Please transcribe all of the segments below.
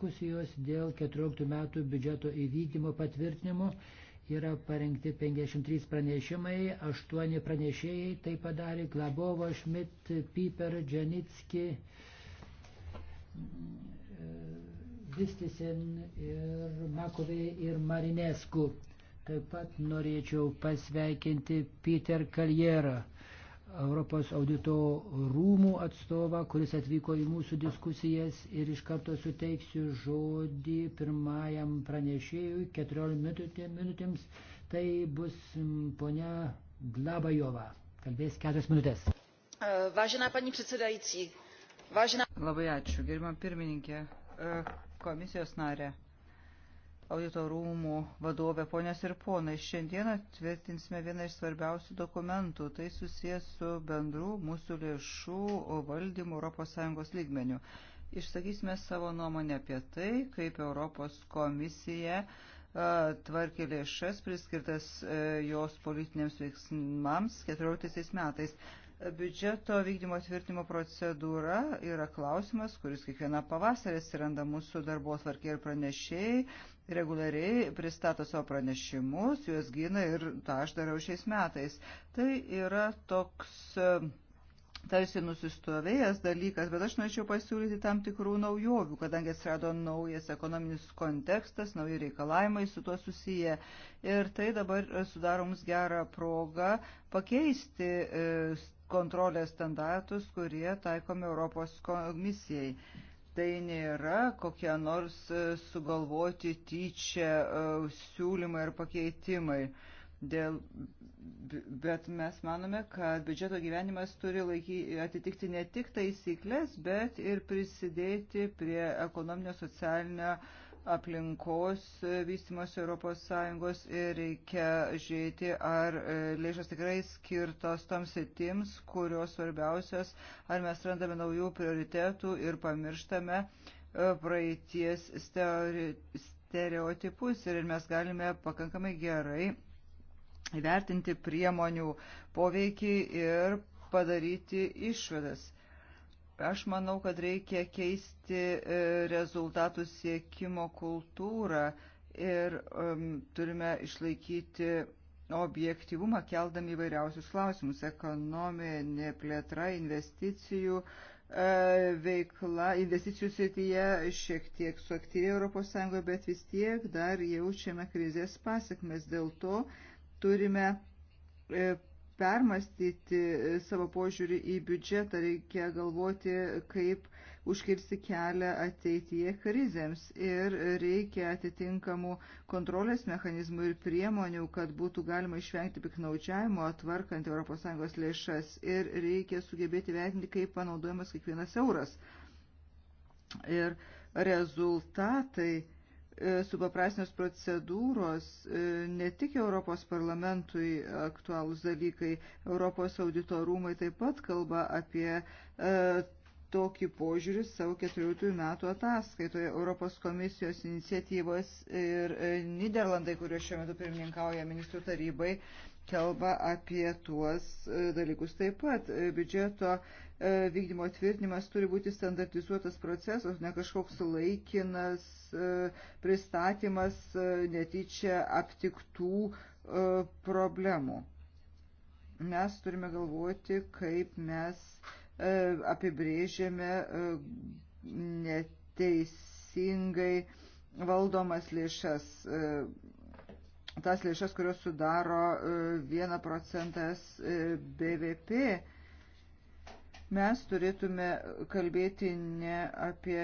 diskusijos dėl 14 metų biudžeto įvykdymo patvirtinimo. Yra parengti 53 pranešimai, 8 pranešėjai tai padarė Klabovo, Šmit, Piper, Džanitski, Vistisen ir Makovė ir Marinesku. Taip pat norėčiau pasveikinti Peter Kaljerą. Europos audito rūmų atstovą, kuris atvyko į mūsų diskusijas ir iš karto suteiksiu žodį pirmajam pranešėjui 14 minutėms. Tai bus ponia Glabajova. Kalbės 4 minutės. E, Važina, pani predsedající. Važina. Labai ačiū, gerima pirmininkė, e, komisijos narė auditorumų vadovė, ponės ir ponai. Šiandieną tvirtinsime vieną iš svarbiausių dokumentų. Tai susijęs su bendru mūsų lėšų valdymu ES lygmeniu. Išsakysime savo nuomonę apie tai, kaip Europos komisija tvarkė lėšas priskirtas jos politiniams veiksmams 14 metais. Biudžeto vykdymo tvirtimo procedūra yra klausimas, kuris kiekvieną pavasarį atsiranda mūsų darbo tvarkė ir pranešėjai reguliariai pristato savo pranešimus, juos gina ir tą aš darau šiais metais. Tai yra toks e, tarsi nusistovėjęs dalykas, bet aš norėčiau pasiūlyti tam tikrų naujovių, kadangi atsirado naujas ekonominis kontekstas, nauji reikalavimai su tuo susiję. Ir tai dabar sudaro mums gerą progą pakeisti e, kontrolės standartus, kurie taikomi Europos komisijai tai nėra kokie nors e, sugalvoti tyčia e, siūlymai ar pakeitimai. Dėl, bet mes manome, kad biudžeto gyvenimas turi laiky, atitikti ne tik taisyklės, bet ir prisidėti prie ekonominio socialinio uh, aplinkos vystimos ES ir reikia žiūrėti, ar e, lėšas tikrai skirtos toms sitims, kurios svarbiausios, ar mes randame naujų prioritetų ir pamirštame e, praeities stereotipus ir mes galime pakankamai gerai įvertinti priemonių poveikį ir padaryti išvadas Aš manau, kad reikia keisti e, rezultatų siekimo kultūrą ir um, turime išlaikyti objektivumą keldami įvairiausius klausimus - ekonominė plėtra, investicijų e, veikla, investicijų srityje šiek tiek suaktyvė ES, bet vis tiek dar jaučiame krizės pasiekmes. Dėl to turime e, permastyti e, savo požiūrį į biudžetą, reikia galvoti, kaip užkirsti kelią ateityje krizėms ir reikia atitinkamų kontrolės mechanizmų ir priemonių, kad būtų galima išvengti piknaudžiavimo atvarkant ES lėšas ir reikia sugebėti vertinti, kaip panaudojamas kiekvienas euras. Ir rezultatai E, supaprasnės procedūros e, ne tik Europos parlamentui aktualūs dalykai, Europos audito rūmai taip pat kalba apie e, tokį požiūrį savo 14 metų ataskaitoje Europos komisijos iniciatyvos ir Niderlandai, kurio šiuo metu pirmininkauja ministrų tarybai, kalba apie tuos e, dalykus. Taip pat e, biudžeto e, vykdymo tvirtinimas turi būti standartizuotas procesas, ne kažkoks laikinas pristatymas netyčia aptiktų problemų. Mes turime galvoti, kaip mes apibrėžėme neteisingai valdomas lėšas tas lėšas, kurios sudaro 1 e, procentas e, BVP, mes turėtume kalbėti ne apie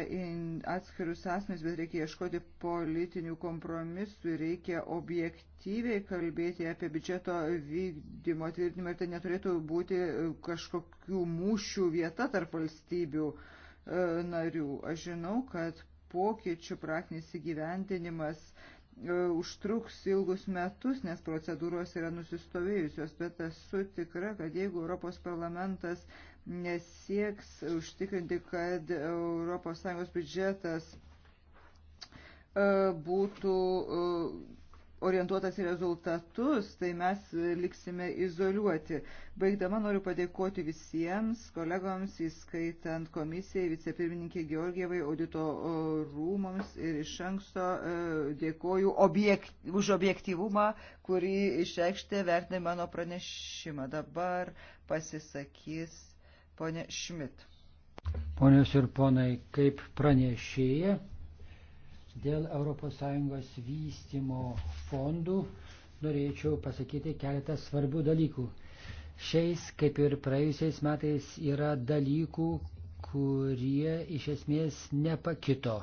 atskirius asmenys, bet reikia ieškoti politinių kompromisų, reikia objektyviai kalbėti apie biudžeto vykdymo tvirtinimą ir tai neturėtų būti e, kažkokių mūšių vieta tarp valstybių narių. Aš žinau, kad pokyčių praktinis įgyvendinimas uh, E, užtruks ilgus metus, nes procedūros yra nusistovėjusios, bet esu tikra, kad jeigu Europos parlamentas nesieks užtikrinti, kad ES biudžetas e, būtų e, orientuotas į rezultatus, tai mes liksime izoliuoti. Baigdama noriu padėkoti visiems kolegoms, įskaitant komisijai, vicepirmininkė Georgievai, audito rūmoms ir iš anksto e, dėkoju objekt, už objektivumą, kurį išreikštė vertinai mano pranešimą. Dabar pasisakys ponė Šmit. Ponios ir ponai, kaip pranešėja, Dėl ES vystimo fondų norėčiau pasakyti keletą svarbių dalykų. Šiais, kaip ir praėjusiais metais, yra dalykų, kurie iš esmės nepakito,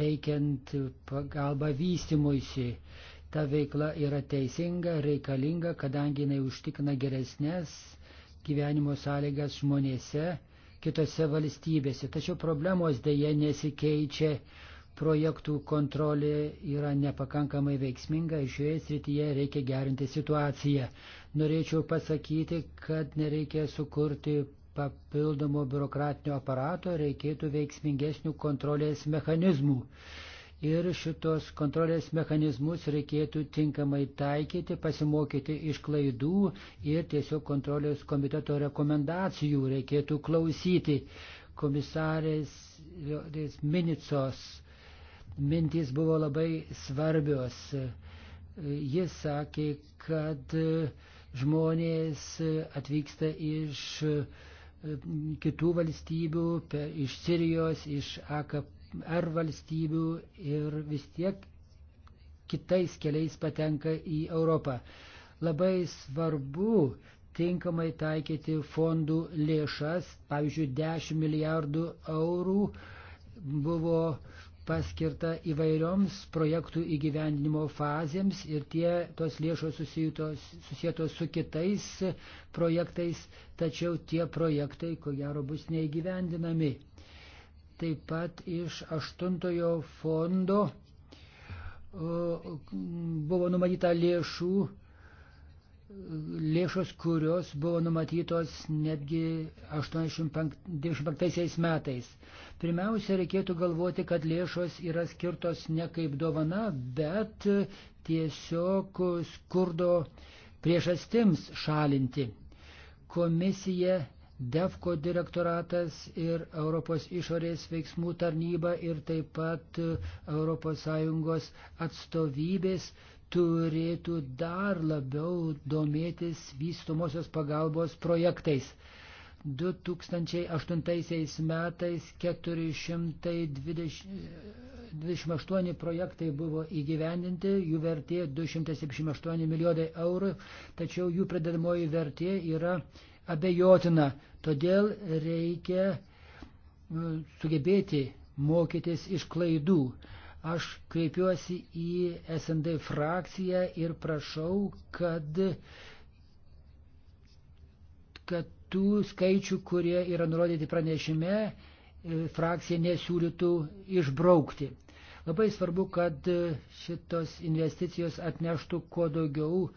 teikiant pagalbą vystimuisi. Ta veikla yra teisinga, reikalinga, kadangi jinai užtikina geresnės gyvenimo sąlygas žmonėse kitose valstybėse. Tačiau problemos dėje nesikeičia, projektų kontrolė yra nepakankamai veiksminga ir šioje srityje reikia gerinti situaciją. Norėčiau pasakyti, kad nereikia sukurti papildomo biurokratinio aparato, reikėtų veiksmingesnių kontrolės mechanizmų. Ir šitos kontrolės mechanizmus reikėtų tinkamai taikyti, pasimokyti iš klaidų ir tiesiog kontrolės komiteto rekomendacijų reikėtų klausyti. Komisarės Minicos mintys buvo labai svarbios. Jis sakė, kad žmonės atvyksta iš e, kitų valstybių, iš Sirijos, iš AKR valstybių ir vis tiek kitais keliais patenka į Europą. Labai svarbu tinkamai taikyti fondų lėšas, pavyzdžiui, 10 milijardų eurų buvo uh, paskirta įvairioms projektų įgyvendinimo fazėms ir tie, tos lėšos susijėtos su kitais projektais, tačiau tie projektai, ko gero, bus neįgyvendinami. Taip pat iš aštuntojo fondo buvo numatyta lėšų lėšos, kurios buvo numatytos netgi 85 metais. Pirmiausia, reikėtų galvoti, kad lėšos yra skirtos ne kaip dovana, bet tiesiog skurdo priežastims šalinti. Komisija, DEFCO direktoratas ir Europos išorės veiksmų tarnyba ir taip pat ES atstovybės turėtų dar labiau domėtis vystomosios pagalbos projektais. 2008 metais 428 projektai buvo įgyvendinti, jų vertė 278 milijonai eurų, tačiau jų pridedamoji vertė yra abejotina. Todėl reikia sugebėti mokytis iš klaidų. Aš kreipiuosi į SND frakciją ir prašau, kad, kad tų skaičių, kurie yra nurodyti pranešime, e, frakcija nesiūlytų išbraukti. Labai svarbu, kad šitos investicijos atneštų kuo daugiau e,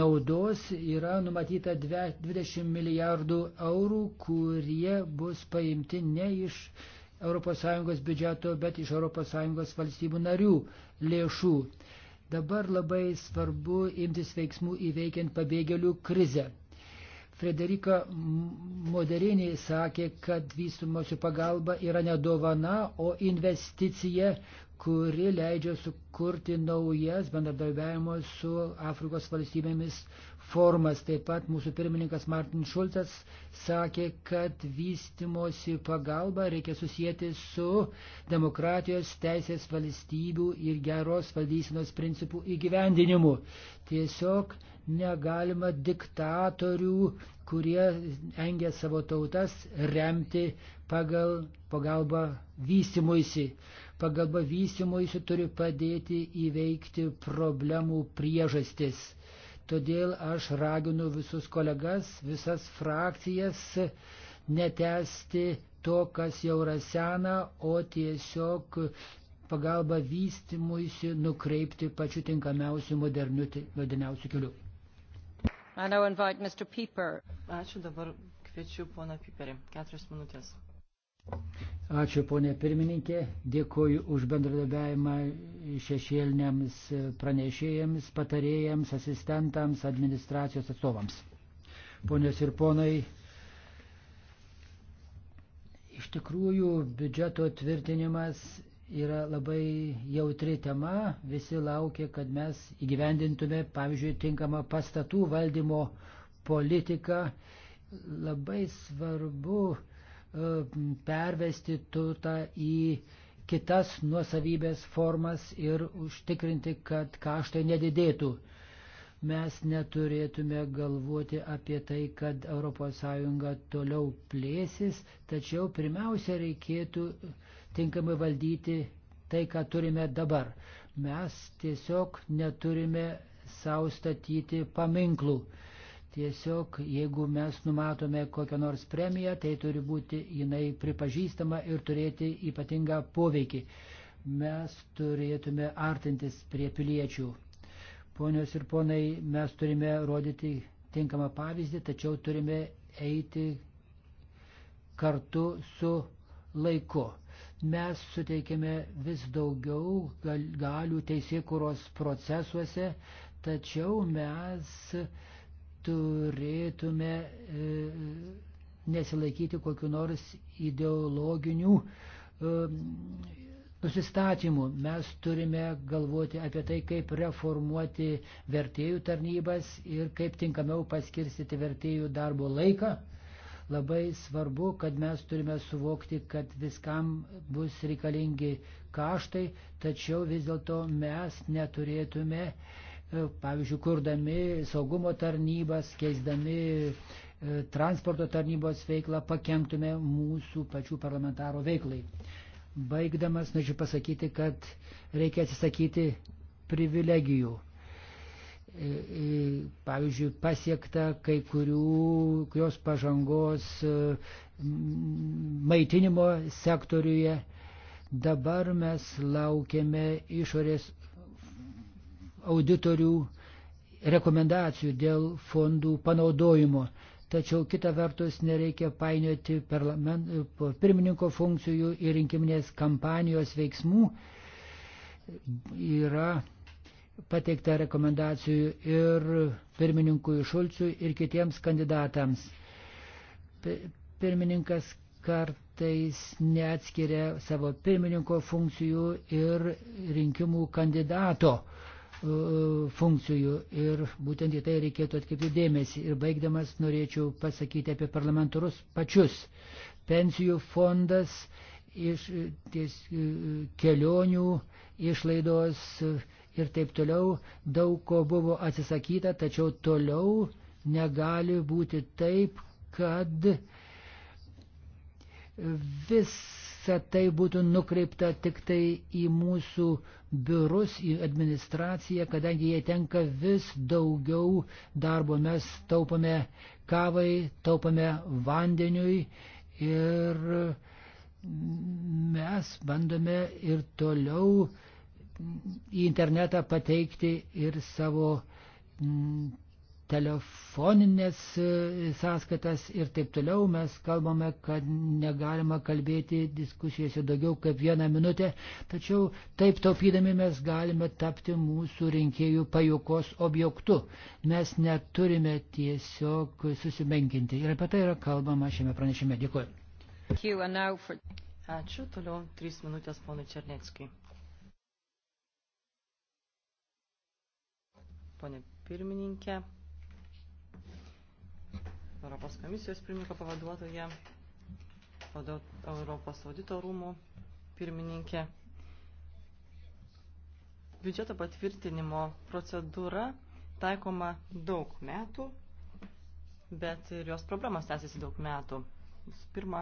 naudos. Yra numatyta 20 milijardų eurų, kurie bus paimti ne iš ES biudžeto, bet iš ES valstybių narių lėšų. Dabar labai svarbu imtis veiksmų įveikiant pabėgėlių krizę. Frederika Moderinė sakė, kad vystumosi pagalba yra ne dovana, o investicija, kuri leidžia sukurti naujas bendradarbiavimo su Afrikos valstybėmis formas. Taip pat mūsų pirmininkas Martin Šulcas sakė, kad vystimosi pagalba reikia susijęti su demokratijos, teisės valstybių ir geros valdysinos principų įgyvendinimu. Tiesiog negalima diktatorių, kurie engia savo tautas, remti pagal pagalbą vystimuisi. Pagalba vystimuisi turi padėti įveikti problemų priežastis. Todėl aš raginu visus kolegas, visas frakcijas netesti to, kas jau yra sena, o tiesiog pagalba vystimuisi nukreipti pačiu tinkamiausiu moderniausiu keliu. Ačiū dabar kviečiu poną Piperį. Keturias minutės. Ačiū, ponė pirmininkė. Dėkuoju už bendradarbiavimą šešėliniams pranešėjams, patarėjams, asistentams, administracijos atstovams. Ponios ir ponai, iš tikrųjų biudžeto tvirtinimas yra labai jautri tema. Visi laukia, kad mes įgyvendintume, pavyzdžiui, tinkamą pastatų valdymo politiką. Labai svarbu E, pervesti turtą į kitas nuosavybės formas ir užtikrinti, kad kaštai nedidėtų. Mes neturėtume galvoti apie tai, kad ES toliau plėsis, tačiau pirmiausia reikėtų tinkamai valdyti tai, ką turime dabar. Mes tiesiog neturime savo statyti paminklų. Tiesiog, jeigu mes numatome kokią nors premiją, tai turi būti jinai pripažįstama ir turėti ypatingą poveikį. Mes turėtume artintis prie piliečių. Ponios ir ponai, mes turime rodyti tinkamą pavyzdį, tačiau turime eiti kartu su laiku. Mes suteikėme vis daugiau galių teisėkuros procesuose, tačiau mes turėtume e, nesilaikyti kokiu nors ideologinių e, nusistatymų. Mes turime galvoti apie tai, kaip reformuoti vertėjų tarnybas ir kaip tinkamiau paskirstyti vertėjų darbo laiką. Labai svarbu, kad mes turime suvokti, kad viskam bus reikalingi kaštai, tačiau vis dėlto mes neturėtume uh, pavyzdžiui, kurdami saugumo tarnybas, keisdami e, transporto tarnybos veiklą, pakenktume mūsų pačių parlamentaro veiklai. Baigdamas, norėčiau pasakyti, kad reikia atsisakyti privilegijų. E, e, pavyzdžiui, pasiekta kai kurių, kurios pažangos maitinimo sektoriuje. Dabar mes laukiame išorės auditorių rekomendacijų dėl fondų panaudojimo. Tačiau kita vertus nereikia painioti pirmininko funkcijų ir rinkiminės kampanijos veiksmų. Yra pateikta rekomendacijų ir pirmininkui Šulciui ir kitiems kandidatams. Pirmininkas kartais neatskiria savo pirmininko funkcijų ir rinkimų kandidato E, funkcijų ir būtent į tai reikėtų atkreipti dėmesį. Ir baigdamas norėčiau pasakyti apie parlamentarus pačius. Pensijų fondas iš e, ties, e, kelionių išlaidos ir taip toliau daug ko buvo atsisakyta, tačiau toliau negali būti taip, kad uh, visa tai būtų nukreipta tik tai į mūsų biurus, į administraciją, kadangi jie tenka vis daugiau darbo. Mes taupame kavai, taupame vandeniui ir mes bandome ir toliau į internetą pateikti ir savo mm, telefoninės e, sąskaitas ir taip toliau. Mes kalbame, kad negalima kalbėti diskusijose daugiau kaip vieną minutę, tačiau taip taupydami mes galime tapti mūsų rinkėjų pajokos objektu. Mes neturime tiesiog susimenkinti. Ir apie tai yra kalbama šiame pranešime. Dėkuoju. Ačiū. Toliau trys minutės ponui Černeckiui. Pone pirmininkė. Europos komisijos pirmininko pavaduotoje, Europos audito rūmų pirmininkė. Biudžeto patvirtinimo procedūra taikoma daug metų, bet ir jos problemos tęsiasi daug metų. Visų pirma,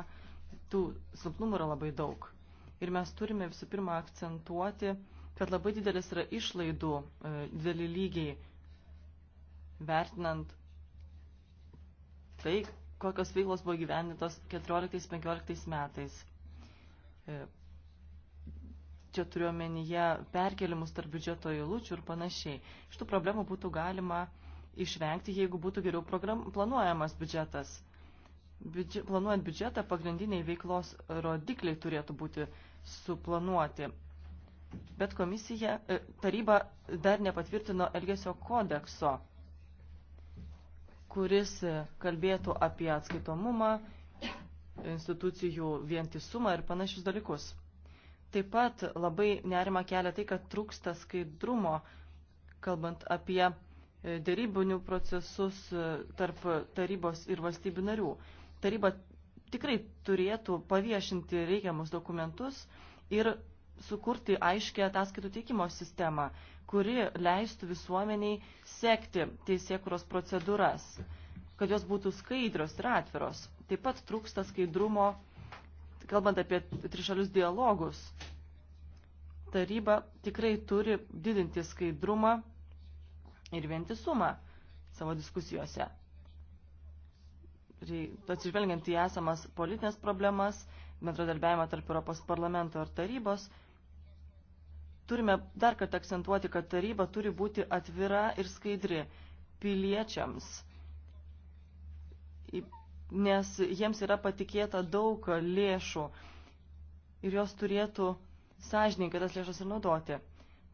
tų silpnumų yra labai daug. Ir mes turime visų pirma akcentuoti, kad labai didelis yra išlaidų, e, dideli lygiai, vertinant tai, kokios veiklos buvo gyvenintos 14-15 metais. E, čia turiuomenyje perkelimus tarp biudžeto eilučių ir panašiai. Šitų problemų būtų galima išvengti, jeigu būtų geriau program, planuojamas biudžetas. Biudžet, planuojant biudžetą, pagrindiniai veiklos rodikliai turėtų būti suplanuoti. Bet komisija, e, taryba dar nepatvirtino Elgesio kodekso kuris kalbėtų apie atskaitomumą, institucijų vientisumą ir panašius dalykus. Taip pat labai nerima kelia tai, kad trūksta skaidrumo, kalbant apie e, dėrybinių procesus e, tarp tarybos ir valstybių narių. Taryba tikrai turėtų paviešinti reikiamus dokumentus ir sukurti aiškę ataskaitų teikimo sistemą, kuri leistų visuomeniai sekti teisėkuros procedūras, kad jos būtų skaidrios ir atviros. Taip pat trūksta skaidrumo, kalbant apie trišalius dialogus. Taryba tikrai turi didinti skaidrumą ir vientisumą savo diskusijose. Atsižvelgiant į esamas politinės problemas, bendradarbiavimą tarp Europos parlamento ir tarybos, Turime dar kartą akcentuoti, kad taryba turi būti atvira ir skaidri piliečiams, nes jiems yra patikėta daug lėšų ir jos turėtų sąžininkai tas lėšas ir naudoti.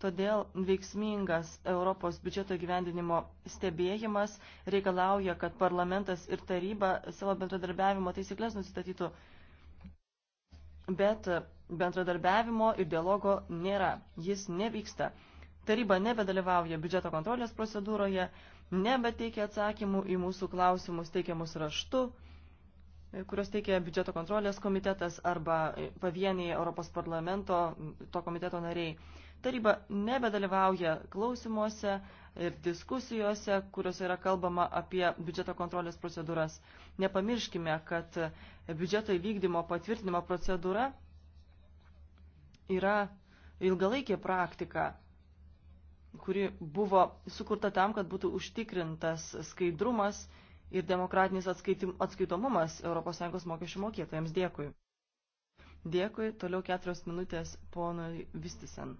Todėl veiksmingas Europos biudžeto gyvendinimo stebėjimas reikalauja, kad parlamentas ir taryba savo bendradarbiavimo taisyklės nusistatytų bet bendradarbiavimo ir dialogo nėra, jis nevyksta. Taryba nebedalyvauja biudžeto kontrolės procedūroje, nebeteikia atsakymų į mūsų klausimus teikiamus raštu, kurios teikia biudžeto kontrolės komitetas arba pavieniai Europos parlamento to komiteto nariai. Taryba nebedalyvauja klausimuose ir diskusijose, kuriuose yra kalbama apie biudžeto kontrolės procedūras. Nepamirškime, kad biudžeto įvykdymo patvirtinimo procedūra yra ilgalaikė praktika, kuri buvo sukurta tam, kad būtų užtikrintas skaidrumas ir demokratinis atskaitomumas ES mokesčių mokėtojams. Dėkui. Dėkui, toliau keturios minutės ponui Vistisen.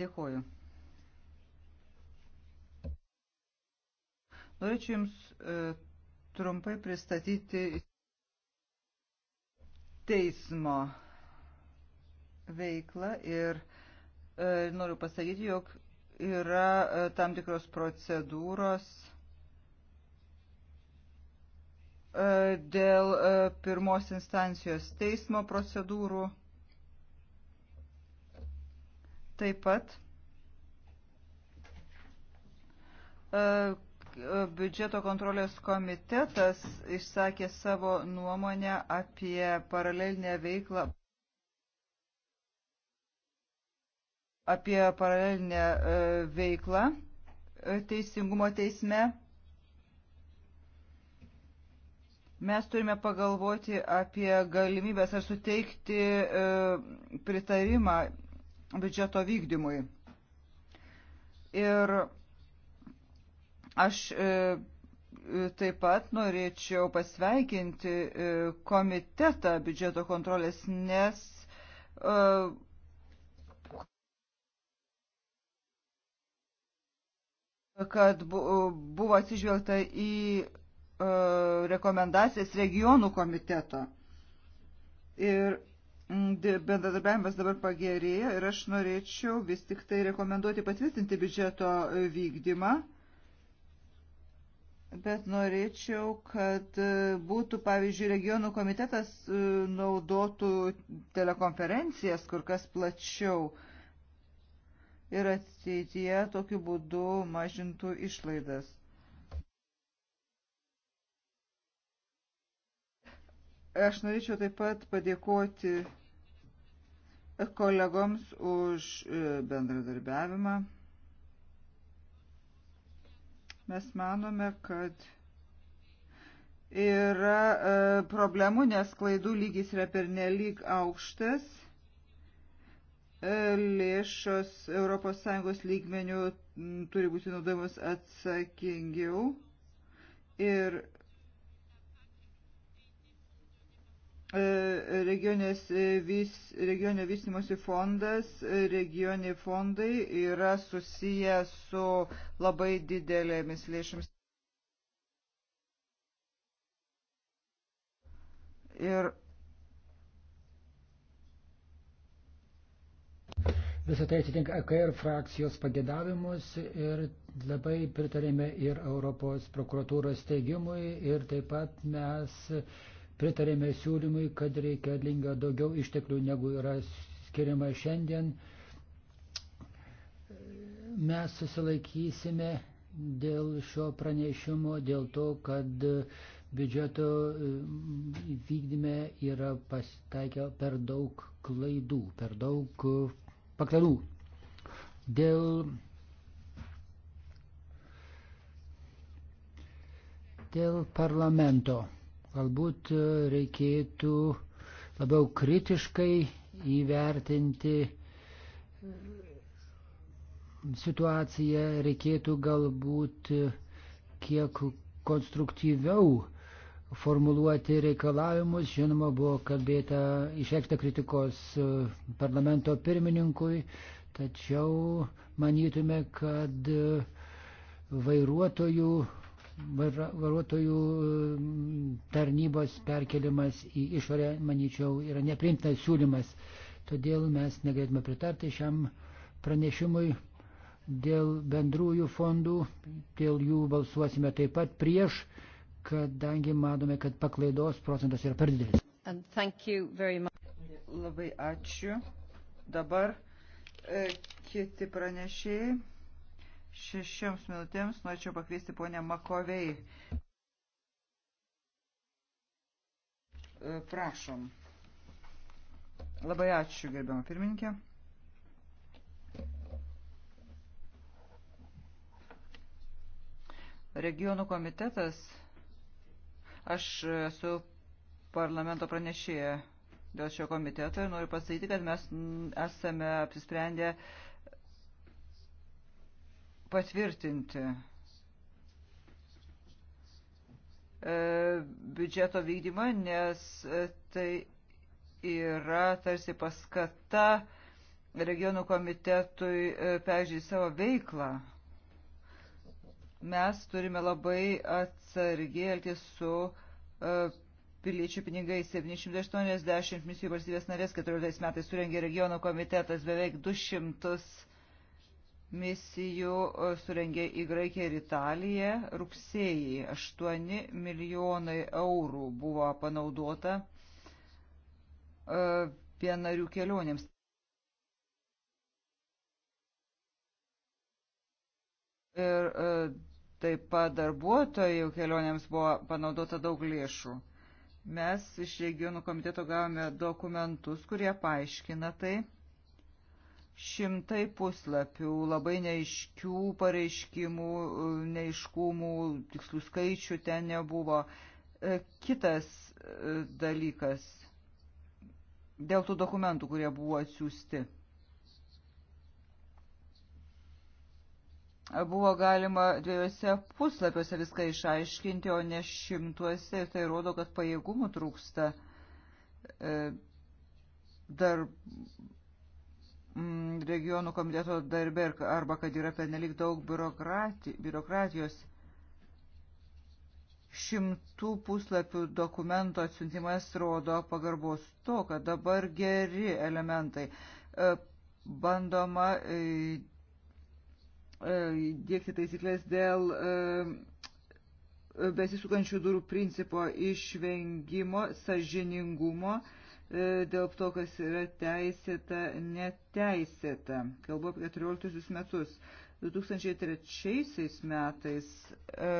Dėkoju. Norėčiau Jums e, trumpai pristatyti teismo veiklą ir e, noriu pasakyti, jog yra e, tam tikros procedūros dėl pirmos instancijos teismo procedūrų Taip pat e, e, biudžeto kontrolės komitetas išsakė savo nuomonę apie paralelinę veiklą. apie paralelinę e, veiklą teisingumo teisme. Mes turime pagalvoti apie galimybės ar suteikti pritarimą biudžeto vykdymui. Ir aš e, taip pat norėčiau pasveikinti e, komitetą biudžeto kontrolės, nes e, kad buvo atsižvelgta į rekomendacijas regionų komiteto. Ir bendradarbiavimas dabar pagerėjo ir aš norėčiau vis tik tai rekomenduoti patvirtinti biudžeto e, vykdymą, bet norėčiau, kad e, būtų, pavyzdžiui, regionų komitetas e, naudotų telekonferencijas kur kas plačiau ir ateityje tokiu būdu mažintų išlaidas. Aš norėčiau taip pat padėkoti kolegoms už e, bendradarbiavimą. Mes manome, kad yra e, problemų, nes klaidų lygis yra pernelyg aukštas. E, lėšos ES lygmenių turi būti naudojamos atsakingiau. Ir E, regionės, e, vis, regionio vystimosi fondas, e, regioniai fondai yra susiję su labai didelėmis lėšomis. Ir Visą tai atitinka AKR frakcijos pagėdavimus ir labai pritarėme ir Europos prokuratūros steigimui ir taip pat mes pritarėme siūlymui, kad reikalinga daugiau išteklių negu yra skiriama šiandien. Mes susilaikysime dėl šio pranešimo, dėl to, kad biudžeto e, vykdyme yra pasitaikę per daug klaidų, per daug e, pakladų. Dėl, dėl parlamento Galbūt e, reikėtų labiau kritiškai įvertinti e, situaciją, reikėtų galbūt e, kiek konstruktyviau formuluoti reikalavimus. Žinoma, buvo kalbėta, išreikšta kritikos parlamento pirmininkui, tačiau manytume, kad vairuotojų vairuotojų um, tarnybos perkelimas į išorę, manyčiau, yra neprimtas siūlymas. Todėl mes negalėtume pritarti šiam pranešimui dėl bendrųjų fondų, dėl jų balsuosime taip pat prieš, kadangi matome, kad paklaidos procentas yra per didelis. Labai ačiū. Dabar e, kiti pranešėjai. Šešioms minutėms norėčiau pakviesti ponę Makovei. E, prašom. Labai ačiū, gerbiamą pirmininkę. Regionų komitetas, aš esu parlamento pranešėja dėl šio komiteto ir noriu pasakyti, kad mes esame apsisprendę patvirtinti e, biudžeto vykdymą, nes tai yra tarsi paskata regionų komitetui e, peržiūrėti savo veiklą. Mes turime labai atsargiai elgtis su e, piliečių pinigai 780 misijų valstybės narės 14 metais surengė regionų komitetas beveik 200 misijų e, surengė į Graikiją ir Italiją rugsėjį. 8 milijonai eurų buvo panaudota vienarių e, kelionėms. Ir e, taip pat darbuotojų kelionėms buvo panaudota daug lėšų. Mes iš regionų komiteto gavome dokumentus, kurie paaiškina tai šimtai puslapių, labai neiškių pareiškimų, neiškumų, tikslių skaičių ten nebuvo. E, kitas e, dalykas dėl tų dokumentų, kurie buvo atsiųsti. Buvo galima dviejose puslapiuose viską išaiškinti, o ne šimtuose. Tai rodo, kad pajėgumų trūksta. E, dar Mm, regionų komiteto darbė arba kad yra penelik daug biurokratijos. Šimtų puslapių dokumento atsiuntimas rodo pagarbos to, kad dabar geri elementai. E, bandoma e, e, dėkti taisyklės dėl besisukančių durų principo išvengimo, sažiningumo E, dėl to, kas yra teisėta, neteisėta. Kalbu apie 14 metus. 2003 metais e,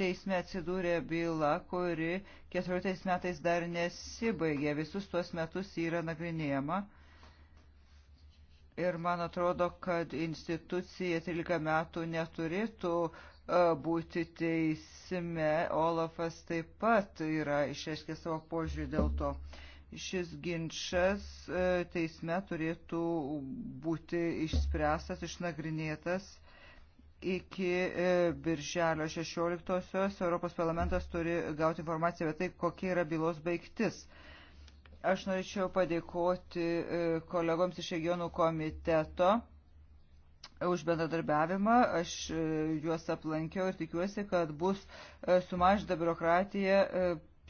teisme atsidūrė byla, kuri 14 metais dar nesibaigė. Visus tuos metus yra nagrinėjama. Ir man atrodo, kad institucija 13 metų neturėtų e, būti teisme. Olafas taip pat yra išreiškė savo požiūrį dėl to šis ginčas e, teisme turėtų būti išspręstas, išnagrinėtas iki e, birželio 16-osios. Europos parlamentas turi gauti informaciją apie tai, kokia yra bylos baigtis. Aš norėčiau padėkoti e, kolegoms iš regionų komiteto už bendradarbiavimą. Aš juos aplankiau ir tikiuosi, kad bus sumažinta biurokratija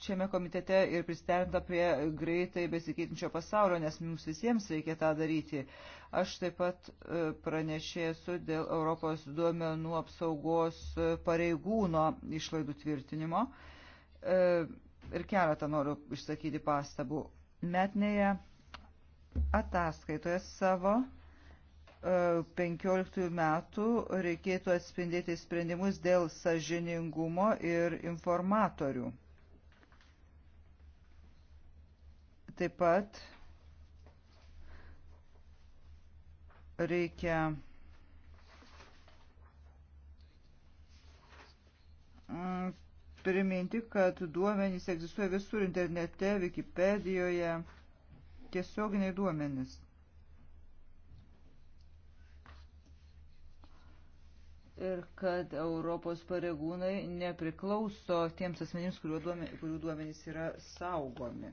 šiame komitete ir pristerinta prie greitai besikeitinčio pasaulio, nes mums visiems reikia tą daryti. Aš taip pat e, pranešėsiu dėl Europos duomenų apsaugos e, pareigūno išlaidų tvirtinimo e, ir keletą noriu išsakyti pastabų. Metnėje ataskaitoje savo 15 metų reikėtų atspindėti sprendimus dėl sažiningumo ir informatorių. Taip pat reikia mm, priminti, kad duomenys egzistuoja visur internete, Wikipedijoje, tiesioginiai duomenys. Ir kad Europos pareigūnai nepriklauso tiems asmenims, kurių duomenys yra saugomi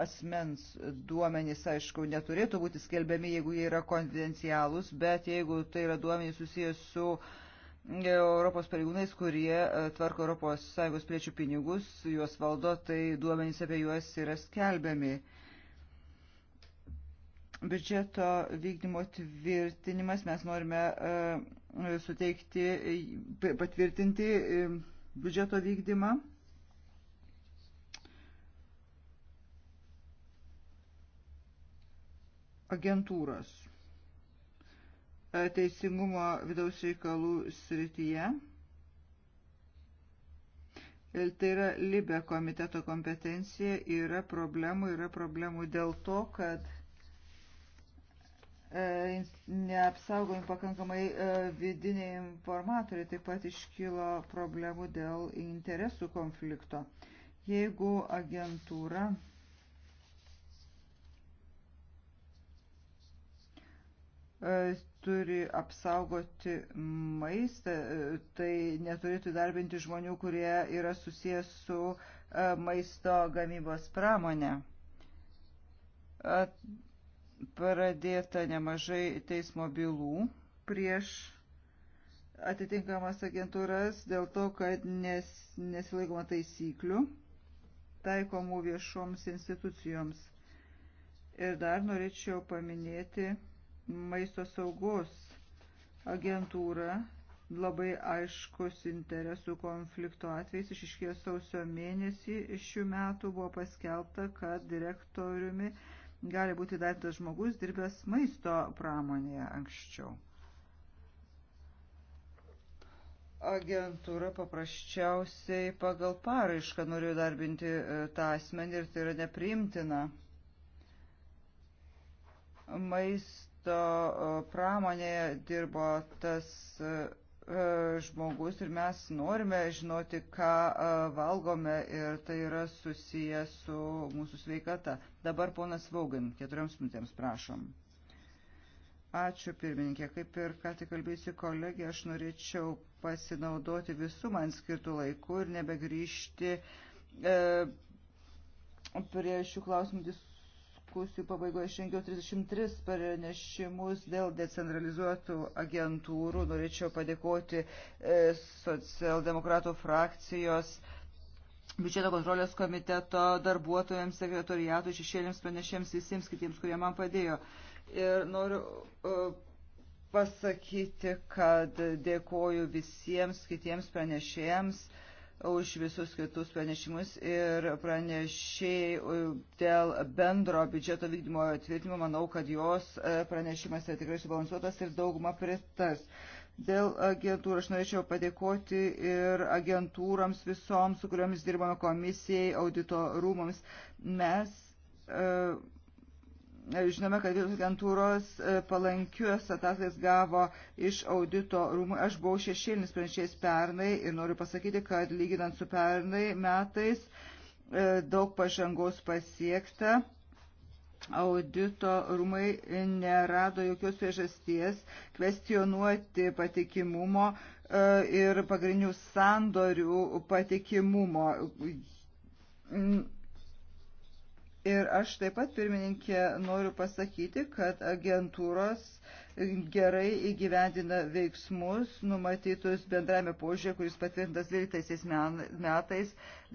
asmens duomenys, aišku, neturėtų būti skelbiami, jeigu jie yra konfidencialūs, bet jeigu tai yra duomenys susijęs su mm, Europos pareigūnais, kurie e, tvarko ES priečių pinigus, juos valdo, tai duomenys apie juos yra skelbiami. Biudžeto vykdymo tvirtinimas mes norime e, suteikti, e, patvirtinti biudžeto vykdymą agentūros e, teisingumo vidaus reikalų srityje. Ir tai yra Libe komiteto kompetencija, yra problemų, yra problemų dėl to, kad e, neapsaugojami pakankamai e, vidiniai informatoriai, taip pat iškilo problemų dėl interesų konflikto. Jeigu agentūra E, turi apsaugoti maistą, e, tai neturėtų darbinti žmonių, kurie yra susijęs su e, maisto gamybos pramonė. Pradėta nemažai teismo bylų prieš atitinkamas agentūras dėl to, kad nes, nesilaikoma taisyklių taikomų viešoms institucijoms. Ir dar norėčiau paminėti maisto saugos agentūra labai aiškus interesų konflikto atvejais išiškėjo sausio mėnesį šių metų buvo paskelbta, kad direktoriumi gali būti daiktas žmogus dirbęs maisto pramonėje anksčiau. Agentūra paprasčiausiai pagal paraišką noriu darbinti e, tą asmenį ir tai yra nepriimtina. Maist transporto pramonėje dirbo tas e, e, žmogus ir mes norime žinoti, ką e, valgome ir tai yra susiję su mūsų sveikata. Dabar ponas Vaugin, keturioms minutėms prašom. Ačiū pirmininkė, kaip ir ką tik kalbėjusi kolegė, aš norėčiau pasinaudoti visų man skirtų laikų ir nebegrįžti e, prie šių klausimų diskusijų diskusijų pabaigoje aš rengiau 33 pranešimus dėl decentralizuotų agentūrų. Norėčiau padėkoti e, socialdemokratų frakcijos. Biudžeto kontrolės komiteto darbuotojams, sekretoriatų, šešėlėms pranešėms, visiems kitiems, kurie man padėjo. Ir noriu uh, pasakyti, kad dėkoju visiems kitiems pranešėjams. Uh, už visus kitus pranešimus ir pranešėjai e, dėl bendro biudžeto vykdymo tvirtinimo, manau, kad jos e, pranešimas yra tikrai subalansuotas ir dauguma pritars. Dėl agentūrų aš norėčiau padėkoti ir agentūrams visoms, su kuriomis dirbame komisijai, audito rūmams. Mes uh, e, Žinome, kad vietos agentūros e, palankius ataskaitas gavo iš audito rūmų. Aš buvau šešėlinis pranešėjas pernai ir noriu pasakyti, kad lyginant su pernai metais e, daug pažangos pasiekta audito rūmai nerado jokios priežasties kvestionuoti patikimumo e, ir pagrindinių sandorių patikimumo. Ir aš taip pat, pirmininkė, noriu pasakyti, kad agentūros gerai įgyvendina veiksmus numatytus bendrame požiūrė, kuris patvirtintas 12 metais.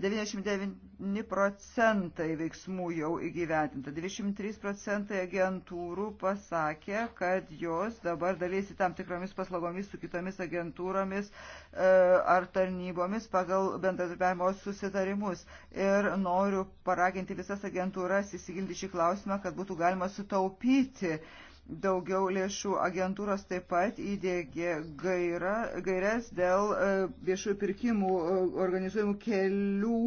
99 procentai veiksmų jau įgyvendinta. 23 procentai agentūrų pasakė, kad jos dabar dalysi tam tikromis paslaugomis su kitomis agentūromis e, ar tarnybomis pagal bendradarbiavimo susitarimus. Ir noriu paraginti visas agentūras įsigilinti šį klausimą, kad būtų galima sutaupyti uh, daugiau lėšų. Agentūros taip pat įdėgė gaira, gairias dėl e, viešųjų pirkimų e, organizuojamų kelių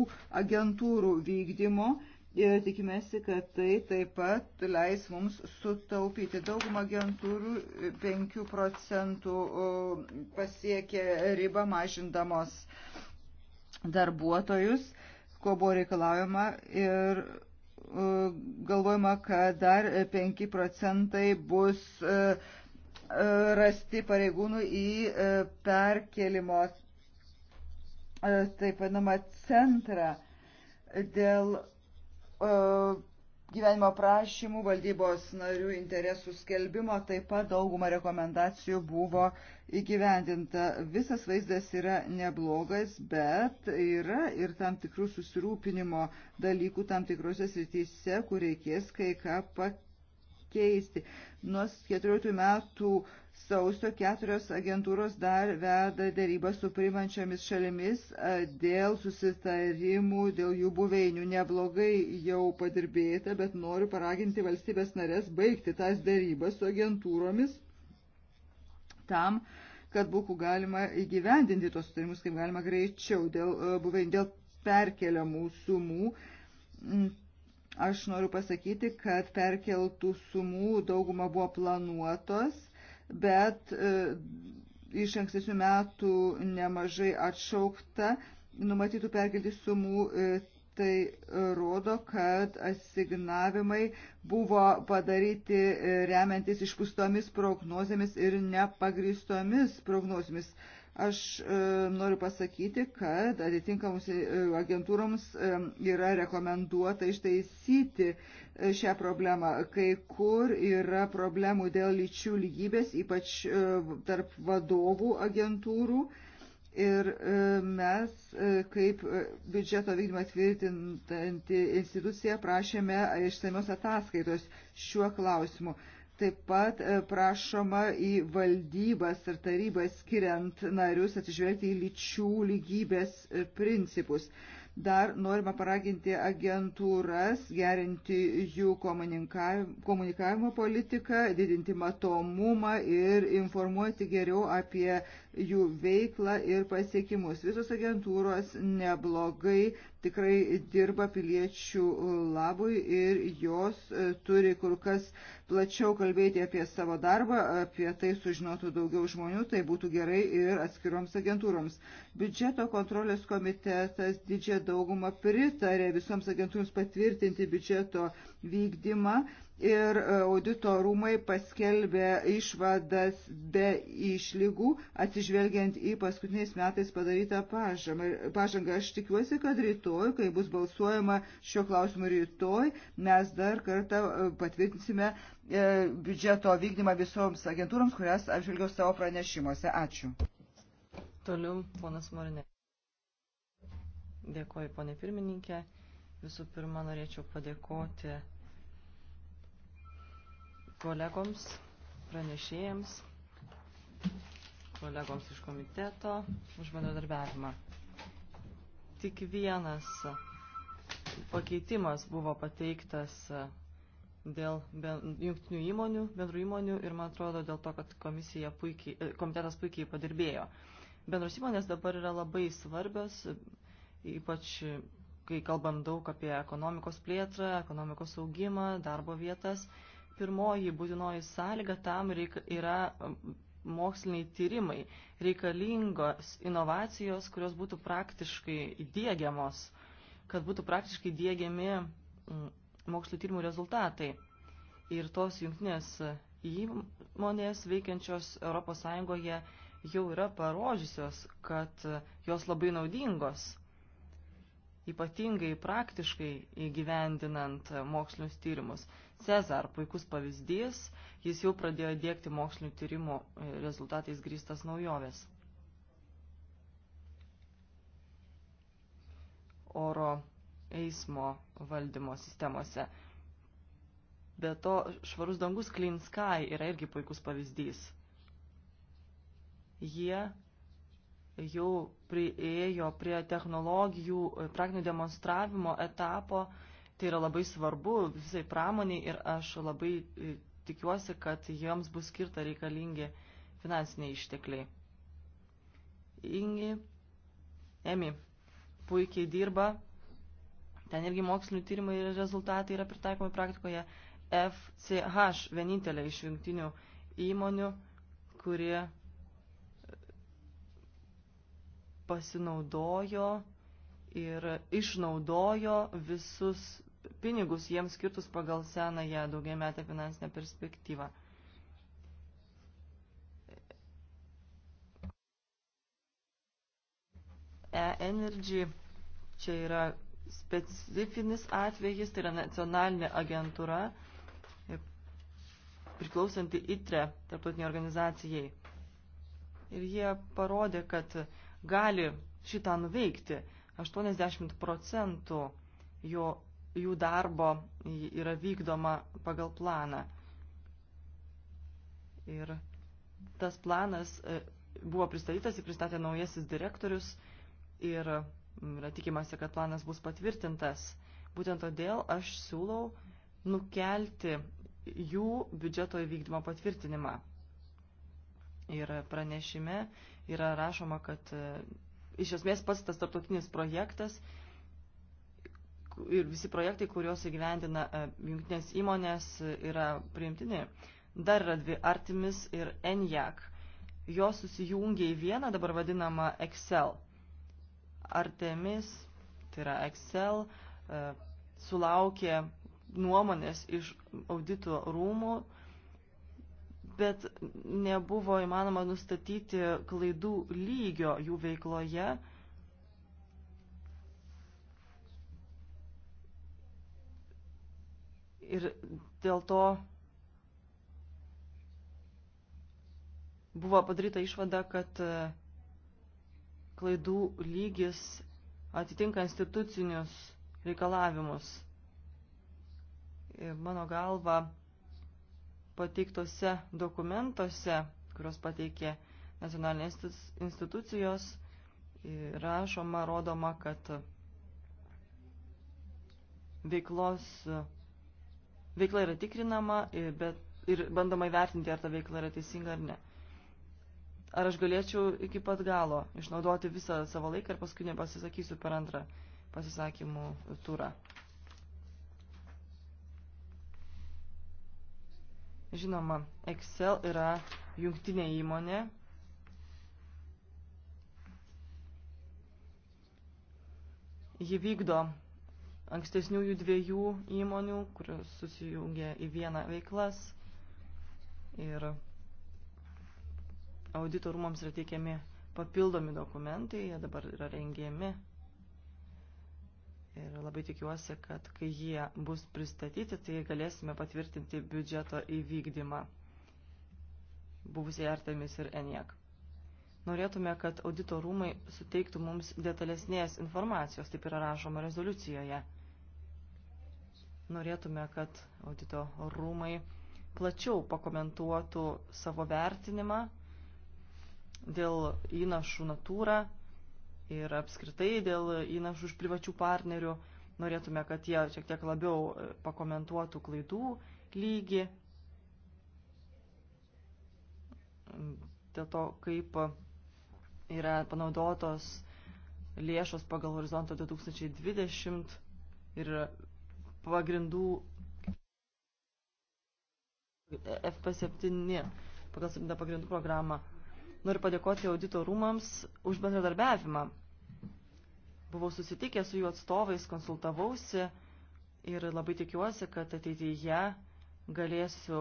agentūrų vykdymo. Ir tikimėsi, kad tai taip pat leis mums sutaupyti. Daugumą agentūrų 5 e, procentų pasiekė ribą mažindamos darbuotojus, ko buvo reikalaujama. Ir galvojama, kad dar 5 procentai bus e, e, rasti pareigūnų į e, perkelimo taip vadinamą centrą dėl gyvenimo prašymų, valdybos narių interesų skelbimo, taip pat dauguma rekomendacijų buvo įgyvendinta. Visas vaizdas yra neblogas, bet yra ir tam tikrų susirūpinimo dalykų tam tikrose srityse, kur reikės kai ką pakeisti. Nuo 14 metų sausio keturios agentūros dar veda dėrybą su priimančiomis šalimis dėl susitarimų, dėl jų buveinių. Neblogai jau padirbėta, bet noriu paraginti valstybės narės baigti tas dėrybas su agentūromis tam, kad būtų galima įgyvendinti tos sutarimus kaip galima greičiau dėl buveinių, dėl perkeliamų sumų. Mm, aš noriu pasakyti, kad perkeltų sumų dauguma buvo planuotos bet e, iš ankstesnių metų nemažai atšaukta numatytų perkelti sumų. E, tai rodo, kad asignavimai buvo padaryti e, remiantis išpustomis prognozėmis ir nepagristomis prognozėmis. Aš e, noriu pasakyti, kad atitinkamus e, agentūroms e, yra rekomenduota ištaisyti šią problemą. Kai kur yra problemų dėl lyčių lygybės, ypač tarp vadovų agentūrų. Ir mes, kaip biudžeto vykdymą tvirtinanti institucija, prašėme išsamios ataskaitos šiuo klausimu. Taip pat e, prašoma į valdybas ir tarybas skiriant narius atsižvelgti į lyčių lygybės e, principus. Dar norima paraginti agentūras gerinti jų komunikavimo politiką, didinti matomumą ir informuoti geriau apie jų veiklą ir pasiekimus. Visos agentūros neblogai tikrai dirba piliečių labui ir jos e, turi kur kas plačiau kalbėti apie savo darbą, apie tai sužinotų daugiau žmonių, tai būtų gerai ir atskiroms agentūroms. Biudžeto kontrolės komitetas didžią daugumą pritarė visoms agentūroms patvirtinti biudžeto vykdymą ir e, audito rūmai paskelbė išvadas be išlygų, atsižvelgiant į paskutiniais metais padarytą pažangą. Aš tikiuosi, kad rytoj, kai bus balsuojama šio klausimu rytoj, mes dar kartą e, patvirtinsime e, biudžeto vykdymą visoms agentūroms, kurias apžvelgiau savo pranešimuose. Ačiū. Toliau, ponas Morinė. Dėkuoju, ponė pirmininkė. Visų pirma, norėčiau padėkoti kolegoms, pranešėjams, kolegoms iš komiteto už bendradarbiavimą. Tik vienas pakeitimas buvo pateiktas dėl jungtinių įmonių, bendrų įmonių ir man atrodo dėl to, kad komisija puikiai, e, komitetas puikiai padirbėjo. Bendros įmonės dabar yra labai svarbios, ypač kai kalbam daug apie ekonomikos plėtrą, ekonomikos augimą, darbo vietas. Pirmoji būtinoji sąlyga tam yra moksliniai tyrimai, reikalingos inovacijos, kurios būtų praktiškai įdėgiamos, kad būtų praktiškai dėgiami mokslo tyrimų rezultatai. Ir tos jungtinės įmonės veikiančios ES jau yra parodžiusios, kad jos labai naudingos ypatingai praktiškai įgyvendinant mokslinius tyrimus. Cezar puikus pavyzdys, jis jau pradėjo dėkti mokslinių tyrimų e, rezultatais grįstas naujoves. Oro eismo valdymo sistemose. Be to, švarus dangus Clean Sky yra irgi puikus pavyzdys. Jie jau prieėjo prie technologijų e, praktinio demonstravimo etapo. Tai yra labai svarbu visai pramoniai ir aš labai e, tikiuosi, kad joms bus skirta reikalingi finansiniai ištekliai. Ingi, Emi, puikiai dirba. Ten irgi mokslinių tyrimų ir rezultatai yra pritaikomi praktikoje. FCH vienintelė iš jungtinių įmonių, kurie pasinaudojo ir išnaudojo visus pinigus jiems skirtus pagal senąją daugiametę finansinę perspektyvą. E-Energy čia yra specifinis atvejis, tai yra nacionalinė agentūra e, priklausanti ITRE tarptautinė organizacijai. Ir jie parodė, kad gali šitą nuveikti. 80 procentų jo, jų darbo yra vykdoma pagal planą. Ir tas planas e, buvo pristatytas, jį pristatė naujasis direktorius ir mm, yra tikimasi, kad planas bus patvirtintas. Būtent todėl aš siūlau nukelti jų biudžeto įvykdymo patvirtinimą. Ir pranešime yra rašoma, kad e, iš esmės pats tas tarptautinis projektas ir visi projektai, kuriuos įgyvendina e, jungtinės įmonės, e, yra priimtini. Dar yra dvi Artimis ir ENJAK. Jos susijungia į vieną dabar vadinamą Excel. Artemis, tai yra Excel, sulaukė nuomonės iš auditų rūmų bet nebuvo įmanoma nustatyti klaidų lygio jų veikloje. Ir dėl to buvo padaryta išvada, kad e, klaidų lygis atitinka institucinius reikalavimus. Ir mano galva, pateiktose dokumentuose, kurios pateikė nacionalinės institucijos, rašoma, rodoma, kad veiklos, veikla yra tikrinama, bet ir bandoma įvertinti, ar ta veikla yra teisinga ar ne. Ar aš galėčiau iki pat galo išnaudoti visą savo laiką ir paskui nepasisakysiu per antrą pasisakymų turą. Žinoma, Excel yra jungtinė įmonė. Ji vykdo ankstesniųjų dviejų įmonių, kurios susijungia į vieną veiklas ir auditorumams yra teikiami papildomi dokumentai, jie dabar yra rengiami Ir labai tikiuosi, kad kai jie bus pristatyti, tai galėsime patvirtinti biudžeto įvykdymą buvusiai Artemis ir Eniek. Norėtume, kad audito rūmai suteiktų mums detalesnės informacijos, taip yra rašoma rezoliucijoje. Norėtume, kad audito rūmai plačiau pakomentuotų savo vertinimą dėl įnašų natūrą ir apskritai dėl įnašų iš privačių partnerių. Norėtume, kad jie šiek tiek labiau e, pakomentuotų klaidų lygį dėl to, kaip yra panaudotos lėšos pagal horizontą 2020 ir pagrindų FP7 pagal 7 pagrindų programą. Noriu padėkoti audito rūmams už bendradarbiavimą. Buvau susitikęs su jų atstovais, konsultavausi ir labai tikiuosi, kad ateityje galėsiu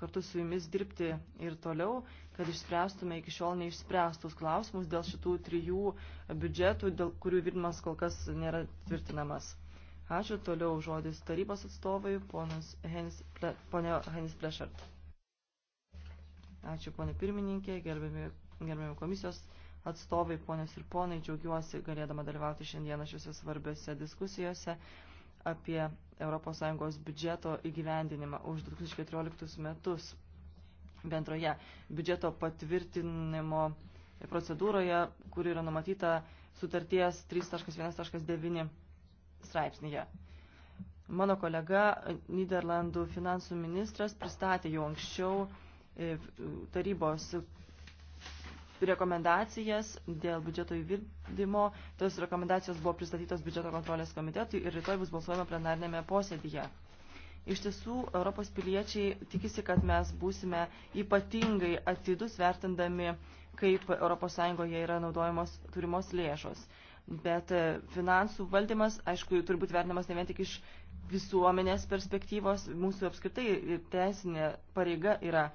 kartu su jumis dirbti ir toliau, kad išspręstume iki šiol neišspręstus klausimus dėl šitų trijų biudžetų, dėl kurių vykdymas kol kas nėra tvirtinamas. Ačiū toliau žodis tarybos atstovai, Henis, ponė Henis Plešart. Ačiū ponė pirmininkė, gerbiami gerbėjom komisijos atstovai, ponios ir ponai, džiaugiuosi galėdama dalyvauti šiandieną šiuose svarbiose diskusijose apie ES biudžeto įgyvendinimą už 2014 metus. Bendroje biudžeto patvirtinimo procedūroje, kur yra numatyta sutarties 3.1.9 straipsnėje. Mano kolega, Niderlandų finansų ministras, pristatė jau anksčiau e, tarybos rekomendacijas dėl biudžeto įvykdymo. Tos rekomendacijos buvo pristatytos biudžeto kontrolės komitetui ir rytoj bus balsuojama plenarnėme posėdyje. Iš tiesų, Europos piliečiai tikisi, kad mes būsime ypatingai atidus vertindami, kaip ES yra naudojamos turimos lėšos. Bet e, finansų valdymas, aišku, turbūt vertinamas ne vien tik iš visuomenės perspektyvos, mūsų apskritai teisinė pareiga yra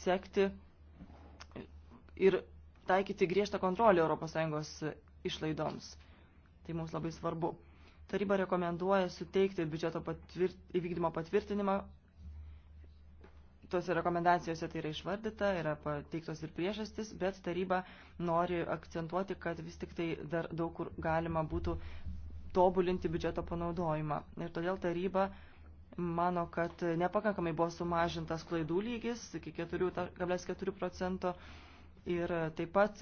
sekti ir taikyti griežtą kontrolę ES išlaidoms. Tai mums labai svarbu. Taryba rekomenduoja suteikti biudžeto patvirt, įvykdymo patvirtinimą. Tose rekomendacijose tai yra išvardyta, yra pateiktos ir priežastis, bet taryba nori akcentuoti, kad vis tik tai dar daug kur galima būtų tobulinti biudžeto panaudojimą. Ir todėl taryba mano, kad nepakankamai buvo sumažintas klaidų lygis iki 4,4 procento Ir taip pat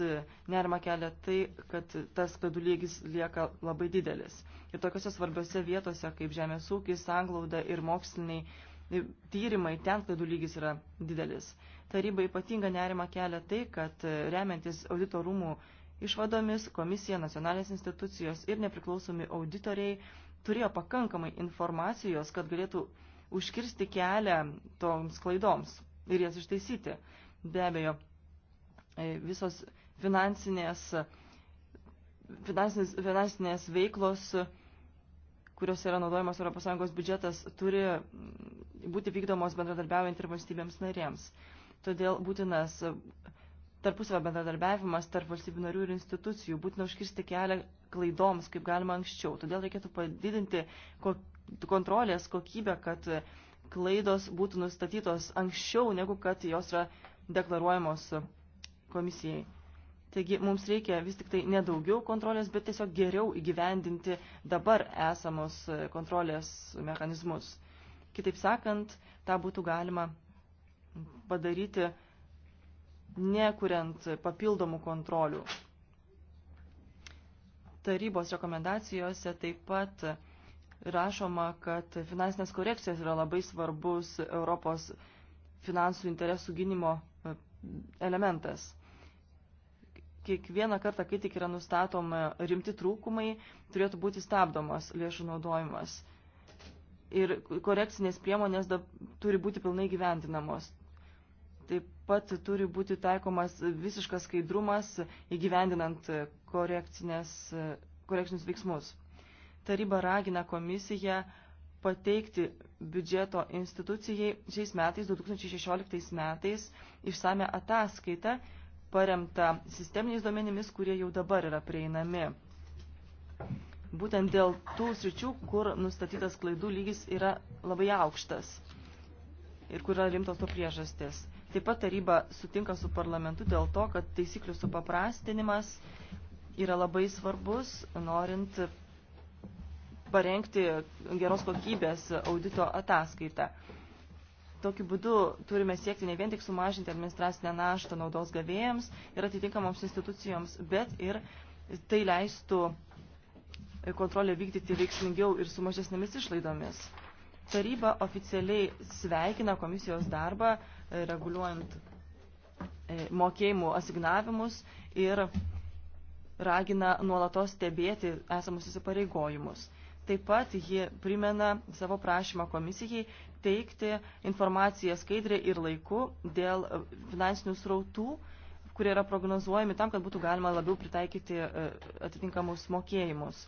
nerima kelia tai, kad tas klaidų lygis lieka labai didelis. Ir tokiuose svarbiose vietose, kaip žemės ūkis, anglauda ir moksliniai tyrimai, ten klaidų lygis yra didelis. Taryba ypatinga nerima kelia tai, kad remiantis audito rūmų išvadomis komisija, nacionalinės institucijos ir nepriklausomi auditoriai turėjo pakankamai informacijos, kad galėtų užkirsti kelią toms klaidoms ir jas ištaisyti. Be abejo, E, visos finansinės, finansinės, finansinės veiklos, kurios yra naudojamas ES biudžetas, turi būti vykdomos bendradarbiaujant ir valstybėms narėms. Todėl būtinas tarpusavio bendradarbiavimas tarp valstybių narių ir institucijų, būtina užkirsti kelią klaidoms, kaip galima anksčiau. Todėl reikėtų padidinti kontrolės kokybę, kad klaidos būtų nustatytos anksčiau, negu kad jos yra deklaruojamos komisijai. Taigi mums reikia vis tik tai nedaugiau kontrolės, bet tiesiog geriau įgyvendinti dabar esamos kontrolės mechanizmus. Kitaip sakant, tą būtų galima padaryti nekuriant papildomų kontrolių. Tarybos rekomendacijose taip pat rašoma, kad finansinės korekcijos yra labai svarbus Europos finansų interesų gynimo e, elementas kiekvieną kartą, kai tik yra nustatoma rimti trūkumai, turėtų būti stabdomas lėšų naudojimas. Ir korekcinės priemonės da, turi būti pilnai gyvendinamos. Taip pat turi būti taikomas visiškas skaidrumas įgyvendinant korekcinius veiksmus. Taryba ragina komisiją pateikti biudžeto institucijai šiais metais, 2016 metais, išsame ataskaitą paremta sisteminiais duomenimis, kurie jau dabar yra prieinami. Būtent dėl tų sričių, kur nustatytas klaidų lygis yra labai aukštas ir kur yra rimtos to priežastis. Taip pat taryba sutinka su parlamentu dėl to, kad taisyklių supaprastinimas yra labai svarbus, norint parengti geros kokybės audito ataskaitą. Tokiu būdu turime siekti ne vien tik sumažinti administracinę naštą naudos gavėjams ir atitinkamoms institucijoms, bet ir tai leistų kontrolę vykdyti veiksmingiau ir su mažesnėmis išlaidomis. Taryba oficialiai sveikina komisijos darbą e, reguliuojant e, mokėjimų asignavimus ir ragina nuolatos stebėti esamus įsipareigojimus. Taip pat ji primena savo prašymą komisijai teikti informaciją skaidriai ir laiku dėl finansinių srautų, kurie yra prognozuojami tam, kad būtų galima labiau pritaikyti e, atitinkamus mokėjimus.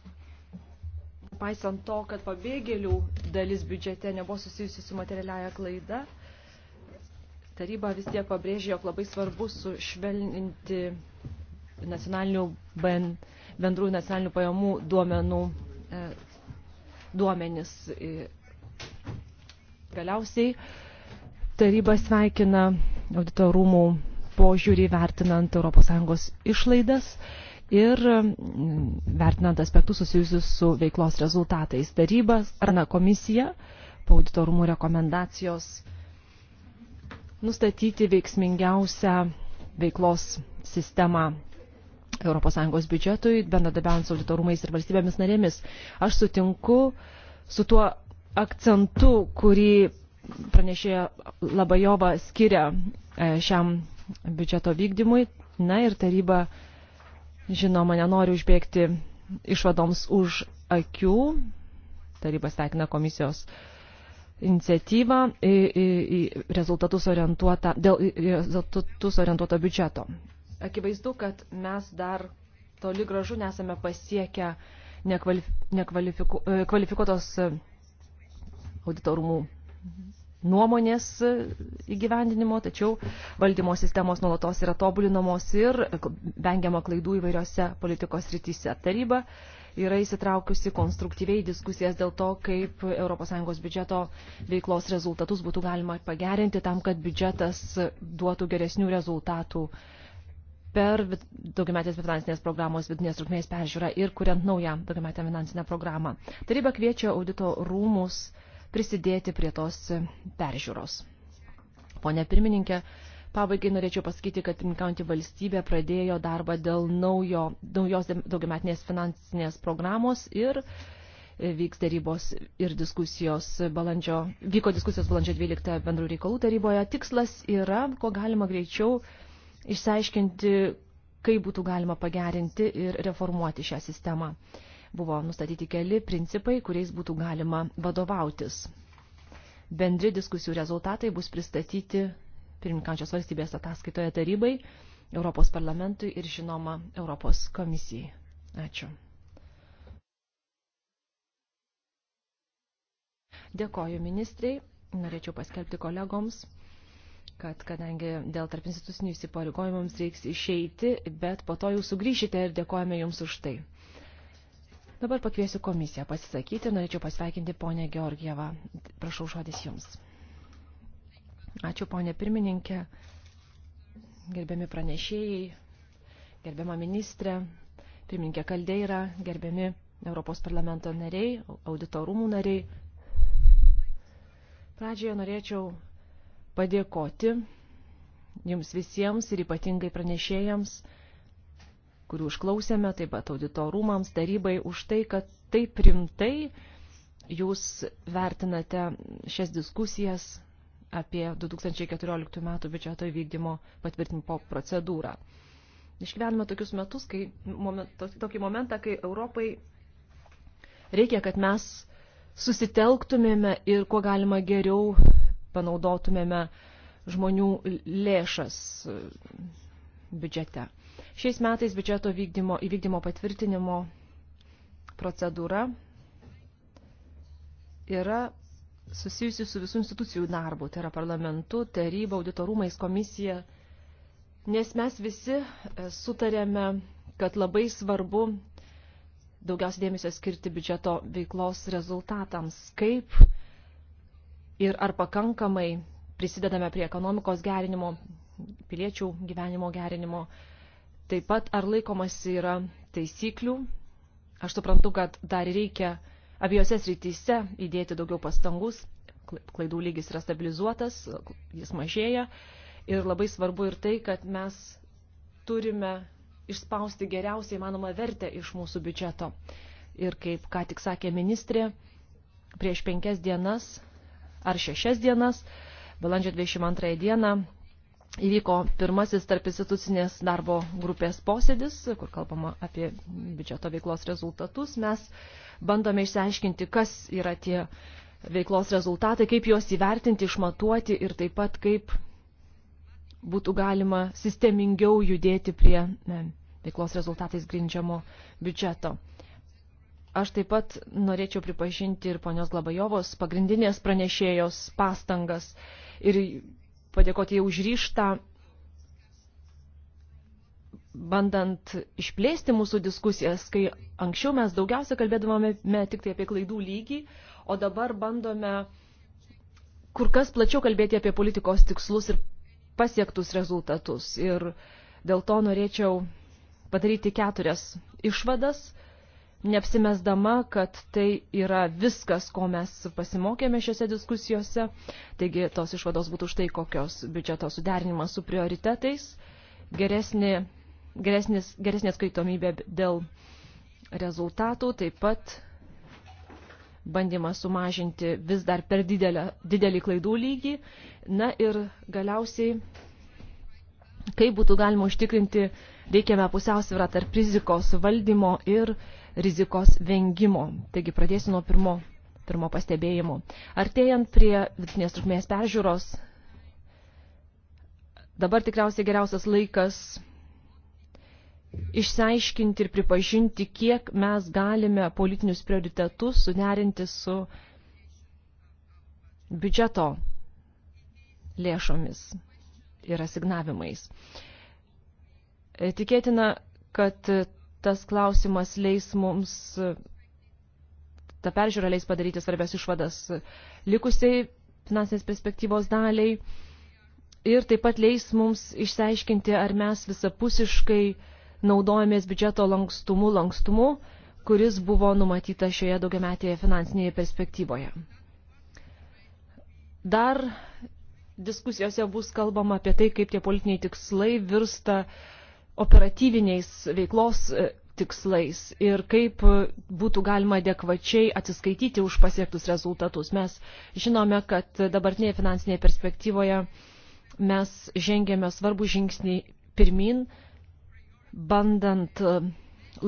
Paisant to, kad pabėgėlių dalis biudžete nebuvo susijusi su materialiaja klaida, taryba vis tiek pabrėžė, jog labai svarbu sušvelninti nacionalinių bendrų nacionalinių pajamų duomenų e, duomenis e, Galiausiai taryba sveikina auditorumų požiūrį vertinant ES išlaidas ir vertinant aspektus susijusius su veiklos rezultatais. Tarybas ar na komisija po auditorumų rekomendacijos nustatyti veiksmingiausią veiklos sistemą ES biudžetui, bendradabiaujant su auditorumais ir valstybėmis narėmis. Aš sutinku su tuo akcentu, kurį pranešėja Labajova skiria e, šiam biudžeto vykdymui. Na ir taryba, žinoma, nenori užbėgti išvadoms už akių. Taryba sveikina komisijos iniciatyvą į, į, į rezultatus orientuotą, dėl rezultatus orientuoto biudžeto. Akivaizdu, kad mes dar toli gražu nesame pasiekę nekvalifikuotos nekvalifiku, e, auditorumų nuomonės įgyvendinimo, tačiau valdymo sistemos nuolatos yra tobulinamos ir vengiama klaidų įvairiose politikos rytise. Taryba yra įsitraukusi konstruktyviai diskusijas dėl to, kaip ES biudžeto veiklos rezultatus būtų galima pagerinti tam, kad biudžetas duotų geresnių rezultatų per daugiametės finansinės programos vidinės trukmės peržiūrą ir kuriant naują daugiametę finansinę programą. Taryba kviečia audito rūmus uh, prisidėti prie tos peržiūros. Pone pirmininkė, pabaigai norėčiau pasakyti, kad pirmininkaujantį valstybę pradėjo darbą dėl naujo, naujos daugiametinės finansinės programos ir vyks darybos ir diskusijos balandžio, vyko diskusijos balandžio 12 bendrų reikalų taryboje. Tikslas yra, ko galima greičiau išsiaiškinti, kaip būtų galima pagerinti ir reformuoti šią sistemą buvo nustatyti keli principai, kuriais būtų galima vadovautis. Bendri diskusijų rezultatai bus pristatyti pirmininkančios valstybės ataskaitoje tarybai, Europos parlamentui ir žinoma Europos komisijai. Ačiū. Dėkoju ministrei, norėčiau paskelbti kolegoms, kad kadangi dėl tarp institucinių įsipareigojimams reiks išeiti, bet po to jūs sugrįšite ir dėkojame jums už tai. Dabar pakviesiu komisiją pasisakyti. Norėčiau pasveikinti ponę Georgievą. Prašau žodis jums. Ačiū ponė pirmininkė, gerbiami pranešėjai, gerbiama ministrė, pirmininkė Kaldeira, gerbiami Europos parlamento nariai, auditorumų nariai. Pradžioje norėčiau padėkoti jums visiems ir ypatingai pranešėjams, kurių išklausėme, taip pat auditorumams, tarybai už tai, kad taip rimtai jūs vertinate šias diskusijas apie 2014 metų biudžeto įvykdymo patvirtinimo procedūrą. Išgyvename tokius metus, kai, moment, tokį momentą, kai Europai reikia, kad mes susitelktumėme ir kuo galima geriau panaudotumėme žmonių lėšas biudžete. Šiais metais biudžeto vykdymo, įvykdymo patvirtinimo procedūra yra susijusi su visų institucijų darbu, tai yra parlamentu, taryba, auditorumais, komisija, nes mes visi e, sutarėme, kad labai svarbu daugiausiai dėmesio skirti biudžeto veiklos rezultatams, kaip ir ar pakankamai prisidedame prie ekonomikos gerinimo, piliečių gyvenimo gerinimo, uh, Taip pat ar laikomasi yra taisyklių. Aš suprantu, kad dar reikia abiejose srityse įdėti daugiau pastangus. Klaidų lygis yra stabilizuotas, jis mažėja. Ir labai svarbu ir tai, kad mes turime išspausti geriausiai manoma vertę iš mūsų biudžeto. Ir kaip ką tik sakė ministrė, prieš penkias dienas ar šešias dienas, balandžio 22 dieną, įvyko pirmasis tarp institucinės darbo grupės posėdis, kur kalbama apie biudžeto veiklos rezultatus. Mes bandome išsiaiškinti, kas yra tie veiklos rezultatai, kaip juos įvertinti, išmatuoti ir taip pat kaip būtų galima sistemingiau judėti prie ne, veiklos rezultatais grindžiamo biudžeto. Aš taip pat norėčiau pripažinti ir ponios Glabajovos pagrindinės pranešėjos pastangas ir padėkoti jau už ryštą, bandant išplėsti mūsų diskusijas, kai anksčiau mes daugiausia kalbėdavome tik tai apie klaidų lygį, o dabar bandome kur kas plačiau kalbėti apie politikos tikslus ir pasiektus rezultatus. Ir dėl to norėčiau padaryti keturias išvadas – neapsimesdama, kad tai yra viskas, ko mes pasimokėme šiuose diskusijose. Taigi tos išvados būtų štai kokios biudžeto suderinimas su prioritetais, geresnė, geresnis, geresnė skaitomybė dėl rezultatų, taip pat bandymas sumažinti vis dar per didelę, didelį klaidų lygį. Na ir galiausiai, kaip būtų galima užtikrinti reikiamą pusiausvyrą tarp rizikos valdymo ir uh, rizikos vengimo. Taigi pradėsiu nuo pirmo, pirmo pastebėjimo. Artėjant prie vidutinės trukmės peržiūros, dabar tikriausiai geriausias laikas išsiaiškinti ir pripažinti, kiek mes galime politinius prioritetus suderinti su biudžeto lėšomis ir asignavimais. Tikėtina, kad tas klausimas leis mums, ta peržiūra leis padaryti svarbias išvadas likusiai finansinės perspektyvos daliai ir taip pat leis mums išsiaiškinti, ar mes visapusiškai naudojamės biudžeto lankstumu, lankstumu, kuris buvo numatyta šioje daugiametėje finansinėje perspektyvoje. Dar diskusijose bus kalbama apie tai, kaip tie politiniai tikslai virsta uh, operatyviniais veiklos e, tikslais ir kaip e, būtų galima adekvačiai atsiskaityti už pasiektus rezultatus. Mes žinome, kad dabartinėje finansinėje perspektyvoje mes žengėme svarbų žingsnį pirmin, bandant e,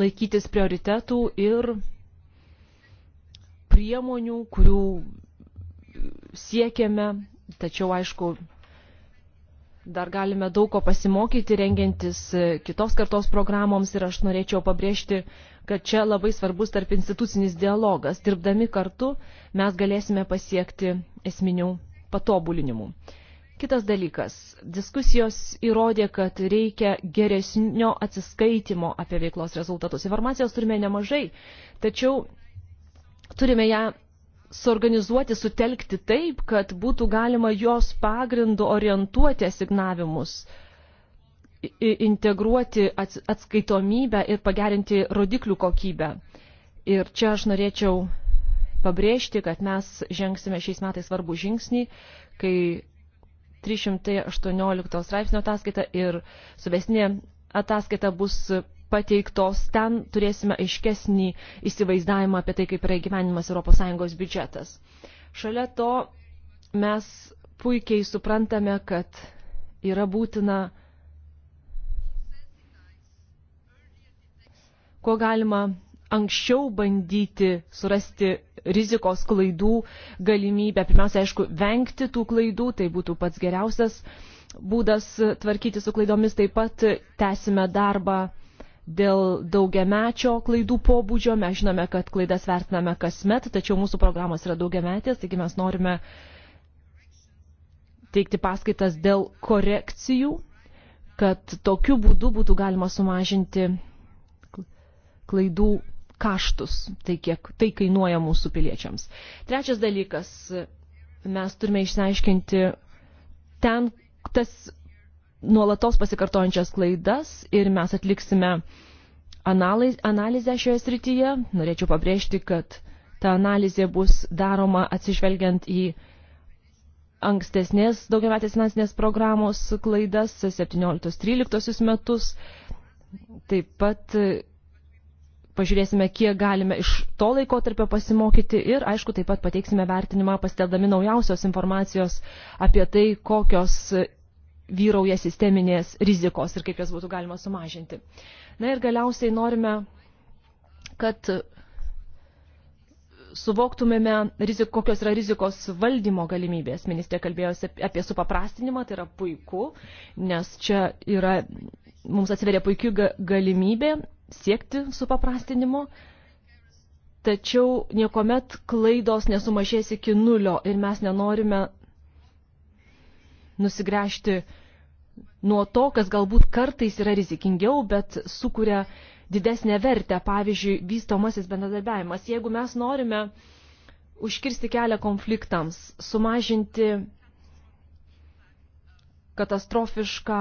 laikytis prioritetų ir priemonių, kurių siekiame, tačiau aišku, Dar galime daug ko pasimokyti, rengiantis e, kitos kartos programoms ir aš norėčiau pabrėžti, kad čia labai svarbus tarp institucinis dialogas. Dirbdami kartu mes galėsime pasiekti esminių patobulinimų. Kitas dalykas. Diskusijos įrodė, kad reikia geresnio atsiskaitimo apie veiklos rezultatus. Informacijos turime nemažai, tačiau turime ją suorganizuoti, sutelkti taip, kad būtų galima jos pagrindu orientuoti asignavimus, integruoti atskaitomybę ir pagerinti rodiklių kokybę. Ir čia aš norėčiau pabrėžti, kad mes žengsime šiais metais svarbų žingsnį, kai 318 straipsnio ataskaita ir subesnė ataskaita bus pateiktos, ten turėsime aiškesnį įsivaizdavimą apie tai, kaip yra gyvenimas ES biudžetas. Šalia to mes puikiai suprantame, kad yra būtina, kuo galima anksčiau bandyti surasti rizikos klaidų galimybę. Pirmiausia, aišku, vengti tų klaidų, tai būtų pats geriausias būdas tvarkyti su klaidomis. Taip pat tęsime darbą dėl daugiamečio klaidų pobūdžio. Mes žinome, kad klaidas vertiname kasmet, tačiau mūsų programos yra daugiametės, taigi mes norime teikti paskaitas dėl korekcijų, kad tokiu būdu būtų galima sumažinti klaidų kaštus, tai kiek tai kainuoja mūsų piliečiams. Trečias dalykas, mes turime išsiaiškinti ten tas nuolatos pasikartojančias klaidas ir mes atliksime analizę šioje srityje. Norėčiau pabrėžti, kad ta analizė bus daroma atsižvelgiant į ankstesnės daugiametės finansinės programos klaidas 17-13 metus. Taip pat e, pažiūrėsime, kiek galime iš to laiko tarpio pasimokyti ir, aišku, taip pat pateiksime vertinimą pasteldami naujausios informacijos apie tai, kokios vyrauja sisteminės rizikos ir kaip jas būtų galima sumažinti. Na ir galiausiai norime, kad suvoktumėme, rizik, kokios yra rizikos valdymo galimybės. Ministrė kalbėjosi apie supaprastinimą, tai yra puiku, nes čia yra, mums atsiveria puikiu galimybė siekti supaprastinimo, tačiau niekuomet klaidos nesumažės iki nulio ir mes nenorime nusigręžti nuo to, kas galbūt kartais yra rizikingiau, bet sukuria didesnę vertę, pavyzdžiui, vystomasis bendradarbiavimas. Jeigu mes norime užkirsti kelią konfliktams, sumažinti katastrofišką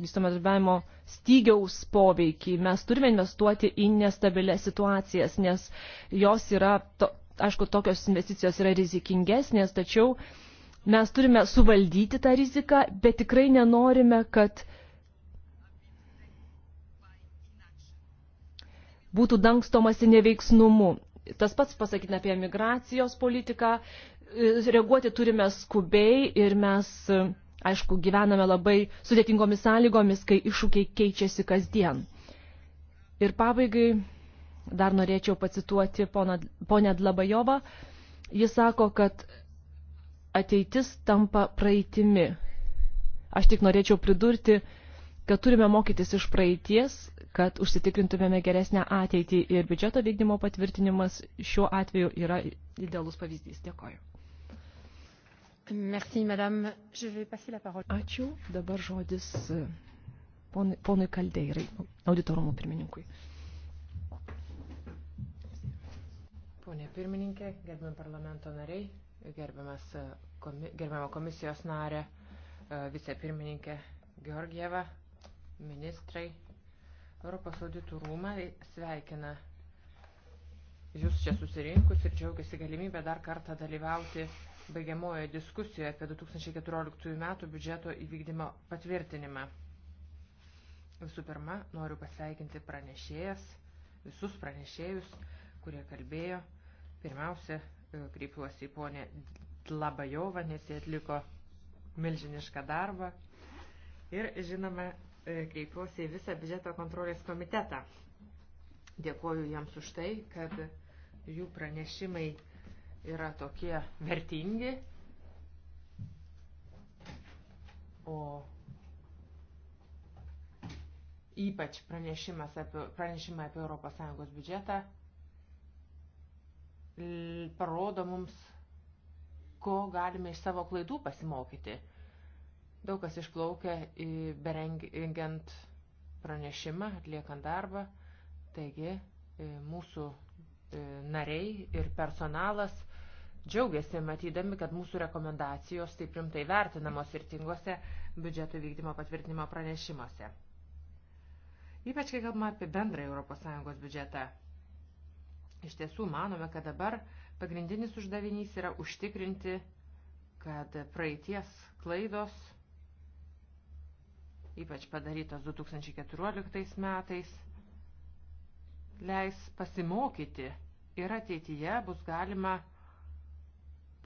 vystomą darbiavimo stygiaus poveikį, mes turime investuoti į nestabilias situacijas, nes jos yra, to, aišku, tokios investicijos yra rizikingesnės, tačiau uh, Mes turime suvaldyti tą riziką, bet tikrai nenorime, kad būtų dangstomasi neveiksnumu. Tas pats pasakytina apie migracijos politiką. Reaguoti turime skubiai ir mes, aišku, gyvename labai sudėtingomis sąlygomis, kai iššūkiai keičiasi kasdien. Ir pabaigai dar norėčiau pacituoti ponę Dlabajovą. Jis sako, kad ateitis tampa praeitimi. Aš tik norėčiau pridurti, kad turime mokytis iš praeities, kad užsitikrintumėme geresnę ateitį ir biudžeto vykdymo patvirtinimas šiuo atveju yra idealus pavyzdys. Dėkoju. Merci, madame. Je vais passer la parole. Ačiū. Dabar žodis e, ponui, ponui Kaldeirai, auditorumų pirmininkui. Pone pirmininkė, gerbim parlamento nariai, gerbiamas, e, komi, gerbiamą komisijos narę, e, vicepirmininkę Georgievą, ministrai. Europos auditų rūmai sveikina jūs čia susirinkus ir džiaugiasi galimybę dar kartą dalyvauti baigiamojoje diskusijoje apie 2014 metų biudžeto įvykdymo patvirtinimą. Visų pirma, noriu pasveikinti pranešėjas, visus pranešėjus, kurie kalbėjo. Pirmiausia, kreipiuosi į ponę Labajovą, nes jie atliko milžinišką darbą. Ir, žinoma, e, kreipiuosi į visą biudžeto kontrolės komitetą. Dėkuoju jiems už tai, kad jų pranešimai yra tokie vertingi. O ypač pranešimas apie, pranešimą apie ES biudžetą parodo mums, ko galime iš savo klaidų pasimokyti. Daug kas išplaukia berengiant pranešimą, atliekant darbą. Taigi e, mūsų e, nariai ir personalas džiaugiasi matydami, kad mūsų rekomendacijos taip rimtai vertinamos ir tinguose biudžeto vykdymo patvirtinimo pranešimuose. Ypač kai kalbame apie bendrą ES biudžetą Iš tiesų manome, kad dabar pagrindinis uždavinys yra užtikrinti, kad praeities klaidos, ypač padarytos 2014 metais, leis pasimokyti ir ateityje bus galima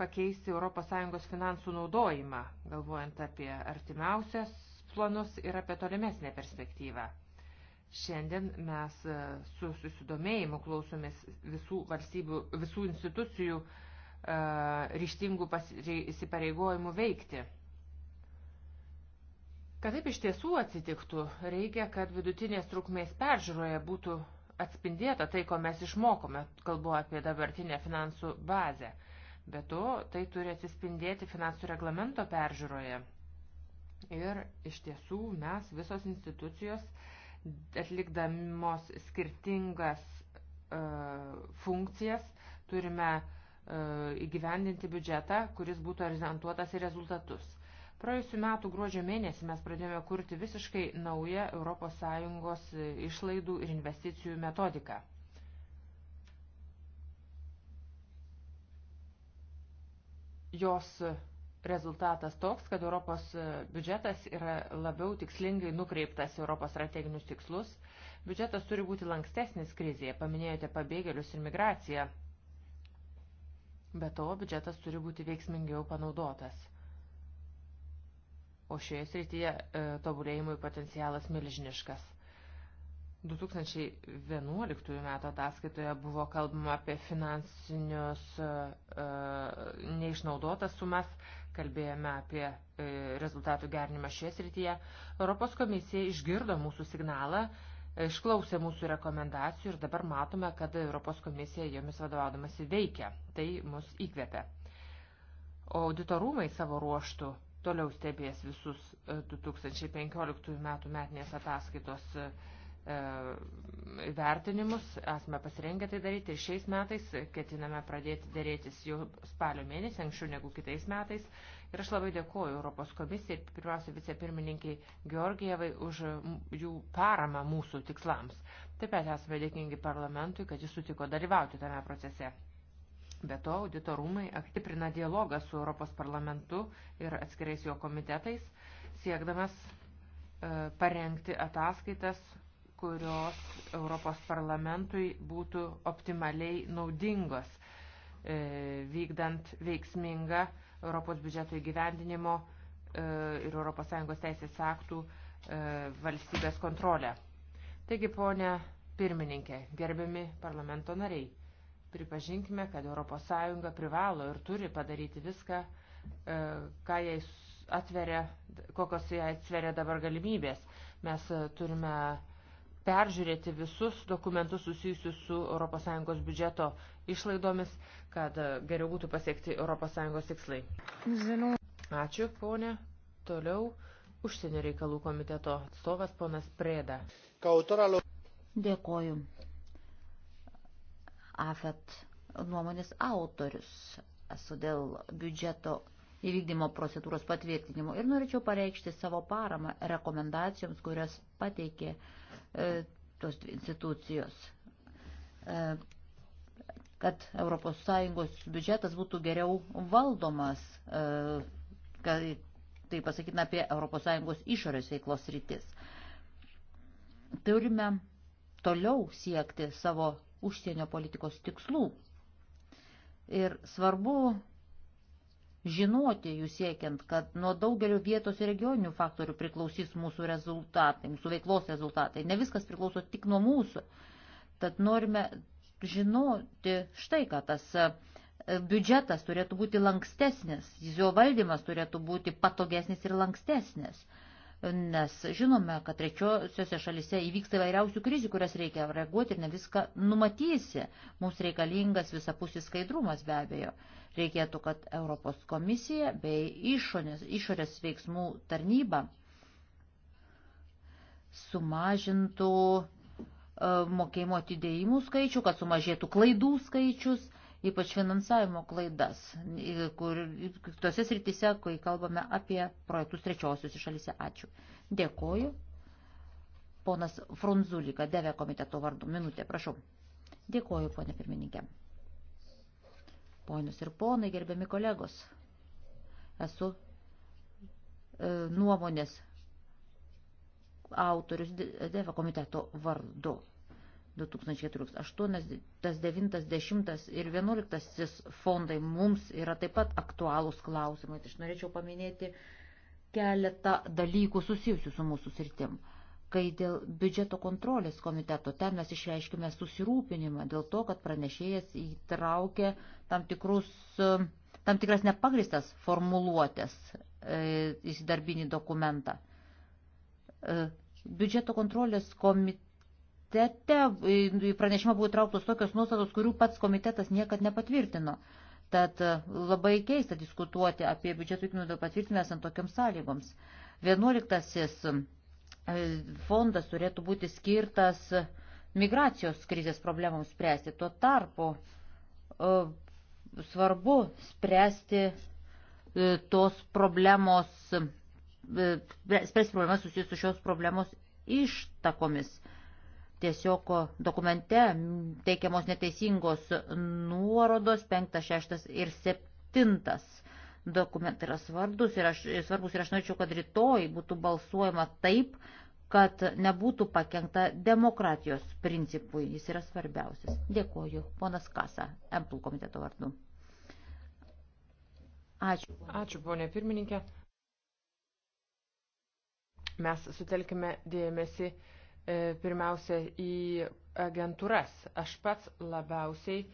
pakeisti ES finansų naudojimą, galvojant apie artimiausias planus ir apie tolimesnę perspektyvą. Šiandien mes e, su susidomėjimu klausomės visų valstybių, visų institucijų e, ryštingų įsipareigojimų veikti. Kad taip iš tiesų atsitiktų, reikia, kad vidutinės trukmės peržiūroje būtų atspindėta tai, ko mes išmokome, kalbu apie dabartinę finansų bazę. Be to, tai turi atsispindėti finansų reglamento peržiūroje. Ir iš tiesų mes visos institucijos uh, atlikdamos skirtingas e, funkcijas turime e, įgyvendinti biudžetą, kuris būtų orientuotas į rezultatus. Praėjusiu metu gruodžio mėnesį mes pradėjome kurti visiškai naują ES išlaidų ir investicijų metodiką. Jos rezultatas toks, kad Europos biudžetas yra labiau tikslingai nukreiptas Europos strateginius tikslus. Biudžetas turi būti lankstesnis krizėje, paminėjote pabėgėlius ir migraciją. Be to, biudžetas turi būti veiksmingiau panaudotas. O šioje srityje e, tobulėjimui potencialas milžiniškas. 2011 metų ataskaitoje buvo kalbama apie finansinius e, e neišnaudotas sumas kalbėjome apie e, rezultatų gerinimą šioje srityje. Europos komisija išgirdo mūsų signalą, išklausė mūsų rekomendacijų ir dabar matome, kad Europos komisija jomis vadovaudamasi veikia. Tai mus įkvepia. O auditorumai savo ruoštų toliau stebės visus 2015 e, metų metinės ataskaitos e, E, vertinimus, esame pasirengę tai daryti ir šiais metais, ketiname pradėti dėrėtis jau spalio mėnesį, anksčiau negu kitais metais. Ir aš labai dėkuoju Europos komisijai ir pirmiausia vicepirmininkiai Georgijevai už jų paramą mūsų tikslams. Taip pat esame dėkingi parlamentui, kad jis sutiko dalyvauti tame procese. Be to, auditorumai aktiprina dialogą su Europos parlamentu ir atskirais jo komitetais, siekdamas e, parengti ataskaitas kurios Europos parlamentui būtų optimaliai naudingos e, vykdant veiksmingą Europos biudžeto įgyvendinimo e, ir ES teisės aktų e, valstybės kontrolę. Taigi, ponė pirmininkė, gerbiami parlamento nariai, pripažinkime, kad ES privalo ir turi padaryti viską, ką jai atveria, kokios jai atveria dabar galimybės. Mes turime peržiūrėti visus dokumentus susijusius su ES biudžeto išlaidomis, kad e, geriau būtų pasiekti ES tikslai. Žinau. Ačiū, ponė. Toliau užsienio reikalų komiteto atstovas ponas Prėda. Dėkoju. AFET nuomonės autorius esu dėl biudžeto įvykdymo procedūros patvirtinimo ir norėčiau pareikšti savo paramą rekomendacijoms, kurias pateikė uh, E, tos institucijos, e, kad ES biudžetas būtų geriau valdomas, e, kad, tai pasakytume apie ES išorės veiklos rytis. Turime toliau siekti savo užsienio politikos tikslų. Ir svarbu žinoti jų siekiant, kad nuo daugelio vietos ir regioninių faktorių priklausys mūsų rezultatai, mūsų veiklos rezultatai. Ne viskas priklauso tik nuo mūsų. Tad norime žinoti štai, kad tas e, biudžetas turėtų būti lankstesnis, jo valdymas turėtų būti patogesnis ir lankstesnis nes žinome, kad trečiosiuose šalise įvyksta įvairiausių krizių, kurias reikia reaguoti ir ne viską numatysi. Mums reikalingas visapusis skaidrumas be abejo. Reikėtų, kad Europos komisija bei išorės, išorės veiksmų tarnyba sumažintų e, mokėjimo atidėjimų skaičių, kad sumažėtų klaidų skaičius ypač finansavimo klaidas, kur, tose srityse, kai kalbame apie projektus trečiosiuose šalise. Ačiū. Dėkoju. Ponas Frunzulika, DV komiteto vardu. Minutė, prašau. Dėkoju, ponė pirmininkė. Ponius ir ponai, gerbiami kolegos, esu e, nuomonės autorius DV komiteto vardu. 2008, 90 ir 11 fondai mums yra taip pat aktualūs klausimai. Tai aš norėčiau paminėti keletą dalykų susijusių su mūsų sritim. Kai dėl biudžeto kontrolės komiteto, ten mes išreiškime susirūpinimą dėl to, kad pranešėjas įtraukė tam, tikrus, tam tikras nepagristas formuluotės e, įsidarbinį dokumentą. E, biudžeto kontrolės komiteto komitete į pranešimą buvo trauktos tokios nuostatos, kurių pats komitetas niekad nepatvirtino. Tad e, labai keista diskutuoti apie biudžeto vykdymo patvirtinęs ant tokiams sąlygoms. Vienuoliktasis e, fondas turėtų būti skirtas migracijos krizės problemams spręsti. Tuo tarpu e, svarbu spręsti tos problemos, spręsti problemas susijusius su šios problemos ištakomis. Tiesiog dokumente teikiamos neteisingos nuorodos 5, 6 ir 7 dokumentai yra svarbus ir, aš, svarbus ir aš norėčiau, kad rytoj būtų balsuojama taip, kad nebūtų pakengta demokratijos principui. Jis yra svarbiausias. Dėkoju, ponas Kasa, MPL komiteto vardu. Ačiū. Ačiū, ponė pirmininkė. Mes sutelkime dėmesį E, pirmiausia į agentūras. Aš pats labiausiai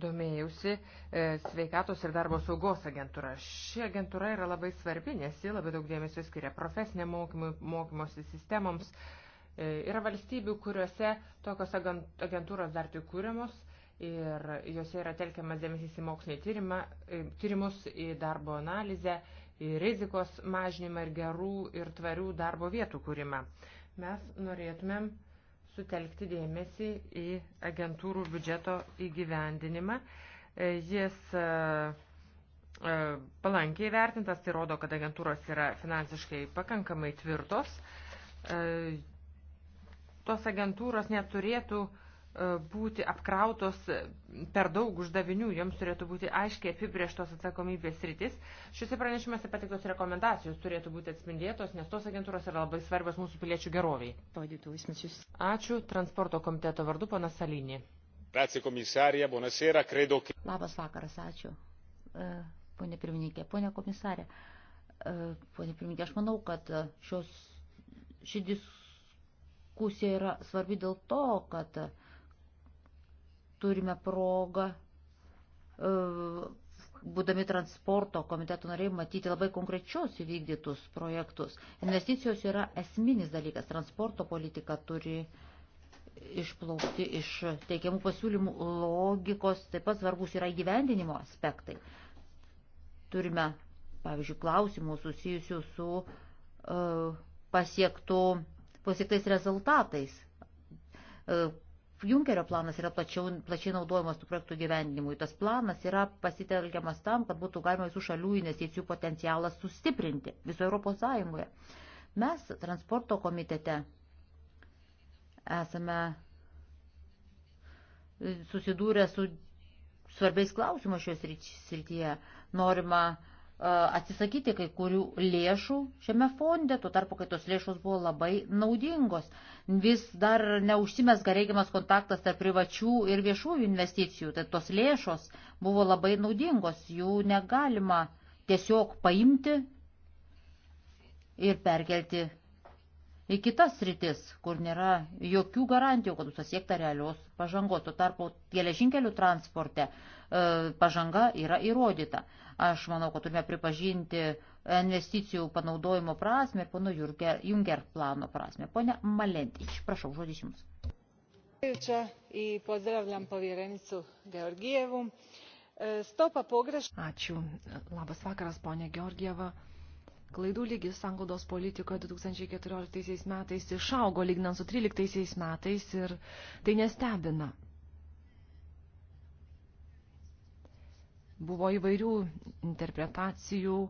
domėjausi e, sveikatos ir darbo saugos agentūra. Ši agentūra yra labai svarbi, nes ji labai daug dėmesio skiria profesiniam mokymui, mokymosi sistemoms. E, yra valstybių, kuriuose tokios agentūros dar tik kūriamos ir jose yra telkiamas dėmesys į mokslinį tyrimą, tyrimus, į darbo analizę, į rizikos mažinimą ir gerų ir tvarių darbo vietų kūrimą. Mes norėtumėm sutelkti dėmesį į agentūrų biudžeto įgyvendinimą. E, jis e, e, palankiai vertintas, tai rodo, kad agentūros yra finansiškai pakankamai tvirtos. Tos agentūros neturėtų uh, būti apkrautos per daug uždavinių, joms turėtų būti aiškiai apibrieštos atsakomybės rytis. Šiuose pranešimuose patiktos rekomendacijos turėtų būti atspindėtos, nes tos agentūros yra labai svarbios mūsų piliečių geroviai. Ačiū transporto komiteto vardu, panas Salinį. Labas vakaras, ačiū. E, pone pirmininkė, pone komisarė, e, pone pirmininkė, aš manau, kad šios, ši diskusija yra svarbi dėl to, kad uh, turime progą, e, būdami transporto komiteto nariai, matyti labai konkrečios įvykdytus projektus. Investicijos yra esminis dalykas. Transporto politika turi išplaukti iš teikiamų pasiūlymų logikos, taip pat svarbus yra įgyvendinimo aspektai. Turime, pavyzdžiui, klausimų susijusių su uh, pasiektų, pasiektais rezultatais. Uh, Junkerio planas yra plačiau, plačiai naudojamas tų projektų gyvendimui. Tas planas yra pasitelkiamas tam, kad būtų galima visų šalių investicijų potencialą sustiprinti viso Europos Sąjungoje. Mes transporto komitete esame susidūrę su svarbiais klausimais šios srityje. Norima uh, atsisakyti kai kurių lėšų šiame fonde, tuo tarpu, kai tos lėšos buvo labai naudingos. Vis dar neužsimesga reikiamas kontaktas tarp privačių ir viešųjų investicijų, tai tos lėšos buvo labai naudingos, jų negalima tiesiog paimti ir perkelti į kitas rytis, kur nėra jokių garantijų, kad bus pasiekta realios pažangos. Tuo tarpu geležinkelių transporte e, pažanga yra įrodyta. Aš manau, kad turime pripažinti investicijų panaudojimo prasme ir pono Junker plano prasme. Pone Malentič, prašau, žodis jums. E, Ačiū. Labas vakaras, ponė Georgieva. Klaidų lygis sanglaudos politikoje 2014 metais išaugo lygnant su 2013 metais ir tai nestebina. Buvo įvairių interpretacijų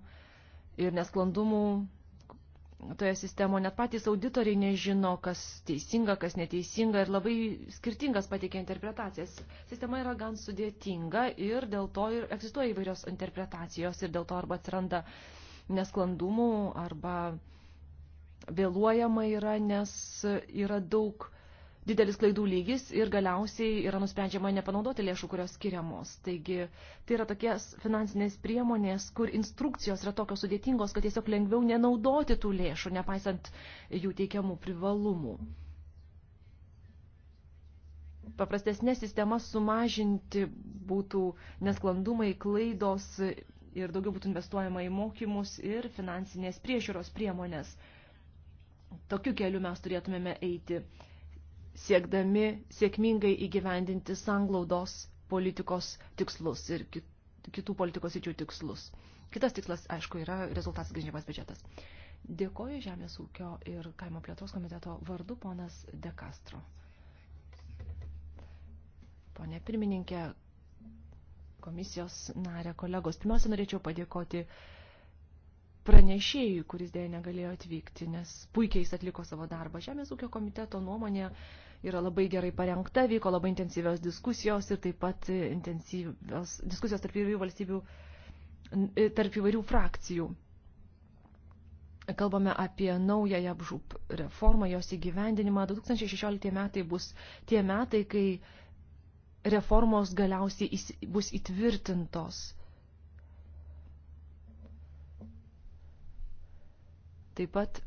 ir nesklandumų toje sistemoje. Net patys auditoriai nežino, kas teisinga, kas neteisinga ir labai skirtingas pateikia interpretacijas. Sistema yra gan sudėtinga ir dėl to ir egzistuoja įvairios interpretacijos ir dėl to arba atsiranda nesklandumų arba vėluojama yra, nes yra daug didelis klaidų lygis ir galiausiai yra nusprendžiama nepanaudoti lėšų, kurios skiriamos. Taigi tai yra tokias finansinės priemonės, kur instrukcijos yra tokios sudėtingos, kad tiesiog lengviau nenaudoti tų lėšų, nepaisant jų teikiamų privalumų. Paprastesnė sistema sumažinti būtų nesklandumai, klaidos ir daugiau būtų investuojama į mokymus ir finansinės priežiūros priemonės. Tokiu keliu mes turėtumėme eiti siekdami sėkmingai įgyvendinti sanglaudos politikos tikslus ir kitų politikos įčių tikslus. Kitas tikslas, aišku, yra rezultatas grįžinimas biudžetas. Dėkoju Žemės ūkio ir kaimo plėtros komiteto vardu ponas De Castro. Pone pirmininkė, komisijos narė, kolegos, pirmiausia norėčiau padėkoti uh, pranešėjui, kuris dėja negalėjo atvykti, nes puikiai jis atliko savo darbą. Žemės ūkio komiteto nuomonė yra labai gerai parengta, vyko labai intensyvios diskusijos ir taip pat intensyvios diskusijos tarp įvairių valstybių, tarp įvairių frakcijų. Kalbame apie naująją apžūp reformą, jos įgyvendinimą. 2016 metai bus tie metai, kai reformos galiausiai bus įtvirtintos Taip pat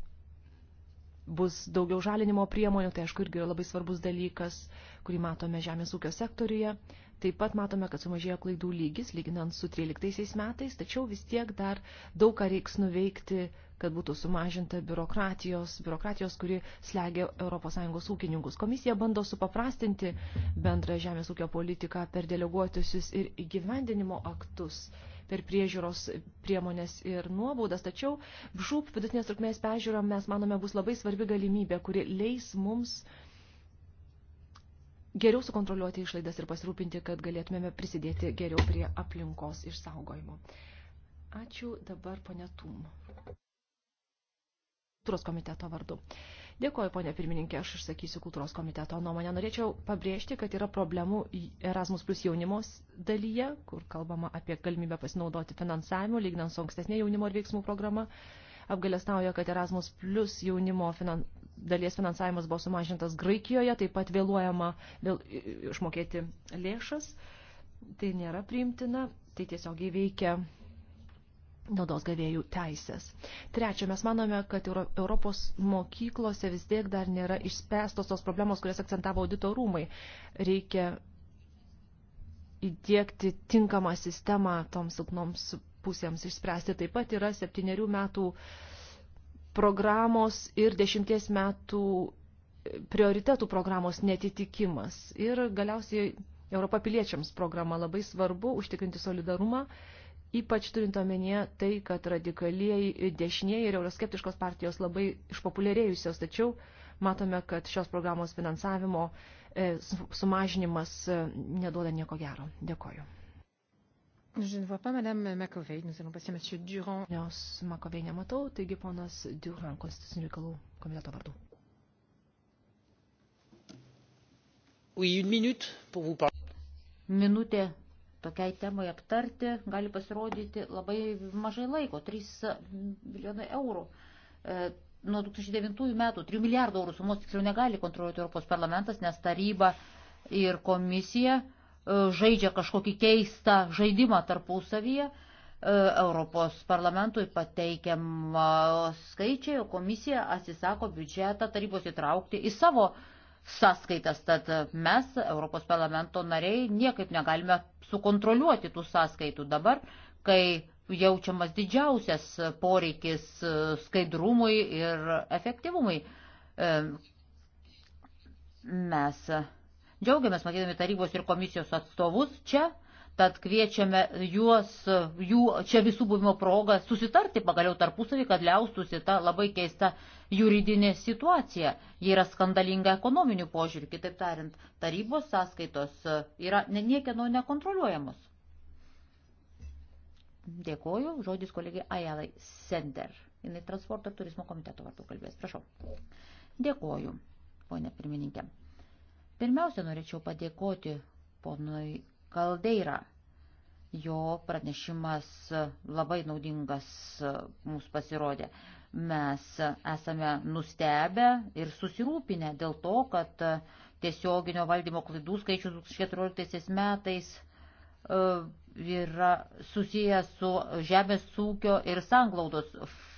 bus daugiau žalinimo priemonių, tai aišku irgi labai svarbus dalykas, kurį matome žemės ūkio sektoriuje. Taip pat matome, kad sumažėjo klaidų lygis, lyginant su 13 metais, tačiau vis tiek dar daug ką reiks nuveikti, kad būtų sumažinta biurokratijos, biurokratijos, kuri slegia ES ūkininkus. Komisija bando supaprastinti bendrą žemės ūkio politiką per deleguotusius ir įgyvendinimo aktus per priežiūros priemonės ir nuobaudas, tačiau žūp vidutinės trukmės pežiūrom mes manome bus labai svarbi galimybė, kuri leis mums geriau sukontroliuoti išlaidas ir pasirūpinti, kad galėtumėme prisidėti geriau prie aplinkos išsaugojimo. Ačiū dabar ponė Tum. Turos komiteto vardu. Uh, Dėkoju, ponė pirmininkė, aš išsakysiu kultūros komiteto nuomonę. Norėčiau pabrėžti, kad yra problemų Erasmus plus jaunimos dalyje, kur kalbama apie galimybę pasinaudoti finansavimu, lygnant su ankstesnė jaunimo ir veiksmų programa. Apgalėstauja, kad Erasmus plus jaunimo finan... dalies finansavimas buvo sumažintas Graikijoje, taip pat vėluojama vėl išmokėti lėšas. Tai nėra priimtina, tai tiesiog įveikia naudos gavėjų teisės. Trečia, mes manome, kad Europos mokyklose vis tiek dar nėra išspręstos tos problemos, kurias akcentavo audito rūmai. Reikia įdėkti tinkamą sistemą toms silpnoms pusėms išspręsti. Taip pat yra septyniarių metų programos ir dešimties metų prioritetų programos netitikimas. Ir galiausiai Europapiliečiams programa labai svarbu užtikrinti solidarumą Ypač turint omenyje tai, kad radikalieji dešinieji ir euroskeptiškos partijos labai išpopuliarėjusios, tačiau matome, kad šios programos finansavimo e, sumažinimas e, neduoda nieko gero. Dėkoju. Je ne vois pas Madame McAvey. Nous allons passer à Monsieur Durand. Nes McAvey nematau, taigi ponas Durand, konstitucinių reikalų komiteto vardu. Oui, une minute pour vous parler. Minutė tokiai temai aptarti gali pasirodyti labai mažai laiko - 3 milijonai eurų. E, nuo 2009 metų 3 milijardų eurų sumos tiksliau negali kontroliuoti Europos parlamentas, nes taryba ir komisija e, žaidžia kažkokį keistą žaidimą tarpusavyje. E, Europos parlamentui pateikiama skaičiai, o komisija atsisako biudžetą tarybos įtraukti į savo uh, sąskaitas, tad mes, Europos parlamento nariai, niekaip negalime sukontroliuoti tų sąskaitų dabar, kai jaučiamas didžiausias poreikis skaidrumui ir efektyvumui. E, mes džiaugiamės matydami tarybos ir komisijos atstovus čia Tad kviečiame juos, jų čia visų buvimo progą susitarti pagaliau tarpusavį, kad liaustusi ta labai keista juridinė situacija. Ji yra skandalinga ekonominių požiūrių, kitaip tariant, tarybos sąskaitos e, yra niekieno nekontroliuojamos. Dėkoju, žodis kolegai Ajalai Sender. Jis transporto ir turizmo komiteto vardu kalbės. Prašau. Dėkoju, ponė pirmininkė. Pirmiausia, norėčiau padėkoti ponui Kaldeira. Jo pranešimas labai naudingas mums pasirodė. Mes esame nustebę ir susirūpinę dėl to, kad tiesioginio valdymo klaidų skaičius 2014 metais e, yra susijęs su žemės ūkio ir sanglaudos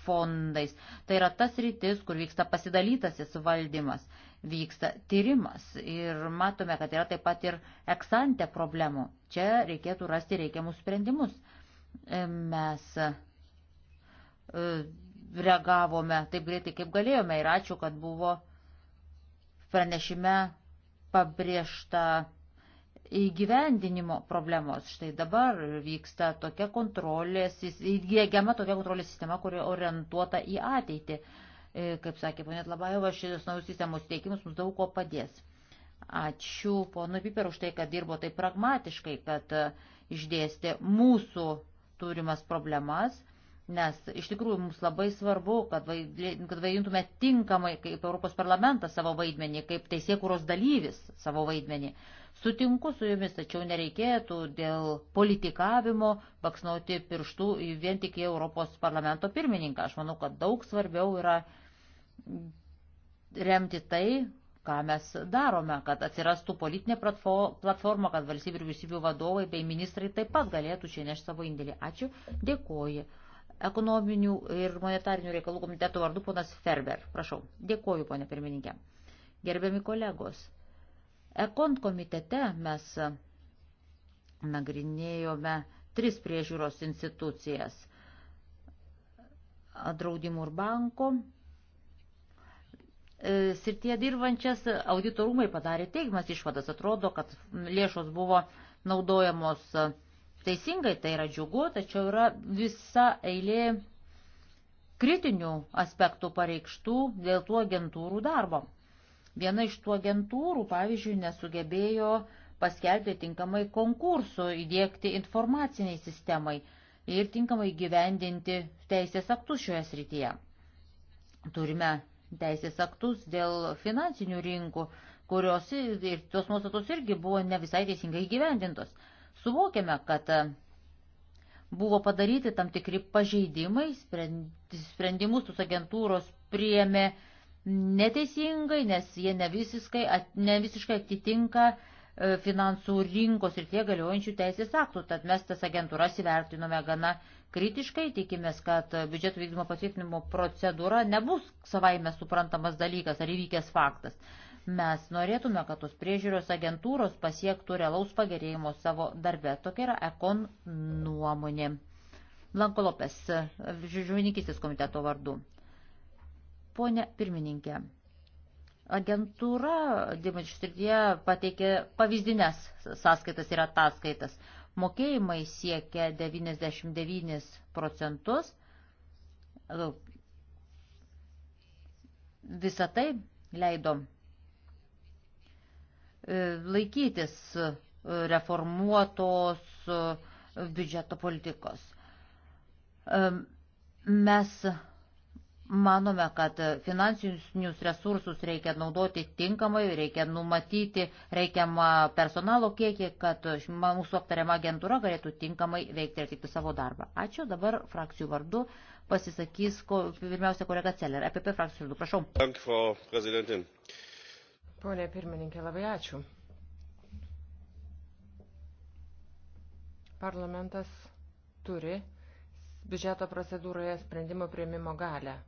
fondais. Tai yra tas rytis, kur vyksta pasidalytasis valdymas vyksta tyrimas ir matome, kad yra taip pat ir eksante problemų. Čia reikėtų rasti reikiamus sprendimus. E, mes e, reagavome taip greitai, kaip galėjome ir ačiū, kad buvo pranešime pabrėžta įgyvendinimo problemos. Štai dabar vyksta tokia kontrolės, įdėgiama tokia kontrolės sistema, kuri orientuota į ateitį. E, kaip sakė ponė Labajova, šis naujus sistemos teikimus mums daug ko padės. Ačiū ponui Piper už tai, kad dirbo taip pragmatiškai, kad e, išdėstė mūsų turimas problemas, nes iš tikrųjų mums labai svarbu, kad, kad vaidintume tinkamai kaip Europos parlamentas savo vaidmenį, kaip teisėkūros dalyvis savo vaidmenį. Sutinku su jumis, tačiau nereikėtų dėl politikavimo baksnauti pirštų vien tik į Europos parlamento pirmininką. Aš manau, kad daug svarbiau yra remti tai, ką mes darome, kad atsirastų politinė platforma, kad valstybių ir vyriausybių vadovai bei ministrai taip pat galėtų čia nešti savo indėlį. Ačiū, dėkoju. Ekonominių ir monetarinių reikalų komiteto vardu ponas Ferber. Prašau. Dėkoju, ponė pirmininkė. Gerbiami kolegos, Ekon komitete mes nagrinėjome tris priežiūros institucijas – draudimų ir banko, srityje dirbančias auditorumai padarė teigiamas išvadas. Atrodo, kad lėšos buvo naudojamos teisingai, tai yra džiugu, tačiau yra visa eilė kritinių aspektų pareikštų dėl tų agentūrų darbo. Viena iš tų agentūrų, pavyzdžiui, nesugebėjo paskelbti tinkamai konkursų, įdėkti informaciniai sistemai ir tinkamai gyvendinti teisės aktus šioje srityje. Turime teisės aktus dėl finansinių rinkų, kurios ir tos nuostatos irgi buvo ne visai teisingai gyvendintos. Suvokėme, kad e, buvo padaryti tam tikri pažeidimai, sprendimus tos agentūros priėmė neteisingai, nes jie ne visiškai, ne visiškai atitinka e, finansų rinkos ir tie galiojančių teisės aktų, tad mes tas agentūras įvertinome gana kritiškai, tikimės, kad biudžeto vykdymo patvirtinimo procedūra nebus savaime suprantamas dalykas ar įvykęs faktas. Mes norėtume, kad tos priežiūros agentūros pasiektų realaus pagerėjimo savo darbe. Tokia yra ekon nuomonė. Lanko Lopes, žuvininkistės komiteto vardu. Pone pirmininkė, agentūra Dimačių srityje pateikė pavyzdinės sąskaitas ir ataskaitas. Mokėjimai siekia 99 procentus. Visą tai leido e, laikytis e, reformuotos e, biudžeto politikos. Mes Manome, kad finansinius resursus reikia naudoti tinkamai, reikia numatyti reikiamą personalo kiekį, kad mūsų aptariama agentūra galėtų tinkamai veikti ir atlikti savo darbą. Ačiū. Dabar frakcijų vardu pasisakys ko, pirmiausia kolega Celler. EPP frakcijų vardu, prašau. Pone pirmininkė, labai ačiū. Parlamentas turi biudžeto procedūroje sprendimo prieimimo galę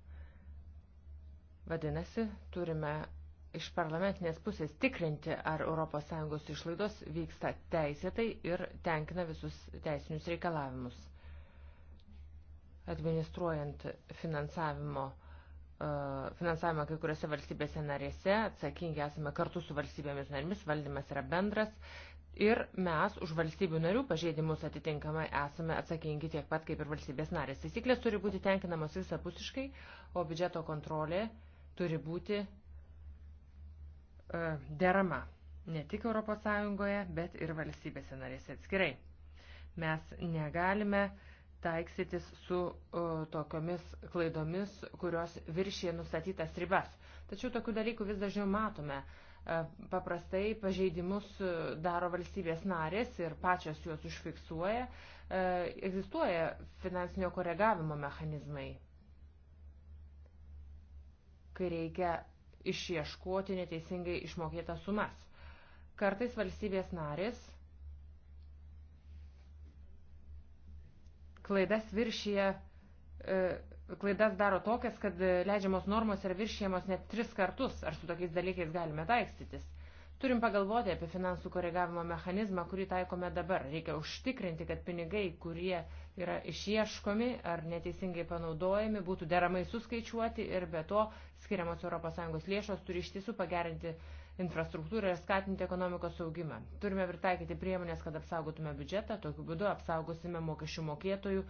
Vadinasi, turime iš parlamentinės pusės tikrinti, ar ES išlaidos vyksta teisėtai ir tenkina visus teisinius reikalavimus. Administruojant finansavimo, e, finansavimą kai kuriuose valstybėse narėse, atsakingi esame kartu su valstybėmis narėmis, valdymas yra bendras ir mes už valstybių narių pažeidimus atitinkamai esame atsakingi tiek pat kaip ir valstybės narės. Taisyklės turi būti tenkinamos visapusiškai, o biudžeto kontrolė turi būti e, derama ne tik ES, bet ir valstybėse narėse atskirai. Mes negalime taiksytis su e, tokiomis klaidomis, kurios viršė nustatytas ribas. Tačiau tokių dalykų vis dažniau matome. E, paprastai pažeidimus daro valstybės narės ir pačios juos užfiksuoja. Egzistuoja finansinio koregavimo mechanizmai kai reikia išieškoti neteisingai išmokėtas sumas. Kartais valstybės narės klaidas viršyje, klaidas daro tokias, kad leidžiamos normos yra viršyjamos net tris kartus, ar su tokiais dalykais galime taikstytis. Turim pagalvoti apie finansų koregavimo mechanizmą, kurį taikome dabar. Reikia užtikrinti, kad pinigai, kurie uh, yra išieškomi ar neteisingai panaudojami, būtų deramai suskaičiuoti ir be to skiriamos ES lėšos turi iš tiesų pagerinti infrastruktūrą ir skatinti ekonomikos augimą. Turime pritaikyti priemonės, kad apsaugotume biudžetą, tokiu būdu apsaugosime mokesčių mokėtojų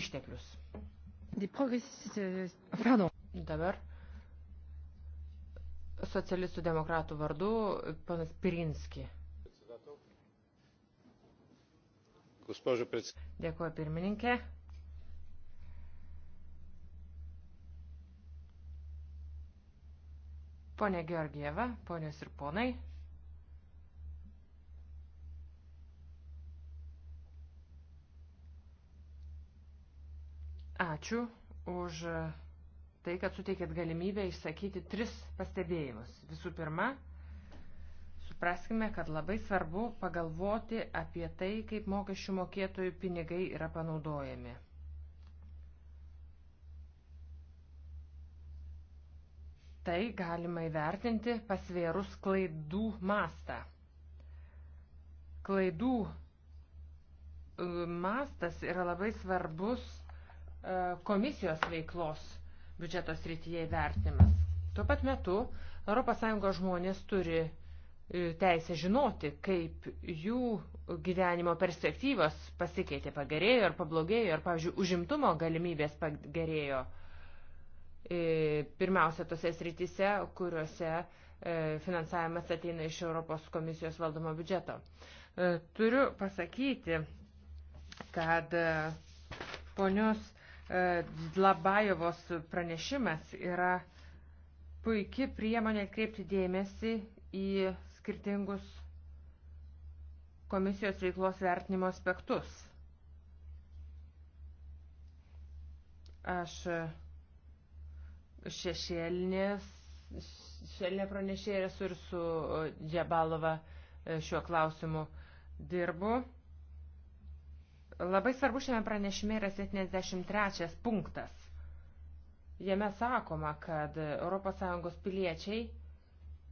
išteklius. Euh, Dabar socialistų demokratų vardu panas Pirinski. Dėkuoju pirmininkė. Pone Georgieva, ponios ir ponai. Ačiū už tai, kad suteikėt galimybę išsakyti tris pastebėjimus. Visų pirma, Supraskime, kad labai svarbu pagalvoti apie tai, kaip mokesčių mokėtojų pinigai yra panaudojami. Tai galima įvertinti pasvėrus klaidų mastą. Klaidų e, mastas yra labai svarbus e, komisijos veiklos biudžeto srityje įvertinimas. Tuo pat metu ES žmonės turi E, teisę žinoti, kaip jų gyvenimo perspektyvos pasikeitė, pagerėjo ar pablogėjo, ar, pavyzdžiui, užimtumo galimybės pagerėjo. E, pirmiausia, tose srityse, kuriuose e, finansavimas ateina iš Europos komisijos valdomo biudžeto. Turiu pasakyti, kad ponios Dlabajovos pranešimas yra puikia priemonė atkreipti dėmesį į skirtingus komisijos veiklos vertinimo aspektus. Aš šešėlinės, šešėlinė pranešėja esu ir su Džebalova e, šiuo klausimu dirbu. Labai svarbu šiame pranešime yra 73 punktas. Jame sakoma, kad ES piliečiai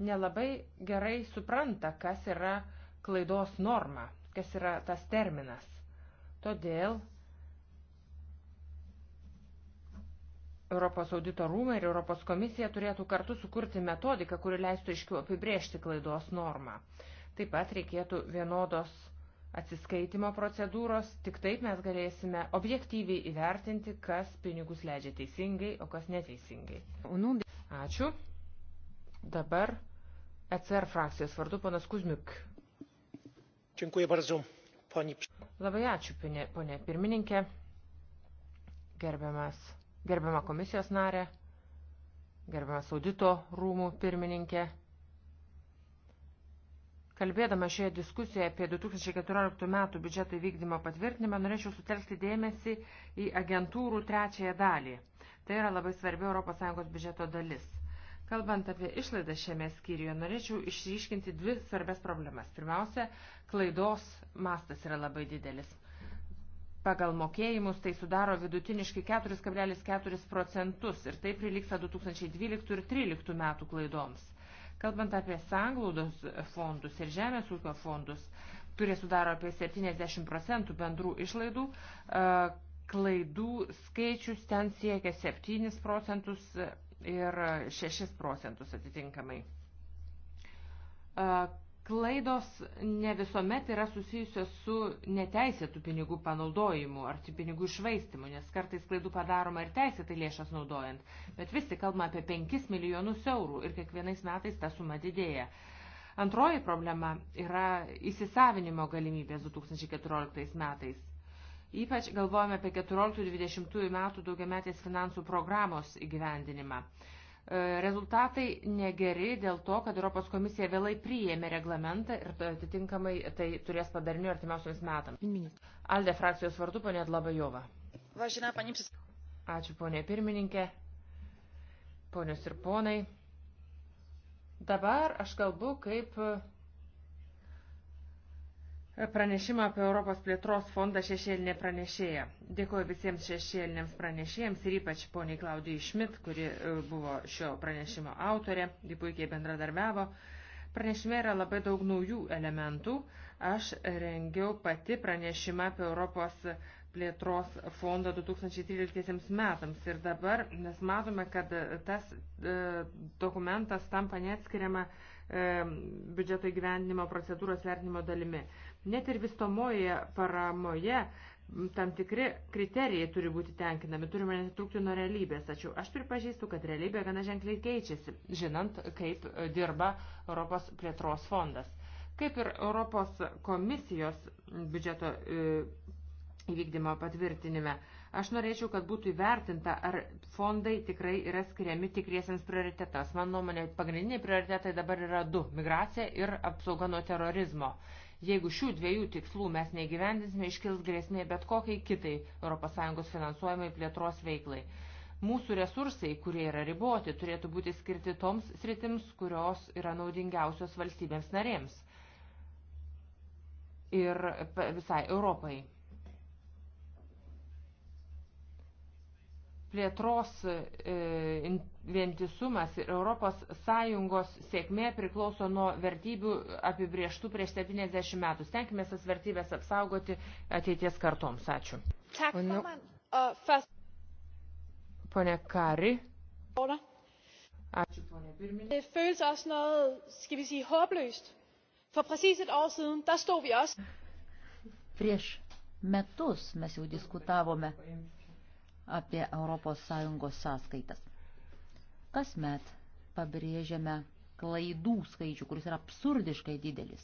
nelabai gerai supranta, kas yra klaidos norma, kas yra tas terminas. Todėl Europos audito rūmai ir Europos komisija turėtų kartu sukurti metodiką, kuri leistų iškiu apibrėžti klaidos normą. Taip pat reikėtų vienodos atsiskaitimo procedūros, tik taip mes galėsime objektyviai įvertinti, kas pinigus leidžia teisingai, o kas neteisingai. Ačiū. Dabar ECR frakcijos vardu panas Kuzmiuk. Dziękuję bardzo, pani. Labai ačiū, ponė pirmininkė, gerbiamas, gerbiama komisijos narė, gerbiamas audito rūmų pirmininkė. Kalbėdama šioje diskusijoje apie 2014 metų biudžeto įvykdymo patvirtinimą, norėčiau sutelkti dėmesį į agentūrų trečiąją dalį. Tai yra labai svarbi ES biudžeto dalis. Kalbant apie išlaidą šiame skyriuje, norėčiau išryškinti dvi svarbės problemas. Pirmiausia, klaidos mastas yra labai didelis. Pagal mokėjimus tai sudaro vidutiniškai 4,4 procentus ir tai priliksta 2012 ir 2013 metų klaidoms. Kalbant apie sanglaudos fondus ir žemės ūkio fondus, kurie sudaro apie 70 procentų bendrų išlaidų, e, klaidų skaičius ten siekia 7 procentus, ir 6 procentus atitinkamai. Klaidos ne visuomet yra susijusios su neteisėtų pinigų panaudojimu ar pinigų išvaistimu, nes kartais klaidų padaroma ir teisėtai lėšas naudojant, bet vis tik kalbama apie 5 milijonus eurų ir kiekvienais metais ta suma didėja. Antroji problema yra įsisavinimo galimybės 2014 metais Ypač galvojame apie 14-20 metų daugiametės finansų programos įgyvendinimą. E, rezultatai negeri dėl to, kad Europos komisija vėlai priėmė reglamentą ir atitinkamai tai turės padarinių artimiausiams metams. Alde frakcijos vardu, ponė Dlabajova. Ačiū, ponė pirmininkė. Ponios ir ponai. Dabar aš kalbu kaip Pranešimą apie Europos plėtros fondą šešėlinė pranešėja. Dėkuoju visiems šešėliniams pranešėjams ir ypač poniai Klaudijai Šmit, kuri e, buvo šio pranešimo autorė, ji puikiai bendradarbiavo. Pranešime yra labai daug naujų elementų. Aš rengiau pati pranešimą apie Europos plėtros fondą 2013 metams ir dabar mes matome, kad tas e, dokumentas tampa neatskiriama e, biudžeto įgyvendinimo procedūros vertinimo dalimi. Net ir vistomoje paramoje tam tikri kriterijai turi būti tenkinami, turime netitrūkti nuo realybės. Tačiau aš pripažįstu, kad realybė gana ženkliai keičiasi, žinant, kaip dirba Europos plėtros fondas. Kaip ir Europos komisijos biudžeto e, įvykdymo patvirtinime, aš norėčiau, kad būtų įvertinta, ar fondai tikrai yra skiriami tikriesiams prioritetams. Man nuomonė, pagrindiniai prioritetai dabar yra du - migracija ir apsauga nuo terorizmo. Jeigu šių dviejų tikslų mes negyvendinsime, iškils grėsmė bet kokiai kitai ES finansuojamai plėtros veiklai. Mūsų resursai, kurie yra riboti, turėtų būti skirti toms sritims, kurios yra naudingiausios valstybėms narėms ir visai Europai. plėtros e, vientisumas ir ES sėkmė priklauso nuo vertybių apibrieštų prieš 70 metų. Stenkime tas vertybės apsaugoti ateities kartoms. Ačiū. Pone Kari. Ačiū, pone pirmininkė. Det føles også noget, skal vi sige, håbløst. For præcis et år siden, der stod vi også. Prieš metus mes jau diskutavome apie ES sąskaitas. Kasmet pabrėžiame klaidų skaičių, kuris yra absurdiškai didelis.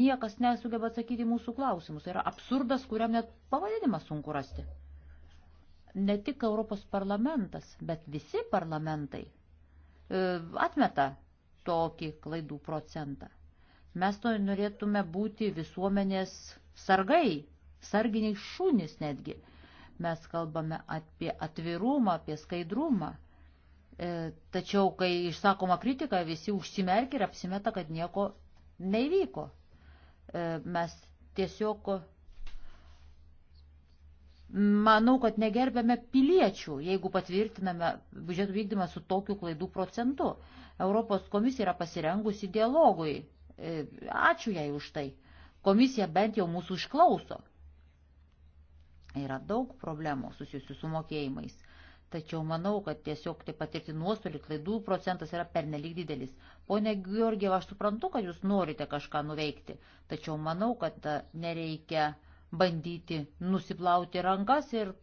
Niekas nesugeba atsakyti mūsų klausimus. Tai yra absurdas, kuriam net pavadinimą sunku rasti. Ne tik Europos parlamentas, bet visi parlamentai e, atmeta tokį klaidų procentą. Mes to norėtume būti visuomenės sargai, sarginiai šunys netgi – Mes kalbame apie atvirumą, apie skaidrumą. E, tačiau, kai išsakoma kritika, visi užsimerkia ir apsimeta, kad nieko neįvyko. E, mes tiesiog, manau, kad negerbėme piliečių, jeigu patvirtiname biudžetų vykdymą su tokiu klaidų procentu. Europos komisija yra pasirengusi dialogui. E, ačiū jai už tai. Komisija bent jau mūsų išklauso. Yra daug problemų susijusių su mokėjimais. Tačiau manau, kad tiesiog taip patirti nuostolį klaidų procentas yra pernelyg didelis. Pone Georgieva, aš suprantu, kad jūs norite kažką nuveikti, tačiau manau, kad e, nereikia bandyti nusiplauti rankas ir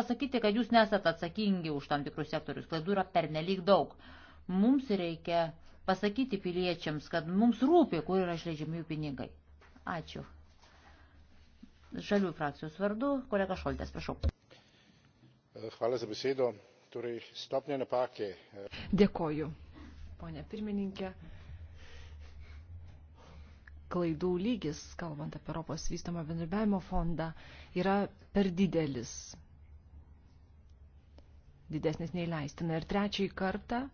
pasakyti, kad jūs nesat atsakingi už tam tikrus sektorius. Klaidų yra pernelyg daug. Mums reikia pasakyti piliečiams, kad mums rūpi, kur yra išleidžiami jų pinigai. Ačiū žalių frakcijos vardu, kolega Šoltės, prašau. Hvala za besedo. Torej, stopnja napake. Eh, Dėkoju, ponė pirmininkė. Klaidų lygis, kalbant apie Europos vystamą bendradarbiavimo fondą, yra per didelis. Didesnis nei leistina. Ir trečiai kartą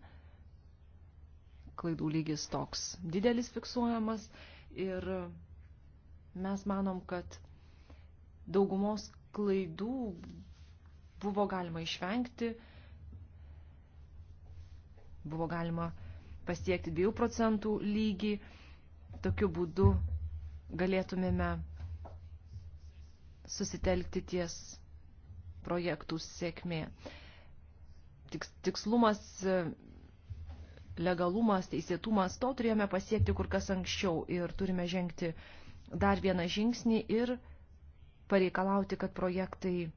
klaidų lygis toks didelis fiksuojamas ir mes manom, kad daugumos klaidų buvo galima išvengti, buvo galima pasiekti 2 procentų lygį. Tokiu būdu galėtumėme susitelkti ties projektų sėkmė. Tikslumas, legalumas, teisėtumas, to turėjome pasiekti kur kas anksčiau ir turime žengti dar vieną žingsnį ir pareikalauti, kad projektai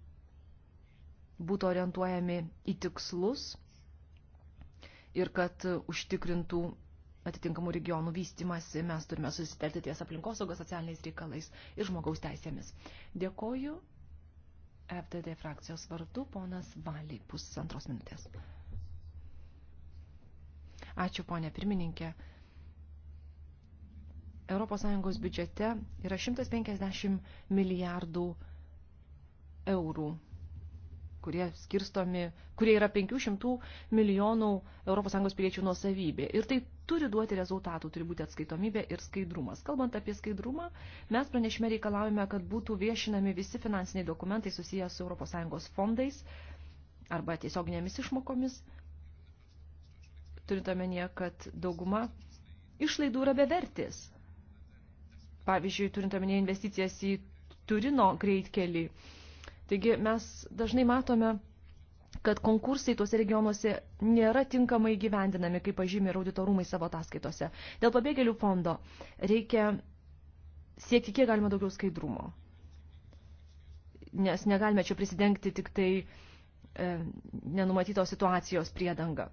būtų orientuojami į tikslus ir kad užtikrintų atitinkamų regionų vystimasi, mes turime susitelti ties aplinkosaugos socialiniais reikalais ir žmogaus teisėmis. Dėkoju FDD frakcijos vardu, ponas Valiai, pusantros minutės. Ačiū, ponė pirmininkė. ES biudžete yra 150 milijardų eurų, kurie skirstomi, kurie yra 500 milijonų ES piliečių nuosavybė. Ir tai turi duoti rezultatų, turi būti atskaitomybė ir skaidrumas. Kalbant apie skaidrumą, mes pranešime reikalaujame, kad būtų viešinami visi finansiniai dokumentai susiję su ES fondais arba tiesioginėmis išmokomis, turint omenyje, kad dauguma išlaidų yra bevertės pavyzdžiui, turint omenyje investicijas į Turino greitkelį. Taigi mes dažnai matome, kad konkursai tuose regionuose nėra tinkamai gyvendinami, kaip pažymė ir auditorumai savo ataskaitose. Dėl pabėgėlių fondo reikia siekti kiek galima daugiau skaidrumo, nes negalime čia prisidengti tik tai e, nenumatytos situacijos priedanga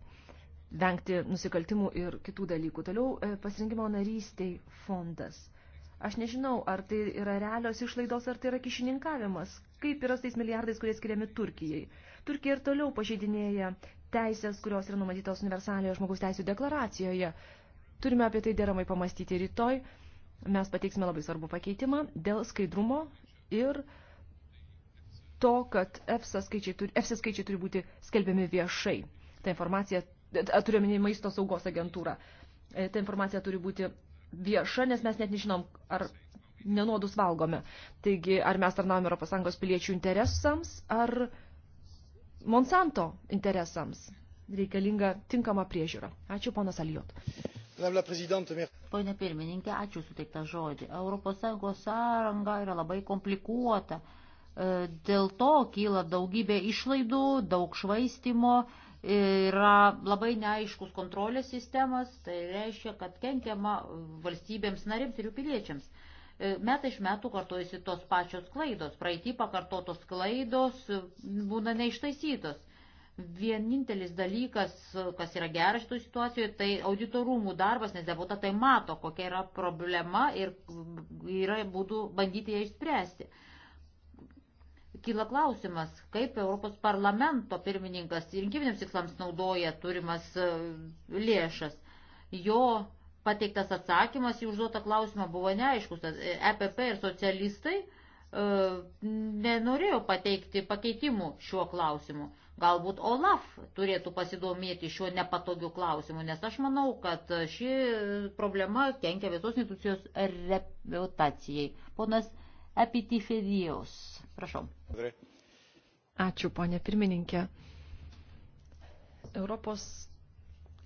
vengti nusikaltimų ir kitų dalykų. Toliau e, pasirinkimo narystiai fondas. Aš nežinau, ar tai yra realios išlaidos, ar tai yra kišininkavimas. Kaip yra su tais milijardais, kurie skiriami Turkijai. Turkija ir toliau pažeidinėja teisės, kurios yra numatytos universalioje žmogaus teisų deklaracijoje. Turime apie tai deramai pamastyti rytoj. Mes pateiksime labai svarbų pakeitimą dėl skaidrumo ir to, kad EFSA skaičiai turi, EFSA skaičiai turi būti skelbiami viešai. Ta informacija, turiuomenį maisto saugos agentūrą, e, ta informacija turi būti vieša, nes mes net nežinom, ar nenodus valgome. Taigi, ar mes tarnaujame ES piliečių interesams, ar Monsanto interesams reikalinga tinkama priežiūra. Ačiū, ponas Alijot. Pone pirmininkė, ačiū suteiktą žodį. ES sąranga yra labai komplikuota. E, dėl to kyla daugybė išlaidų, daug švaistimo, yra labai neaiškus kontrolės sistemas, tai reiškia, kad kenkiama valstybėms narims ir jų piliečiams. E, metai iš metų kartojasi tos pačios klaidos, praeitį pakartotos klaidos e, būna neištaisytos. Vienintelis dalykas, e, kas yra geras šitoje situacijoje, tai auditorumų darbas, nes deputatai mato, kokia yra problema ir yra būdų bandyti ją išspręsti kyla klausimas, kaip Europos parlamento pirmininkas rinkiminiams tikslams naudoja turimas e, lėšas. Jo pateiktas atsakymas į užduotą klausimą buvo neaiškus. EPP e ir socialistai e, nenorėjo pateikti pakeitimų šiuo klausimu. Galbūt Olaf turėtų pasidomėti šiuo nepatogiu klausimu, nes aš manau, kad ši problema kenkia visos institucijos reputacijai. Ponas Epitifedijos. Prašau. Ačiū, ponė pirmininkė. Europos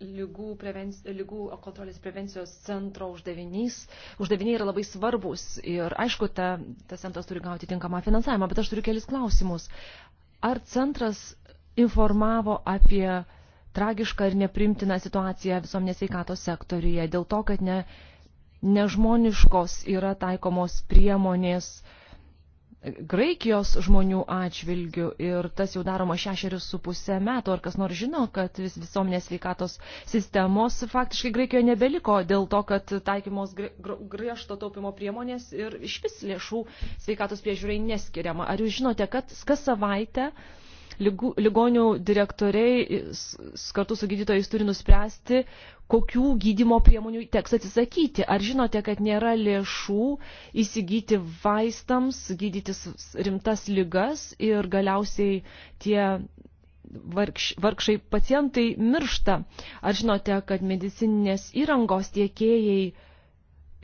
lygų, prevenc... lygų kontrolės prevencijos centro uždavinys. Uždaviniai yra labai svarbus ir aišku, ta, tas centras turi gauti tinkamą finansavimą, bet aš turiu kelis klausimus. Ar centras informavo apie tragišką ir neprimtiną situaciją visuomenės veikatos sektoriuje dėl to, kad ne, nežmoniškos yra taikomos priemonės Graikijos žmonių atžvilgių ir tas jau daroma šešerius su pusę metų. Ar kas nors žino, kad vis visuomenės sveikatos sistemos faktiškai Graikijoje nebeliko dėl to, kad taikymos griežto taupimo priemonės ir iš vis lėšų sveikatos priežiūrai neskiriama. Ar jūs žinote, kad kas savaitę uh, Ligu, ligonių direktoriai kartu su gydytojais turi nuspręsti, kokių gydymo priemonių teks atsisakyti. Ar žinote, kad nėra lėšų įsigyti vaistams, gydytis rimtas ligas ir galiausiai tie vargš, vargšai pacientai miršta? Ar žinote, kad medicininės įrangos tiekėjai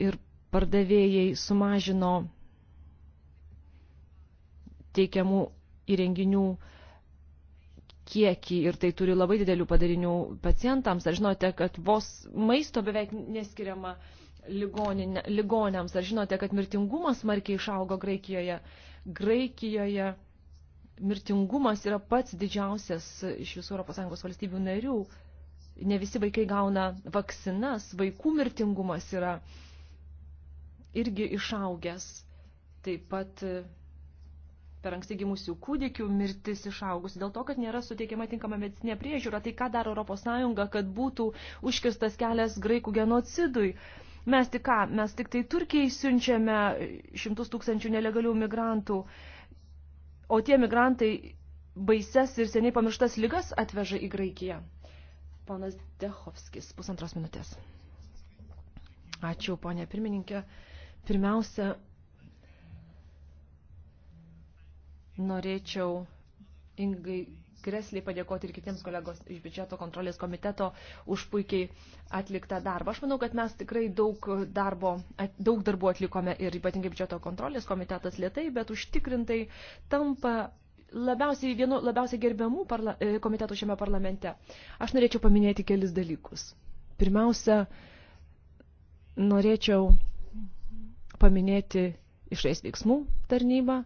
ir pardavėjai sumažino teikiamų įrenginių kiekį ir tai turi labai didelių padarinių pacientams. Ar žinote, kad vos maisto beveik neskiriama ligoniams? Ar žinote, kad mirtingumas smarkiai išaugo Graikijoje? Graikijoje mirtingumas yra pats didžiausias iš visų ES valstybių narių. Ne visi vaikai gauna vakcinas, vaikų mirtingumas yra irgi išaugęs. Taip pat per anksti gimusių kūdikių mirtis išaugus dėl to, kad nėra suteikiama tinkama medicinė priežiūra. Tai ką daro ES, kad būtų užkirstas kelias graikų genocidui? Mes tik ką, mes tik tai Turkijai siunčiame šimtus tūkstančių nelegalių migrantų, o tie migrantai baises ir seniai pamirštas lygas atveža į Graikiją. Ponas Dehovskis, pusantros minutės. Ačiū, ponė pirmininkė. Pirmiausia, norėčiau Ingai Gresliai padėkoti ir kitiems kolegos iš biudžeto kontrolės komiteto už puikiai atliktą darbą. Aš manau, kad mes tikrai daug, darbo, daug darbų atlikome ir ypatingai biudžeto kontrolės komitetas lietai, bet užtikrintai tampa labiausiai, vienu labiausiai gerbiamų parla, e, komitetų šiame parlamente. Aš norėčiau paminėti kelis dalykus. Pirmiausia, norėčiau paminėti išreis veiksmų tarnybą,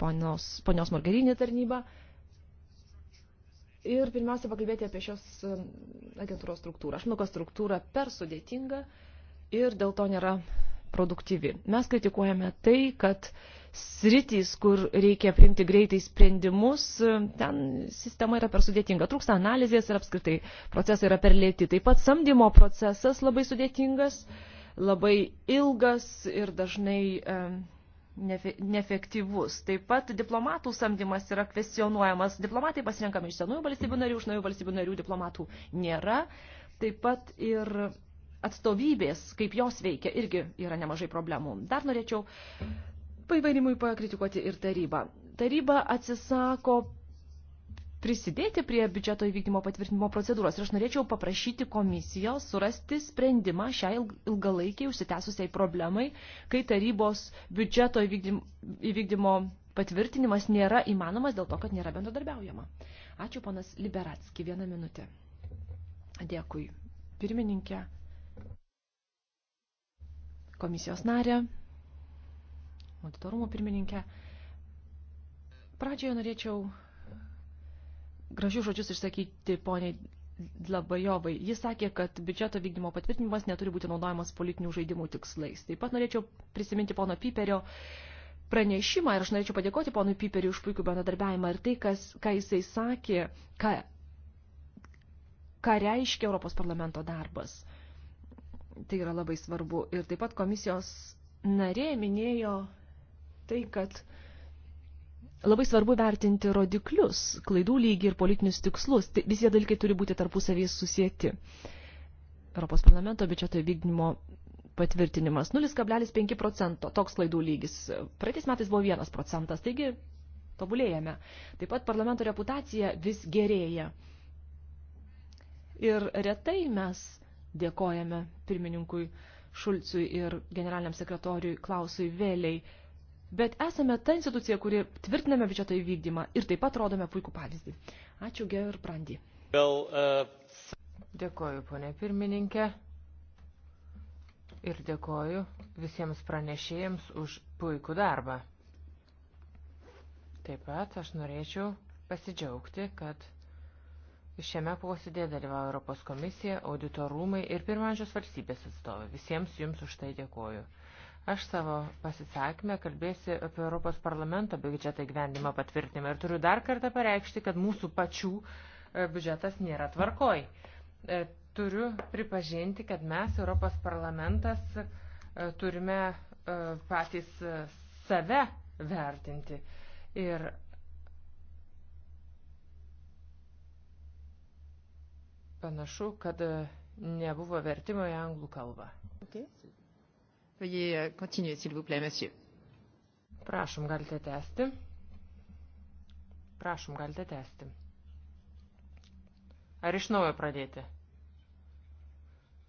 ponios, ponios Margarinį tarnybą. Ir pirmiausia, pakalbėti apie šios um, agentūros struktūrą. Aš manau, kad struktūra per sudėtinga ir dėl to nėra produktyvi. Mes kritikuojame tai, kad sritys, kur reikia priimti greitai sprendimus, ten sistema yra per sudėtinga. Trūksta analizės ir apskritai procesai yra per lėti. Taip pat samdymo procesas labai sudėtingas, labai ilgas ir dažnai um, neefektyvus. Taip pat diplomatų samdymas yra kvestionuojamas. Diplomatai pasirenkami iš senųjų valstybių narių, iš naujų valstybių narių diplomatų nėra. Taip pat ir atstovybės, kaip jos veikia, irgi yra nemažai problemų. Dar norėčiau paivairimui pakritikuoti ir tarybą. Taryba atsisako prisidėti prie biudžeto įvykdymo patvirtinimo procedūros. Ir aš norėčiau paprašyti komisijos surasti sprendimą šiai ilgalaikiai užsitęsusiai problemai, kai tarybos biudžeto įvykdymo patvirtinimas nėra įmanomas dėl to, kad nėra bendradarbiaujama. Ačiū, ponas Liberatski, vieną minutę. Dėkui, pirmininkė, komisijos narė, auditorumo pirmininkė. Pradžioje norėčiau gražius žodžius išsakyti poniai Dlabajovai. Jis sakė, kad biudžeto vykdymo patvirtinimas neturi būti naudojamas politinių žaidimų tikslais. Taip pat norėčiau prisiminti pono Piperio pranešimą ir aš norėčiau padėkoti ponui Piperiui už puikų bendradarbiavimą ir tai, kas, ką jisai sakė, ką, ką reiškia Europos parlamento darbas. Tai yra labai svarbu. Ir taip pat komisijos narė minėjo tai, kad uh, Labai svarbu vertinti rodiklius, klaidų lygį ir politinius tikslus. Tai visi jie dalykai turi būti tarpusaviais susijęti. Europos parlamento biudžeto įvykdymo patvirtinimas 0,5 procento toks klaidų lygis. Praeitais metais buvo 1 procentas, taigi tobulėjame. Taip pat parlamento reputacija vis gerėja. Ir retai mes dėkojame pirmininkui Šulcui ir generaliniam sekretoriui Klausui Vėliai bet esame ta institucija, kuri tvirtiname biudžeto įvykdymą ir taip pat rodome puikų pavyzdį. Ačiū, Ger Brandy. Well, uh... Dėkoju, ponė pirmininkė. Ir dėkoju visiems pranešėjams už puikų darbą. Taip pat aš norėčiau pasidžiaugti, kad šiame posėdėje dalyvauja Europos komisija, auditorumai ir pirmančios valstybės atstovai. Visiems jums už tai dėkoju. Aš savo pasisakymę kalbėsiu apie Europos parlamento biudžetą įgyvendimą patvirtinimą ir turiu dar kartą pareikšti, kad mūsų pačių e, biudžetas nėra tvarkoj. E, turiu pripažinti, kad mes, Europos parlamentas, e, turime patys save vertinti. Ir panašu, kad nebuvo vertimo į anglų kalbą. Okay. Veuillez euh, continuer, s'il vous plaît, monsieur. Prašom, galite tęsti. Prašom, galite tęsti. Ar iš naujo pradėti?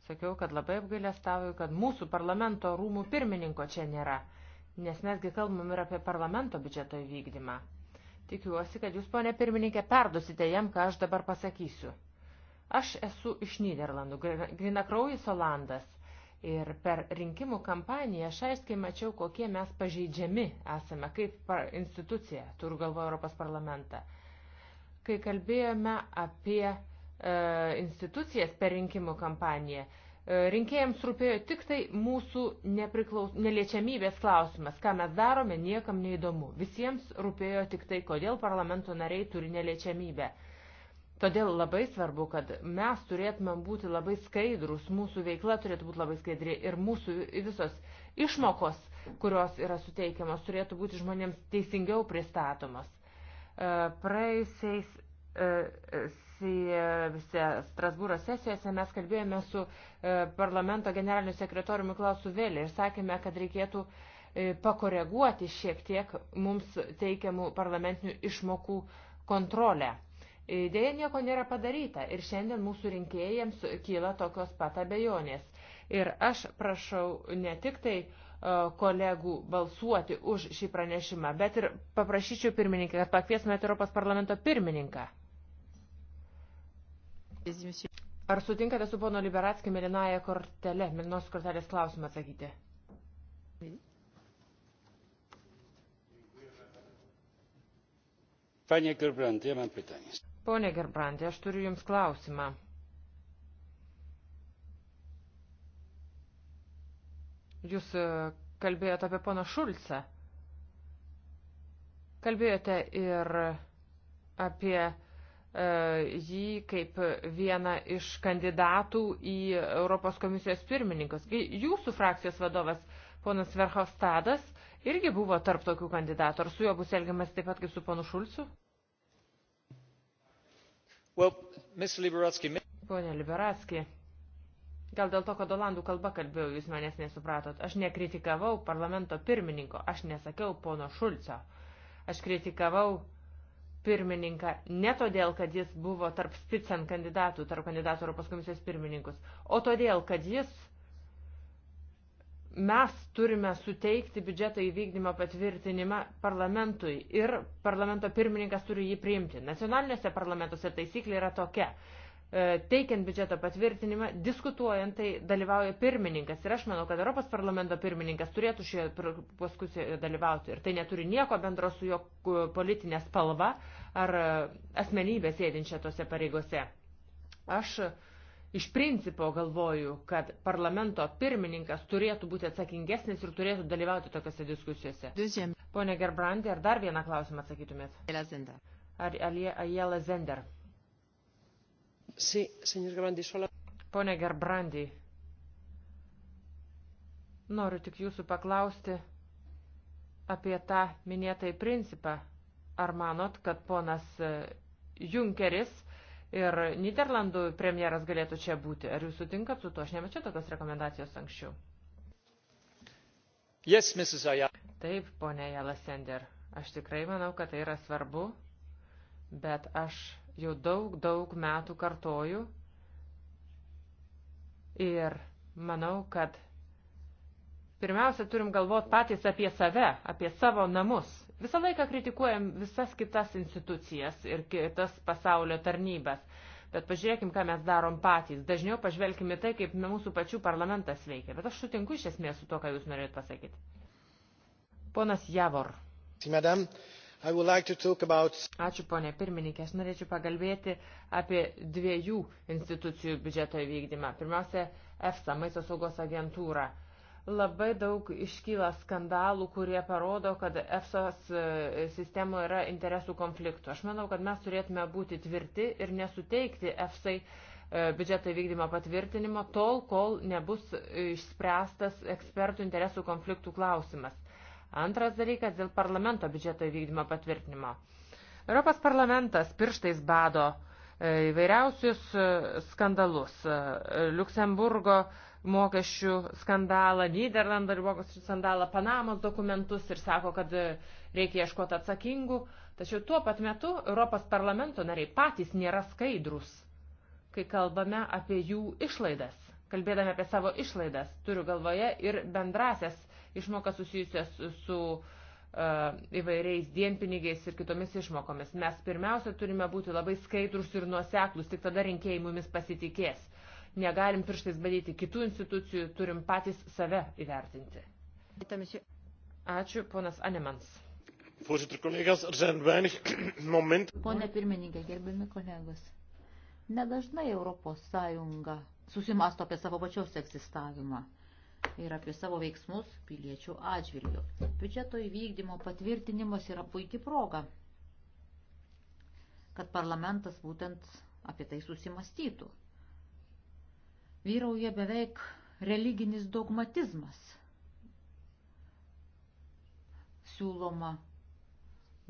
Sakiau, kad labai apgailestauju, kad mūsų parlamento rūmų pirmininko čia nėra, nes mesgi kalbam ir apie parlamento biudžeto įvykdymą. Tikiuosi, kad jūs, ponė pirmininkė, perdusite jam, ką aš dabar pasakysiu. Aš esu iš Niderlandų, grinakraujis Olandas, Ir per rinkimų kampaniją aš aiškiai mačiau, kokie mes pažeidžiami esame kaip institucija, turiu galvoje Europos parlamentą. Kai kalbėjome apie e, institucijas per rinkimų kampaniją, e, rinkėjams rūpėjo tik tai mūsų nepriklaus... neliečiamybės klausimas, ką mes darome, niekam neįdomu. Visiems rūpėjo tik tai, kodėl parlamento nariai turi neliečiamybę. Todėl labai svarbu, kad mes turėtumėm būti labai skaidrus, mūsų veikla turėtų būti labai skaidri ir mūsų visos išmokos, kurios yra suteikiamos, turėtų būti žmonėms teisingiau pristatomos. E, praėjusiais e, e, Strasbūro sesijose mes kalbėjome su parlamento generaliniu sekretoriumi Klausu Vėlė ir sakėme, kad reikėtų pakoreguoti šiek tiek mums teikiamų parlamentinių išmokų kontrolę E, Dėja nieko nėra padaryta ir šiandien mūsų rinkėjams kyla tokios pat abejonės. Ir aš prašau ne tik tai e, kolegų balsuoti už šį pranešimą, bet ir paprašyčiau pirmininką, kad pakviesime Europos parlamento pirmininką. Ar sutinkate su pono Liberatskį Melinaja kortelė, Melinos kortelės klausimą atsakyti? Panie Gerbrand, ja mam pytanie. Pone Gerbrandė, aš turiu Jums klausimą. Jūs e, kalbėjote apie pono Šulcą. Kalbėjote ir apie e, jį kaip vieną iš kandidatų į Europos komisijos pirmininkus. Jūsų frakcijos vadovas ponas Verhofstadas irgi buvo tarp tokių kandidatų. Ar su juo bus elgiamas taip pat kaip su ponu Šulcu? Well, Pone Liberatski, gal dėl to, kad olandų kalba kalbėjau, jūs manęs nesupratot. Aš nekritikavau parlamento pirmininko, aš nesakiau pono Šulco. Aš kritikavau pirmininką ne todėl, kad jis buvo tarp spicen kandidatų, tarp kandidatų Europos komisijos pirmininkus, o todėl, kad jis mes turime suteikti biudžeto įvykdymo patvirtinimą parlamentui ir parlamento pirmininkas turi jį priimti. Nacionaliniuose parlamentuose taisyklė yra tokia. E, teikiant biudžeto patvirtinimą, diskutuojant tai dalyvauja pirmininkas ir aš manau, kad Europos parlamento pirmininkas turėtų šioje diskusijoje dalyvauti ir tai neturi nieko bendro su jo politinė spalva ar e, asmenybė sėdinčia tose pareigose. Aš uh, Iš principo galvoju, kad parlamento pirmininkas turėtų būti atsakingesnis ir turėtų dalyvauti tokiuose diskusijose. Duzim. Pone Gerbrandi, ar dar vieną klausimą atsakytumėt? Ar Ajela Zender? Sí, señor Grandi, sola... Pone Gerbrandi, noriu tik jūsų paklausti apie tą minėtąjį principą. Ar manot, kad ponas e, Junkeris ir Niderlandų premjeras galėtų čia būti. Ar jūs sutinkat su to? Aš nemačiau tokios rekomendacijos anksčiau. Yes, Mrs. Ayala. Taip, ponė Jalasender. Aš tikrai manau, kad tai yra svarbu, bet aš jau daug, daug metų kartoju ir manau, kad Pirmiausia, turim galvoti patys apie save, apie savo namus. Visą laiką kritikuojam visas kitas institucijas ir kitas pasaulio tarnybas. Bet pažiūrėkim, ką mes darom patys. Dažniau pažvelkime tai, kaip mūsų pačių parlamentas veikia. Bet aš sutinku iš esmės su to, ką jūs norėjot pasakyti. Ponas Javor. Madam, like about... Ačiū, ponė pirmininkė. Aš norėčiau pagalbėti apie dviejų institucijų biudžeto įvykdymą. Pirmiausia, EFSA, Maisto saugos agentūra. Labai daug iškyla skandalų, kurie parodo, kad EFSOS e, sistemoje yra interesų konfliktų. Aš manau, kad mes turėtume būti tvirti ir nesuteikti EFSAI e, biudžeto įvykdymo patvirtinimo tol, kol nebus išspręstas ekspertų interesų konfliktų klausimas. Antras dalykas dėl parlamento biudžeto įvykdymo patvirtinimo. Europos parlamentas pirštais bado e, įvairiausius skandalus. Luksemburgo mokesčių skandalą, Niderlandų ir mokesčių skandalą, Panamos dokumentus ir sako, kad e, reikia ieškoti atsakingų. Tačiau tuo pat metu Europos parlamento nariai patys nėra skaidrus, kai kalbame apie jų išlaidas. Kalbėdami apie savo išlaidas, turiu galvoje ir bendrasias išmokas susijusias su uh, įvairiais dienpinigiais ir kitomis išmokomis. Mes pirmiausia turime būti labai skaidrus ir nuoseklus, tik tada rinkėjai mumis pasitikės Negalim pirštais badyti kitų institucijų, turim patys save įvertinti. Ačiū, ponas Anemans. Er Pone pirmininkė, gerbiami kolegos, nedažnai Europos Sąjunga susimasto apie savo pačios egzistavimą ir apie savo veiksmus piliečių atžvilgių. Biudžeto įvykdymo patvirtinimas yra puikia proga, kad parlamentas būtent apie tai susimastytų vyrauja beveik religinis dogmatizmas. Siūloma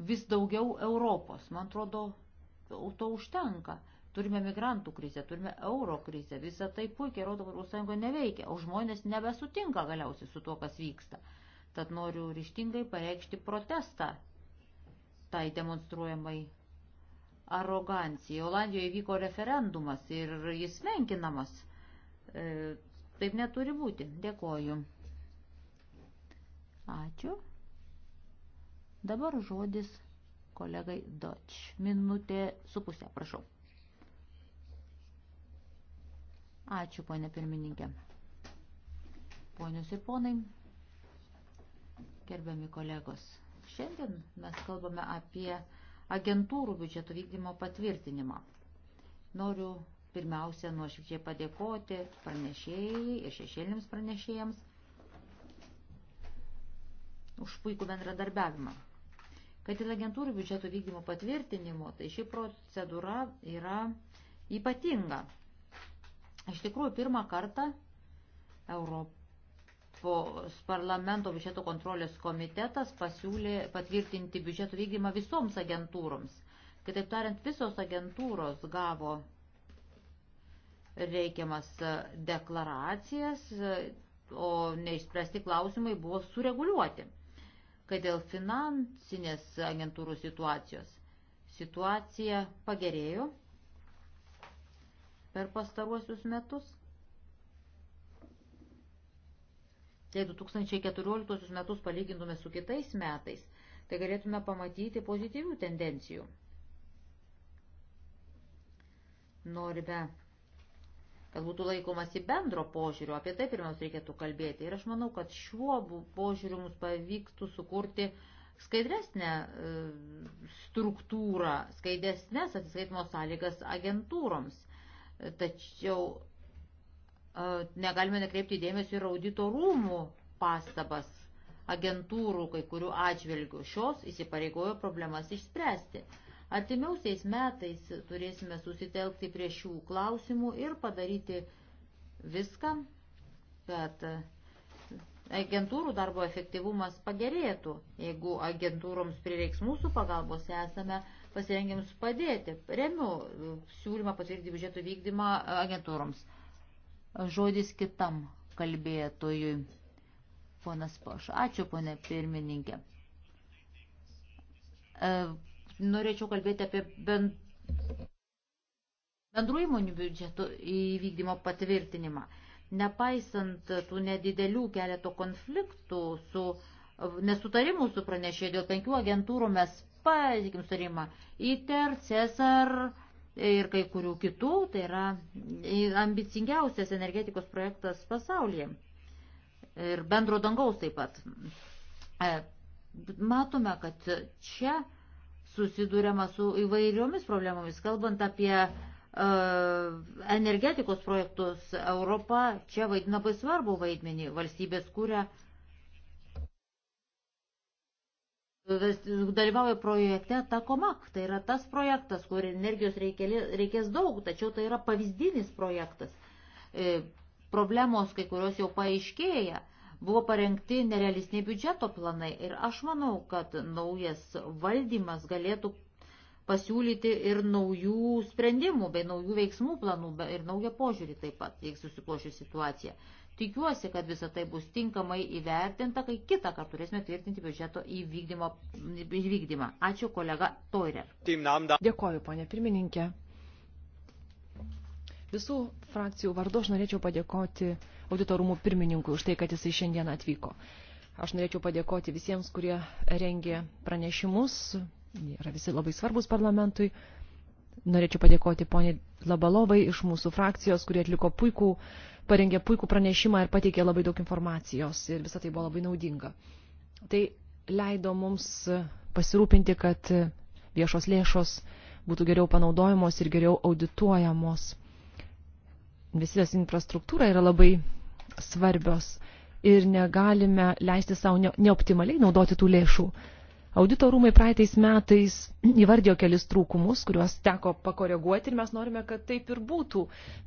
vis daugiau Europos. Man atrodo, to užtenka. Turime migrantų krizę, turime euro krizę, visa tai puikiai rodo, kad Europos Sąjunga neveikia, o žmonės nebesutinka galiausiai su tuo, kas vyksta. Tad noriu ryštingai pareikšti protestą tai demonstruojamai arogancijai. Olandijoje vyko referendumas ir jis menkinamas E, taip neturi būti. Dėkoju. Ačiū. Dabar žodis kolegai Doč. Minutė su pusė, prašau. Ačiū, ponė pirmininkė. Ponius ir ponai, gerbiami kolegos, šiandien mes kalbame apie agentūrų biudžeto vykdymo patvirtinimą. Noriu pirmiausia nuoširdžiai padėkoti pranešėjai ir šešėlėms pranešėjams už puikų bendradarbiavimą. Kad dėl agentūrų biudžeto vykdymo patvirtinimo, tai ši procedūra yra ypatinga. Iš tikrųjų, pirmą kartą Europos parlamento biudžeto kontrolės komitetas pasiūlė patvirtinti biudžeto vykdymą visoms agentūroms. Kitaip tariant, visos agentūros gavo reikiamas e, deklaracijas, e, o neišspręsti klausimai buvo sureguliuoti. Kai dėl finansinės agentūrų situacijos situacija pagerėjo per pastaruosius metus. Tai 2014 metus palygintume su kitais metais, tai galėtume pamatyti pozityvių tendencijų. Norime kad būtų laikomasi bendro požiūrio, apie tai pirmiausia reikėtų kalbėti. Ir aš manau, kad šiuo požiūriu mums pavyktų sukurti skaidresnę e, struktūrą, skaidresnės atsiskaitimo sąlygas agentūroms. Tačiau e, negalime nekreipti dėmesio ir audito rūmų pastabas agentūrų kai kurių atžvilgių. Šios įsipareigojo problemas išspręsti. Artimiausiais metais turėsime susitelkti prie šių klausimų ir padaryti viską, kad agentūrų darbo efektyvumas pagerėtų. Jeigu agentūroms prireiks mūsų pagalbos, esame pasirengę jums padėti. Remiu siūlymą patvirtinti biudžeto vykdymą agentūroms. Žodis kitam kalbėtojui. Ponas Poš. Ačiū, ponė pirmininkė. E, Norėčiau kalbėti apie bent bendrų įmonių biudžeto įvykdymo patvirtinimą. Nepaisant tų nedidelių keleto konfliktų su nesutarimų su pranešė dėl penkių agentūrų mes pasiekim sutarimą ITER, CESAR ir kai kurių kitų, tai yra ambicingiausias energetikos projektas pasaulyje ir bendro dangaus taip pat. E, matome, kad čia susidūrėma su įvairiomis problemomis. Kalbant apie uh, energetikos projektus, Europa čia vaidina labai svarbu vaidmenį. Valstybės kūrė, dalyvauja projekte Takomak. Tai yra tas projektas, kur energijos reikės daug, tačiau tai yra pavyzdinis projektas. E, problemos kai kurios jau paaiškėja. E, Buvo parengti nerealistiniai biudžeto planai ir aš manau, kad naujas valdymas galėtų pasiūlyti ir naujų sprendimų, bei naujų veiksmų planų, ir naują požiūrį taip pat, jeigu susiklošiu situaciją. Tikiuosi, kad visa tai bus tinkamai įvertinta, kai kitą kartą turėsime tvirtinti biudžeto įvykdymą. Ačiū kolega Toirer. Dėkoju, ponė pirmininkė. Visų frakcijų vardu aš norėčiau padėkoti auditorumų pirmininkui už tai, kad jisai šiandien atvyko. Aš norėčiau padėkoti visiems, kurie rengė pranešimus, jie yra visi labai svarbus parlamentui. Norėčiau padėkoti poniai Labalovai iš mūsų frakcijos, kurie atliko puikų, parengė puikų pranešimą ir pateikė labai daug informacijos ir visą tai buvo labai naudinga. Tai leido mums pasirūpinti, kad viešos lėšos būtų geriau panaudojamos ir geriau audituojamos investicijos infrastruktūra yra labai svarbios ir negalime leisti savo neoptimaliai naudoti tų lėšų. Audito rūmai praeitais metais įvardijo kelis trūkumus, kuriuos teko pakoreguoti ir mes norime, kad taip ir būtų.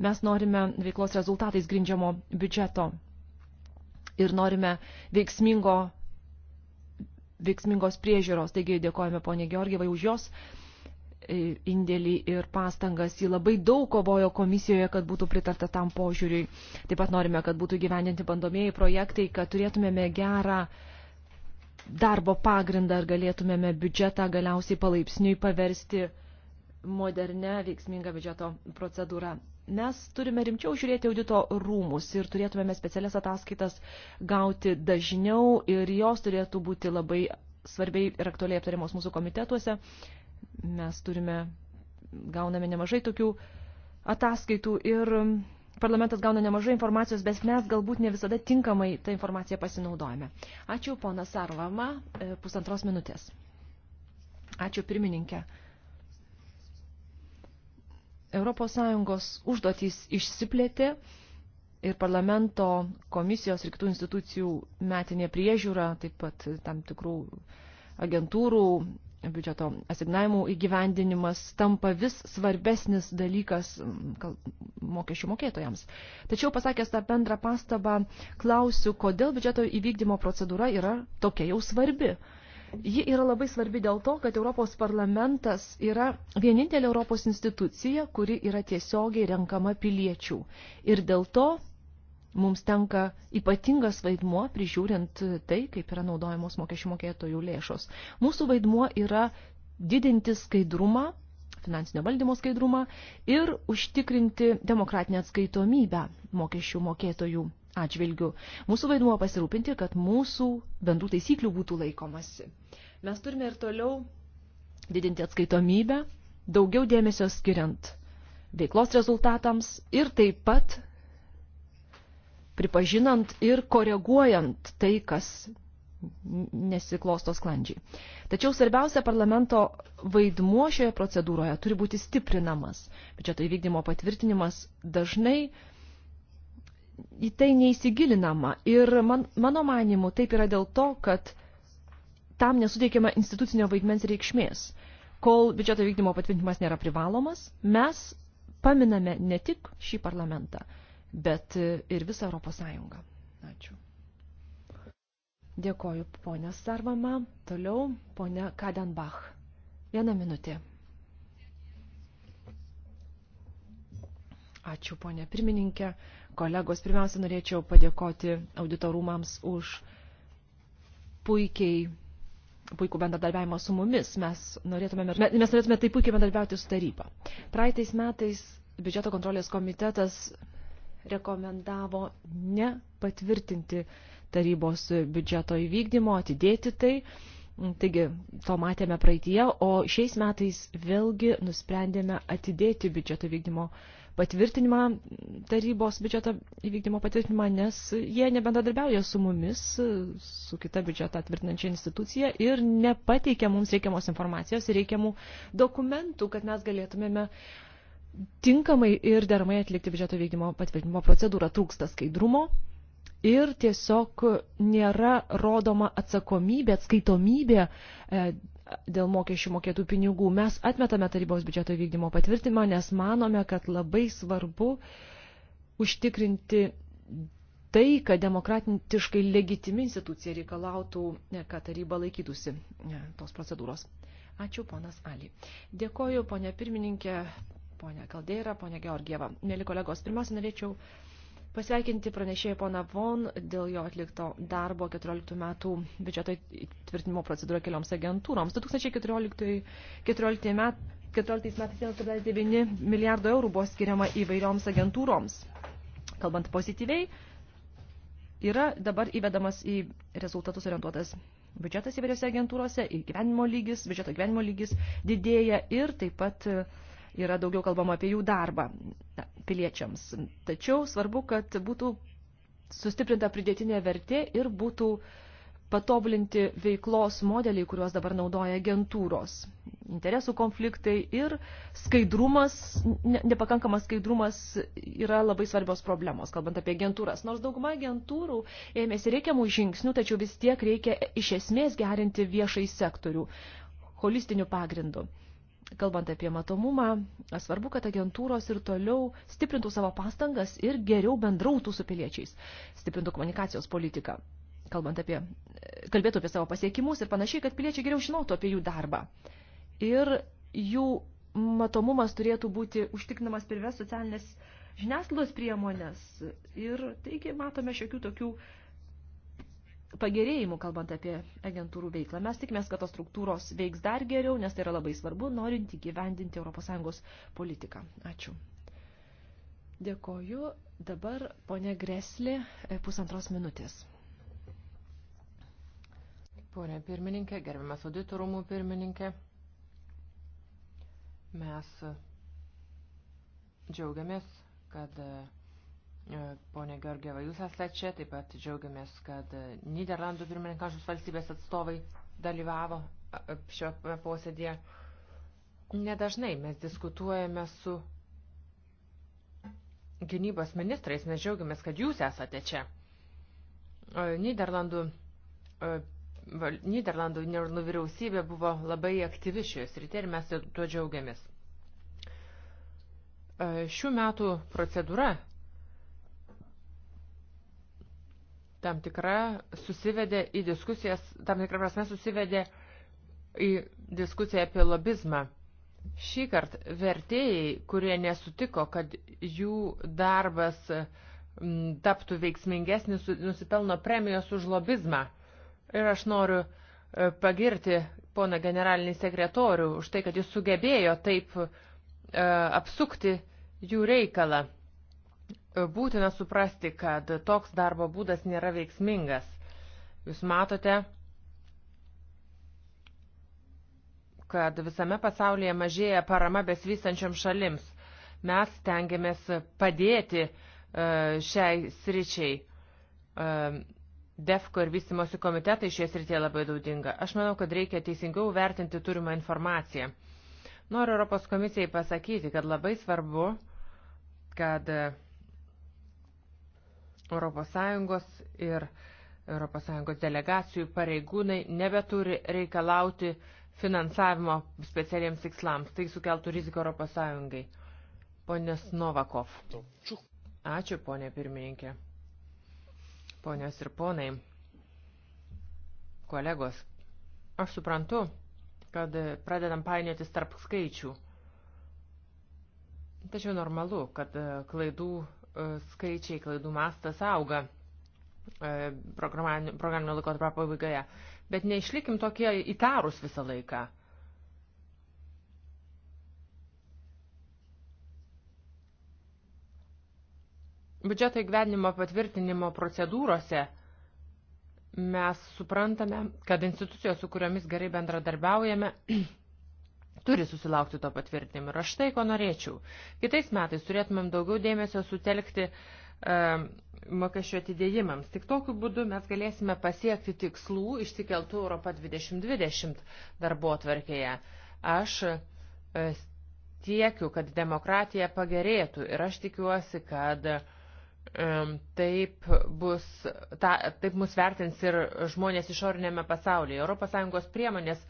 Mes norime veiklos rezultatais grindžiamo biudžeto ir norime veiksmingo, veiksmingos priežiūros. Taigi dėkojame ponė Georgievai už jos indėlį ir pastangas. Ji labai daug kovojo komisijoje, kad būtų pritarta tam požiūriui. Taip pat norime, kad būtų gyveninti bandomieji projektai, kad turėtumėme gerą darbo pagrindą ir galėtumėme biudžetą galiausiai palaipsniui paversti modernę veiksmingą biudžeto procedūrą. Mes turime rimčiau žiūrėti audito rūmus ir turėtumėme specialias ataskaitas gauti dažniau ir jos turėtų būti labai svarbiai ir aktualiai aptariamos mūsų komitetuose. Mes turime, gauname nemažai tokių ataskaitų ir um, parlamentas gauna nemažai informacijos, bet mes galbūt ne visada tinkamai tą informaciją pasinaudojame. Ačiū, pona Sarvama, e, pusantros minutės. Ačiū, pirmininkė. Europos Sąjungos užduotys išsiplėtė ir parlamento komisijos ir kitų institucijų metinė priežiūra, taip pat tam tikrų agentūrų biudžeto asignavimų įgyvendinimas tampa vis svarbesnis dalykas mm, mokesčių mokėtojams. Tačiau pasakęs tą bendrą pastabą, klausiu, kodėl biudžeto įvykdymo procedūra yra tokia jau svarbi. Ji yra labai svarbi dėl to, kad Europos parlamentas yra vienintelė Europos institucija, kuri yra tiesiogiai renkama piliečių. Ir dėl to mums tenka ypatingas vaidmuo prižiūrint tai, kaip yra naudojamos mokesčių mokėtojų lėšos. Mūsų vaidmuo yra didinti skaidrumą, finansinio valdymo skaidrumą ir užtikrinti demokratinę atskaitomybę mokesčių mokėtojų atžvilgių. Mūsų vaidmuo pasirūpinti, kad mūsų bendrų taisyklių būtų laikomasi. Mes turime ir toliau didinti atskaitomybę, daugiau dėmesio skiriant veiklos rezultatams ir taip pat pripažinant ir koreguojant tai, kas nesiklosto sklandžiai. Tačiau svarbiausia parlamento vaidmuo šioje procedūroje turi būti stiprinamas. Biudžeto įvykdymo tai patvirtinimas dažnai į tai neįsigilinama. Ir man, mano manimu taip yra dėl to, kad tam nesuteikiama institucinio vaidmens reikšmės. Kol biudžeto vykdymo patvirtinimas nėra privalomas, mes paminame ne tik šį parlamentą, bet e, ir visą Europos Sąjungą. Ačiū. Dėkoju, ponė Sarvama. Toliau, ponė Kadenbach. Vieną minutę. Ačiū, ponė pirmininkė. Kolegos, pirmiausia, norėčiau padėkoti auditorumams už puikiai, puikų bendradarbiavimą su mumis. Mes norėtume, mes norėtume taip puikiai bendradarbiauti su taryba. Praeitais metais biudžeto kontrolės komitetas rekomendavo nepatvirtinti tarybos biudžeto įvykdymo, atidėti tai. Taigi, to matėme praeitie, o šiais metais vėlgi nusprendėme atidėti biudžeto vykdymo patvirtinimą, tarybos biudžeto įvykdymo patvirtinimą, nes jie nebendradarbiauja su mumis, su kita biudžetą atvirtinančia institucija ir nepateikia mums reikiamos informacijos ir reikiamų dokumentų, kad mes galėtumėme uh, tinkamai ir deramai atlikti biudžeto vykdymo patvirtinimo procedūrą. Trūksta skaidrumo ir tiesiog nėra rodoma atsakomybė, atskaitomybė e, dėl mokesčių mokėtų pinigų. Mes atmetame tarybos biudžeto vykdymo patvirtinimą, nes manome, kad labai svarbu užtikrinti tai, kad demokratiškai legitimi institucija reikalautų, e, kad taryba laikytųsi e, tos procedūros. Ačiū, ponas Ali. Dėkoju, ponė pirmininkė, ponia Kaldeira, ponia Georgieva. Mėly kolegos, pirmiausia, norėčiau pasveikinti pranešėją poną Von dėl jo atlikto darbo 14 metų biudžeto tvirtinimo procedūrą kelioms agentūroms. 2014, 2014 met, 14 metais 1,9 milijardo eurų buvo skiriama įvairioms agentūroms. Kalbant pozityviai, yra dabar įvedamas į rezultatus orientuotas biudžetas įvairiose agentūrose, gyvenimo lygis, biudžeto gyvenimo lygis didėja ir taip pat uh, yra daugiau kalbama apie jų darbą piliečiams. Tačiau svarbu, kad būtų sustiprinta pridėtinė vertė ir būtų patobulinti veiklos modeliai, kuriuos dabar naudoja agentūros. Interesų konfliktai ir skaidrumas, ne, nepakankamas skaidrumas yra labai svarbios problemos, kalbant apie agentūras. Nors dauguma agentūrų ėmėsi reikiamų žingsnių, tačiau vis tiek reikia iš esmės gerinti viešai sektorių holistiniu pagrindu kalbant apie matomumą, svarbu, kad agentūros ir toliau stiprintų savo pastangas ir geriau bendrautų su piliečiais, stiprintų komunikacijos politiką, kalbant apie, kalbėtų apie savo pasiekimus ir panašiai, kad piliečiai geriau žinotų apie jų darbą. Ir jų matomumas turėtų būti užtikrinamas per socialinės žiniasklaidos priemonės. Ir taigi matome šiokių tokių uh, pagerėjimų, kalbant apie agentūrų veiklą. Mes tikimės, kad tos struktūros veiks dar geriau, nes tai yra labai svarbu, norint įgyvendinti ES politiką. Ačiū. Dėkoju. Dabar ponė Greslė e, pusantros minutės. Pone pirmininkė, gerbiamas auditorumų pirmininkė, mes džiaugiamės, kad e, E, Pone Georgieva, jūs esate čia, taip pat džiaugiamės, kad Niderlandų pirmininkančios valstybės atstovai dalyvavo šio posėdėje. Nedažnai mes diskutuojame su gynybos ministrais, mes džiaugiamės, kad jūs esate čia. E, Niderlandų, e, Niderlandų vyriausybė buvo labai aktyvi šioje srityje ir mes tuo džiaugiamės. Šių metų procedūra tam tikra susivedė į diskusijas, tam tikrą prasme susivedė į diskusiją apie lobizmą. Šį kartą vertėjai, kurie nesutiko, kad jų darbas mm, taptų veiksmingesnis, nusipelno premijos už lobizmą. Ir aš noriu e, pagirti poną generalinį sekretorių už tai, kad jis sugebėjo taip e, apsukti jų reikalą. E, būtina suprasti, kad toks darbo būdas nėra veiksmingas. Jūs matote, kad visame pasaulyje mažėja parama besvystančiam šalims. Mes tengiamės padėti e, šiai sričiai. E, DEFCO ir vystimosi komitetai šioje srityje labai daudinga. Aš manau, kad reikia teisingiau vertinti turimą informaciją. Noriu Europos komisijai pasakyti, kad labai svarbu, kad ES ir ES delegacijų pareigūnai nebeturi reikalauti finansavimo specialiems tikslams. Tai sukeltų riziką ES. Ponės Novakov. Ačiū, ponė pirmininkė. Ponios ir ponai, kolegos, aš suprantu, kad pradedam painiotis tarp skaičių. Tačiau normalu, kad klaidų E, skaičiai, klaidų mastas auga e, programinio laikotarpio pabaigoje. Bet neišlikim tokie įtarus visą laiką. Biudžeto įgyvenimo patvirtinimo procedūrose mes suprantame, kad institucijos, su kuriomis gerai bendradarbiaujame, turi susilaukti to patvirtinimo. Ir aš tai, ko norėčiau. Kitais metais turėtumėm daugiau dėmesio sutelkti e, mokesčio atidėjimams. Tik tokiu būdu mes galėsime pasiekti tikslų išsikeltų Europą 2020 darbo atverkėje. Aš e, tiekiu, kad demokratija pagerėtų ir aš tikiuosi, kad e, taip, bus, ta, taip mus vertins ir žmonės išorinėme pasaulyje. ES priemonės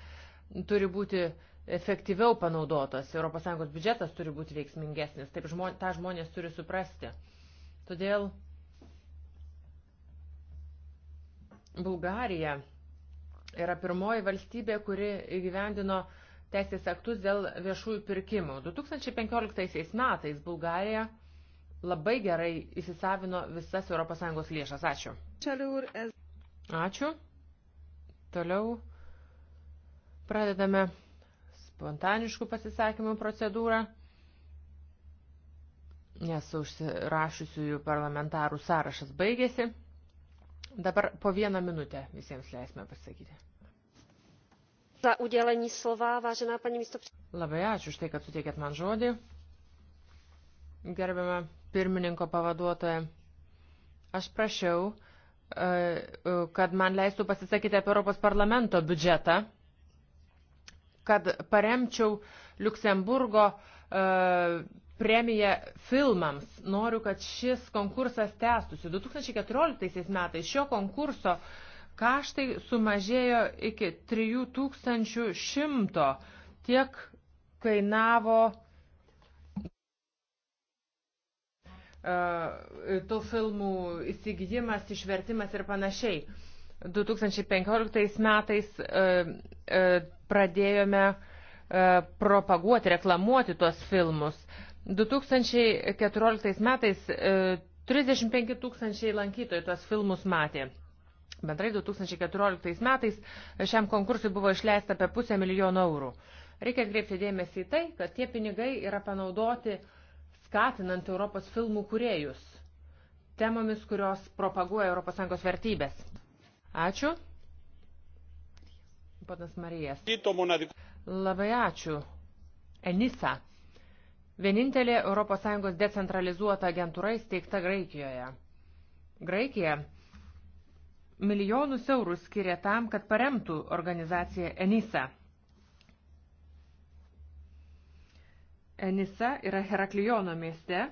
turi būti efektyviau panaudotas. ES biudžetas turi būti veiksmingesnis. Taip žmonės, tą žmonės turi suprasti. Todėl Bulgarija yra pirmoji valstybė, kuri įgyvendino teisės aktus dėl viešųjų pirkimų. 2015 metais Bulgarija labai gerai įsisavino visas ES lėšas. Ačiū. Ačiū. Toliau pradedame spontaniškų pasisakymų procedūrą, nes užsirašysiųjų parlamentarų sąrašas baigėsi. Dabar po vieną minutę visiems leisime pasakyti. Za udělení slova, vážená paní místo... Labai ačiū už tai, kad suteikėt man žodį. Gerbiamą pirmininko pavaduotoją, aš prašiau, e, e, kad man leistų pasisakyti apie Europos parlamento biudžetą kad paremčiau Luksemburgo e, premiją filmams. Noriu, kad šis konkursas tęstųsi. 2014 metais šio konkurso kaštai sumažėjo iki 3100. Tiek kainavo e, tų filmų įsigijimas, išvertimas ir panašiai. 2015 metais e, e, pradėjome e, propaguoti, reklamuoti tuos filmus. 2014 metais 35 e, tūkstančiai lankytojų tuos filmus matė. Bendrai 2014 metais šiam konkursui buvo išleista apie pusę milijono eurų. Reikia atkreipti dėmesį į tai, kad tie pinigai yra panaudoti skatinant Europos filmų kuriejus, temomis, kurios propaguoja ES vertybės. Ačiū panas Marijas. Labai ačiū. Enisa. Vienintelė ES decentralizuota agentūra įsteigta Graikijoje. Graikija milijonus eurų skiria tam, kad paremtų organizaciją Enisa. Enisa yra Heraklijono mieste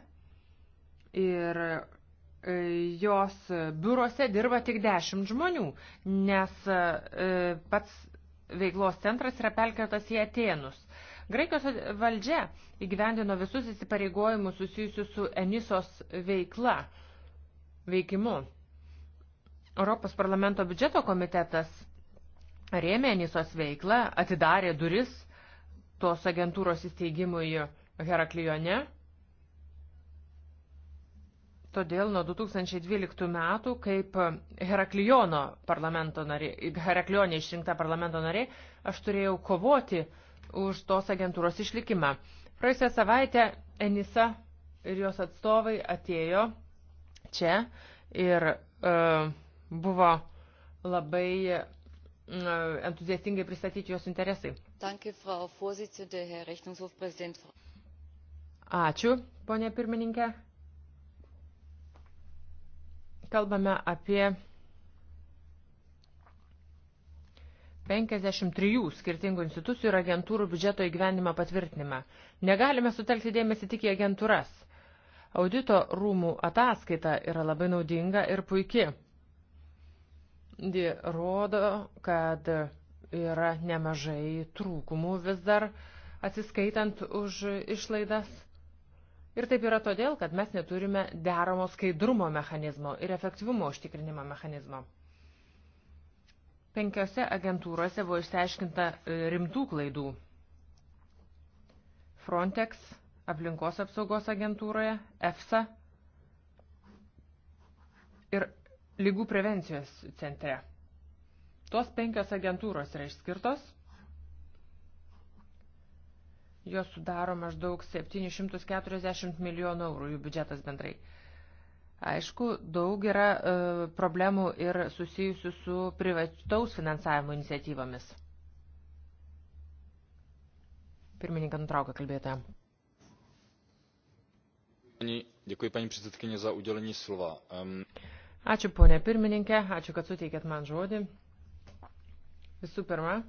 ir e, jos biurose dirba tik 10 žmonių, nes e, pats veiklos centras yra perkeltas į Atenus. Graikijos valdžia įgyvendino visus įsipareigojimus susijusius su Enisos veikla, veikimu. Europos parlamento biudžeto komitetas rėmė Enisos veiklą, atidarė duris tos agentūros įsteigimui Heraklione Todėl nuo 2012 metų, kaip Herakliono parlamento narė, Heraklionė išrinkta parlamento narė, aš turėjau kovoti už tos agentūros išlikimą. Praėjusią savaitę Enisa ir jos atstovai atėjo čia ir e, buvo labai e, entuziastingai pristatyti jos interesai. Danke, Frau Vorsitzende, Herr Rechnungshofpräsident. Ačiū, ponė pirmininkė. Kalbame apie 53 skirtingų institucijų ir agentūrų biudžeto įgyvenimą patvirtinimą. Negalime sutelkti dėmesį tik į agentūras. Audito rūmų ataskaita yra labai naudinga ir puiki. Ji rodo, kad yra nemažai trūkumų vis dar atsiskaitant už išlaidas Ir taip yra todėl, kad mes neturime deramo skaidrumo mechanizmo ir efektyvumo užtikrinimo mechanizmo. Penkiose agentūrose buvo išsiaiškinta e, rimtų klaidų. Frontex, aplinkos apsaugos agentūroje, EFSA ir lygų prevencijos centre. Tos penkios agentūros yra išskirtos – Jos sudaro maždaug 740 milijonų eurų jų biudžetas bendrai. Aišku, daug yra e, problemų ir susijusių su privataus finansavimo iniciatyvomis. Pirmininką nutraukia kalbėtoja. Dėkui, paní předsedkyně, za udělení slova. Um... Ačiū, ponė pirmininkė, ačiū, kad suteikėt man žodį. Visų pirma,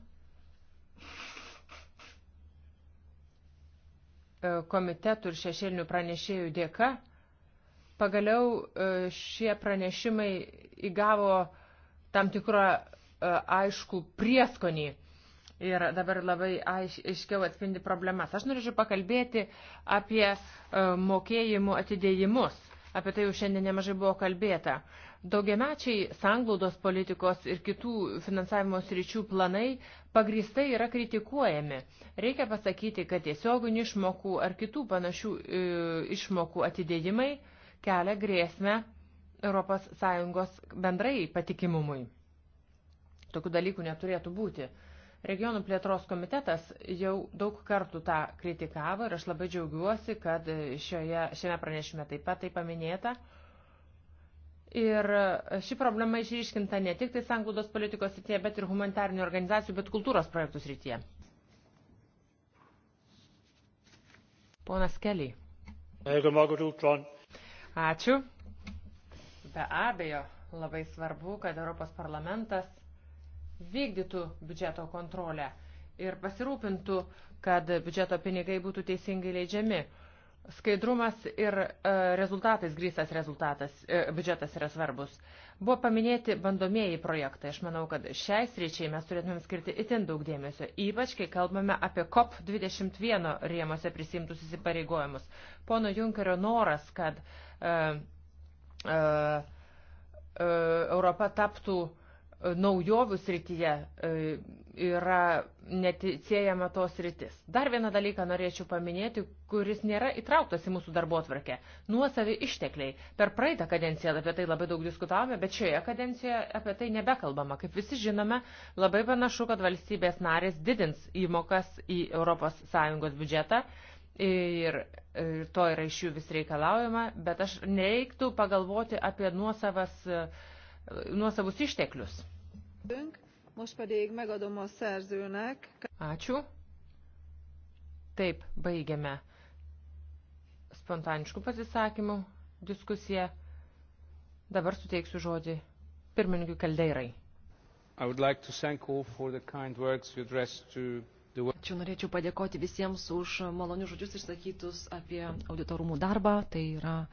E, komitetų ir šešėlinių pranešėjų dėka, pagaliau e, šie pranešimai įgavo tam tikrą e, aišku prieskonį ir dabar labai aiškiau atspindi problemas. Aš norėčiau pakalbėti apie mokėjimų atidėjimus. Apie tai jau šiandien nemažai buvo kalbėta. Daugiamečiai sanglaudos politikos ir kitų finansavimo sričių planai pagristai yra kritikuojami. Reikia pasakyti, kad tiesioginių išmokų ar kitų panašių e, išmokų atidėjimai kelia grėsmę ES bendrai patikimumui. Tokių dalykų neturėtų būti. Regionų plėtros komitetas jau daug kartų tą kritikavo ir aš labai džiaugiuosi, kad šioje, šiame pranešime taip pat tai paminėta. Ir ši problema išryškinta ne tik tai sanglaudos politikos srityje, bet ir humanitarinių organizacijų, bet kultūros projektų srityje. Ponas Kelly. Ačiū. Be abejo, labai svarbu, kad Europos parlamentas vykdytų biudžeto kontrolę ir pasirūpintų, kad biudžeto pinigai būtų teisingai leidžiami. Skaidrumas ir e, rezultatais grįstas rezultatas, e, biudžetas yra svarbus. Buvo paminėti bandomieji projektai. Aš manau, kad šiai sričiai mes turėtumėm skirti itin daug dėmesio, ypač kai kalbame apie COP21 rėmose prisimtus įsipareigojimus. Pono Junkerio noras, kad uh, uh, uh, Europa taptų uh, E, naujovių srityje e, yra neticėjama tos rytis. Dar vieną dalyką norėčiau paminėti, kuris nėra įtrauktas į mūsų darbo atvarkę. Nuosavi ištekliai. Per praeitą kadenciją apie tai labai daug diskutavome, bet šioje kadencijoje apie tai nebekalbama. Kaip visi žinome, labai panašu, kad valstybės narės didins įmokas į ES biudžetą. Ir, ir to yra iš jų vis reikalaujama, bet aš nereiktų pagalvoti apie nuosavas uh, nuosavus išteklius. Ačiū. Taip, baigiame spontaniškų pasisakymų diskusiją. Dabar suteiksiu žodį pirmininkui Kaldeirai. Like the... Ačiū norėčiau padėkoti visiems už malonius žodžius išsakytus apie auditorumų darbą. Tai yra uh,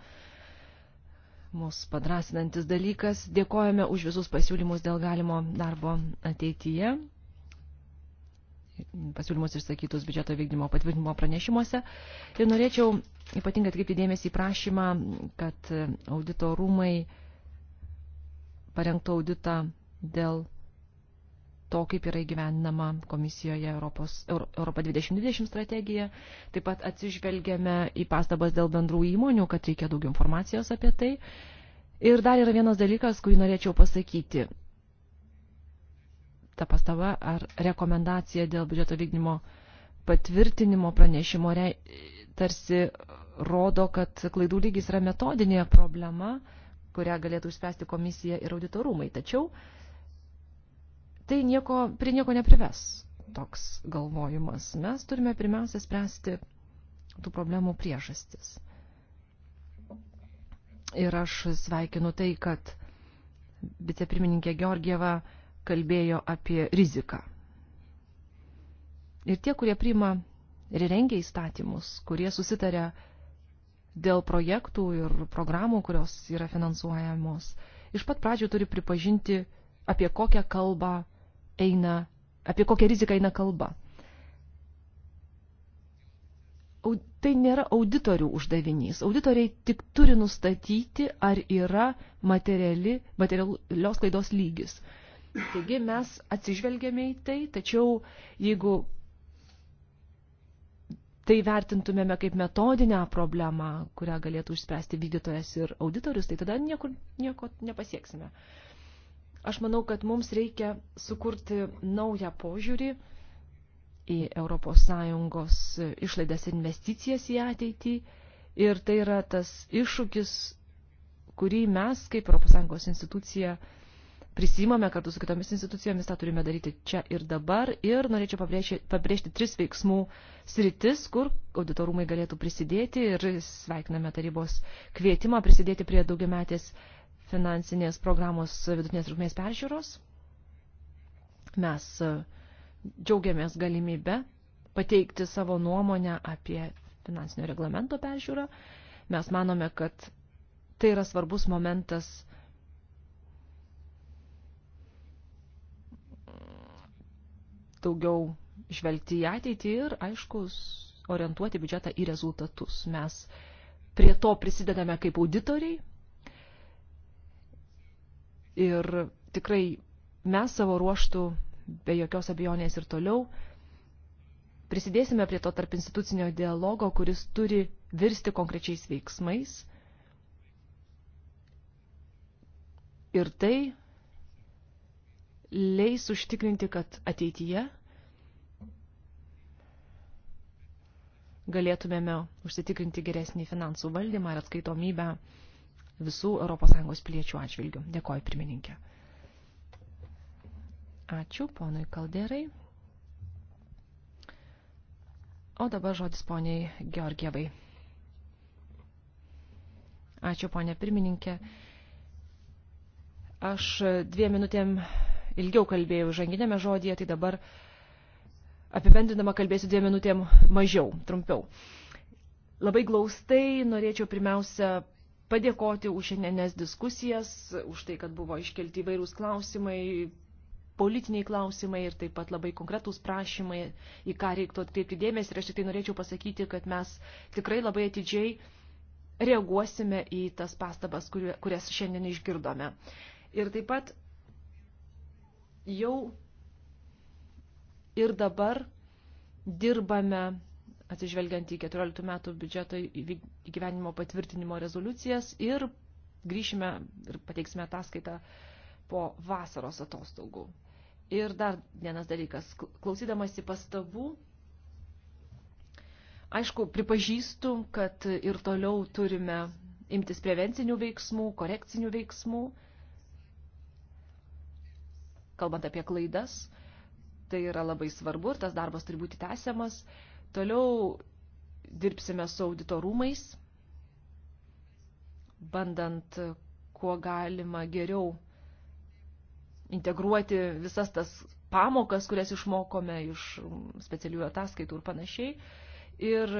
mūsų padrasinantis dalykas. Dėkojame už visus pasiūlymus dėl galimo darbo ateityje pasiūlymus išsakytus biudžeto vykdymo patvirtinimo pranešimuose. Ir norėčiau ypatingai atkreipti dėmesį į prašymą, kad audito rūmai parengtų auditą dėl to, kaip yra įgyvendinama komisijoje Europos, Europa 2020 strategija. Taip pat atsižvelgiame į pastabas dėl bendrų įmonių, kad reikia daugiau informacijos apie tai. Ir dar yra vienas dalykas, kurį norėčiau pasakyti. Ta pastaba ar rekomendacija dėl biudžeto vykdymo patvirtinimo pranešimo re, tarsi rodo, kad klaidų lygis yra metodinė problema, kurią galėtų išspręsti komisija ir auditorumai. Tačiau uh, tai nieko, prie nieko neprives toks galvojimas. Mes turime pirmiausia spręsti tų problemų priežastis. Ir aš sveikinu tai, kad vicepirmininkė Georgieva kalbėjo apie riziką. Ir tie, kurie priima ir rengia įstatymus, kurie susitaria dėl projektų ir programų, kurios yra finansuojamos, iš pat pradžių turi pripažinti, apie kokią kalbą eina, apie kokią riziką eina kalba. Tai nėra auditorių uždavinys. Auditoriai tik turi nustatyti, ar yra materiali, materialios klaidos lygis. Taigi mes atsižvelgėme į tai, tačiau jeigu tai vertintumėme kaip metodinę problemą, kurią galėtų išspręsti vykdytojas ir auditorius, tai tada niekur, nieko nepasieksime. Uh, Aš manau, kad mums reikia sukurti naują požiūrį į ES išlaidas ir investicijas į ateitį. Ir tai yra tas iššūkis, kurį mes kaip ES institucija prisimame kartu su kitomis institucijomis, tą turime daryti čia ir dabar. Ir norėčiau pabrėžti, pabrėžti tris veiksmų sritis, kur auditorumai galėtų prisidėti ir sveikiname tarybos kvietimą prisidėti prie daugiametės metės finansinės programos vidutinės trukmės peržiūros. Mes e, džiaugiamės galimybę pateikti savo nuomonę apie finansinio reglamento peržiūrą. Mes manome, kad tai yra svarbus momentas daugiau žvelgti į ateitį ir, aišku, orientuoti biudžetą į rezultatus. Mes prie to prisidedame kaip auditoriai, Ir tikrai mes savo ruoštų be jokios abejonės ir toliau prisidėsime prie to tarp institucinio dialogo, kuris turi virsti konkrečiais veiksmais. Ir tai leis užtikrinti, kad ateityje galėtumėme užsitikrinti geresnį finansų valdymą ir atskaitomybę visų ES piliečių atžvilgių. Dėkoju, pirmininkė. Ačiū ponui Kalderai. O dabar žodis poniai Georgievai. Ačiū, ponė pirmininkė. Aš dviem minutėm ilgiau kalbėjau žanginėme žodyje, tai dabar apibendrinama kalbėsiu dviem minutėm mažiau, trumpiau. Labai glaustai norėčiau pirmiausia padėkoti už šiandienės diskusijas, už tai, kad buvo iškelti įvairūs klausimai, politiniai klausimai ir taip pat labai konkretūs prašymai, į ką reiktų atkreipti dėmesį. Ir aš tik tai norėčiau pasakyti, kad mes tikrai labai atidžiai reaguosime į tas pastabas, kurias šiandien išgirdome. Ir taip pat jau ir dabar dirbame atsižvelgiant į 14 metų biudžeto įgyvenimo patvirtinimo rezoliucijas ir grįšime ir pateiksime ataskaitą po vasaros atostogų. Ir dar vienas dalykas, klausydamasi pastabų, aišku, pripažįstu, kad ir toliau turime imtis prevencinių veiksmų, korekcinių veiksmų, kalbant apie klaidas, tai yra labai svarbu ir tas darbas turi būti tęsiamas. Toliau dirbsime su auditorumais, bandant kuo galima geriau integruoti visas tas pamokas, kurias išmokome iš mm, specialiųjų ataskaitų ir panašiai. Ir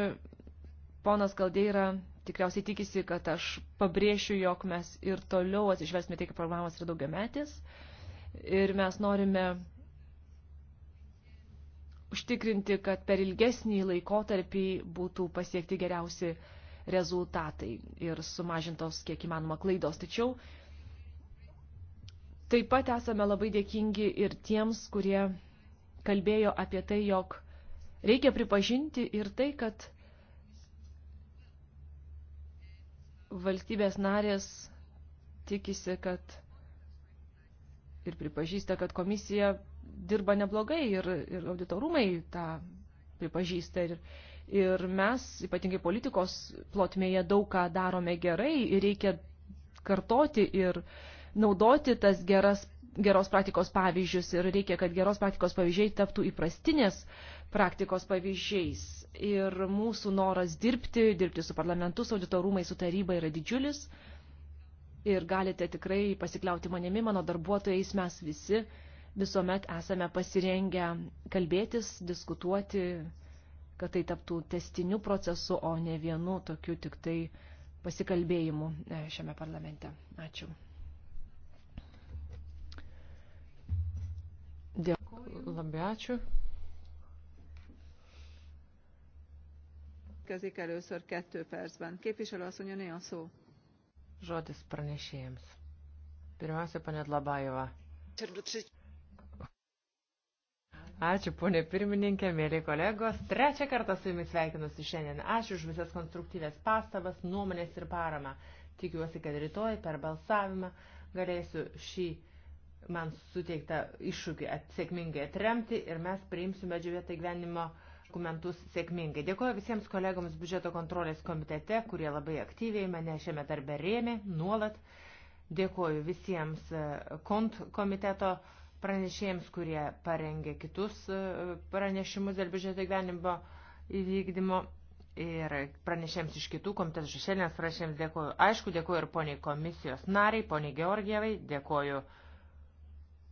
ponas Kaldeira tikriausiai tikisi, kad aš pabrėšiu, jog mes ir toliau atsižvelgsime tai, kad programos yra daugiametis. Ir mes norime užtikrinti, kad per ilgesnį laikotarpį būtų pasiekti geriausi rezultatai ir sumažintos kiek įmanoma klaidos. Tačiau taip pat esame labai dėkingi ir tiems, kurie kalbėjo apie tai, jog reikia pripažinti ir tai, kad valstybės narės tikisi, kad ir pripažįsta, kad komisija dirba neblogai ir, ir auditorumai tą pripažįsta. Ir, ir mes, ypatingai politikos plotmėje, daug ką darome gerai ir reikia kartoti ir naudoti tas geras, geros praktikos pavyzdžius ir reikia, kad geros praktikos pavyzdžiai taptų įprastinės praktikos pavyzdžiais. Ir mūsų noras dirbti, dirbti su parlamentu, su auditorumai, su taryba yra didžiulis. Ir galite tikrai pasikliauti manimi, mano darbuotojais, mes visi visuomet esame pasirengę kalbėtis, diskutuoti, kad tai taptų testiniu procesu, o ne vienu tokiu tik tai pasikalbėjimu e, šiame parlamente. Ačiū. Dėkui. Labai ačiū. Kezik először kettő percben. Képviselő asszony, öné a szó. Žodis pranešėjams. Pirmiausia, panė Dlabajeva. Ačiū, ponė pirmininkė, mėly kolegos. Trečią kartą su jumis sveikinusi šiandien. Ačiū už visas konstruktyvės pastabas, nuomonės ir paramą. Tikiuosi, kad rytoj per balsavimą galėsiu šį man suteiktą iššūkį sėkmingai atremti ir mes priimsime džiuvėtą gyvenimo dokumentus sėkmingai. Dėkuoju visiems kolegoms biudžeto kontrolės komitete, kurie labai aktyviai mane šiame darbe rėmė nuolat. Dėkuoju visiems e, kont komiteto pranešėjams, kurie parengė kitus e, pranešimus dėl biudžeto gyvenimo įvykdymo ir pranešėms iš kitų komitetų šešėlėms pranešėms dėkoju. Aišku, dėkoju ir poniai komisijos nariai, poniai Georgievai, dėkoju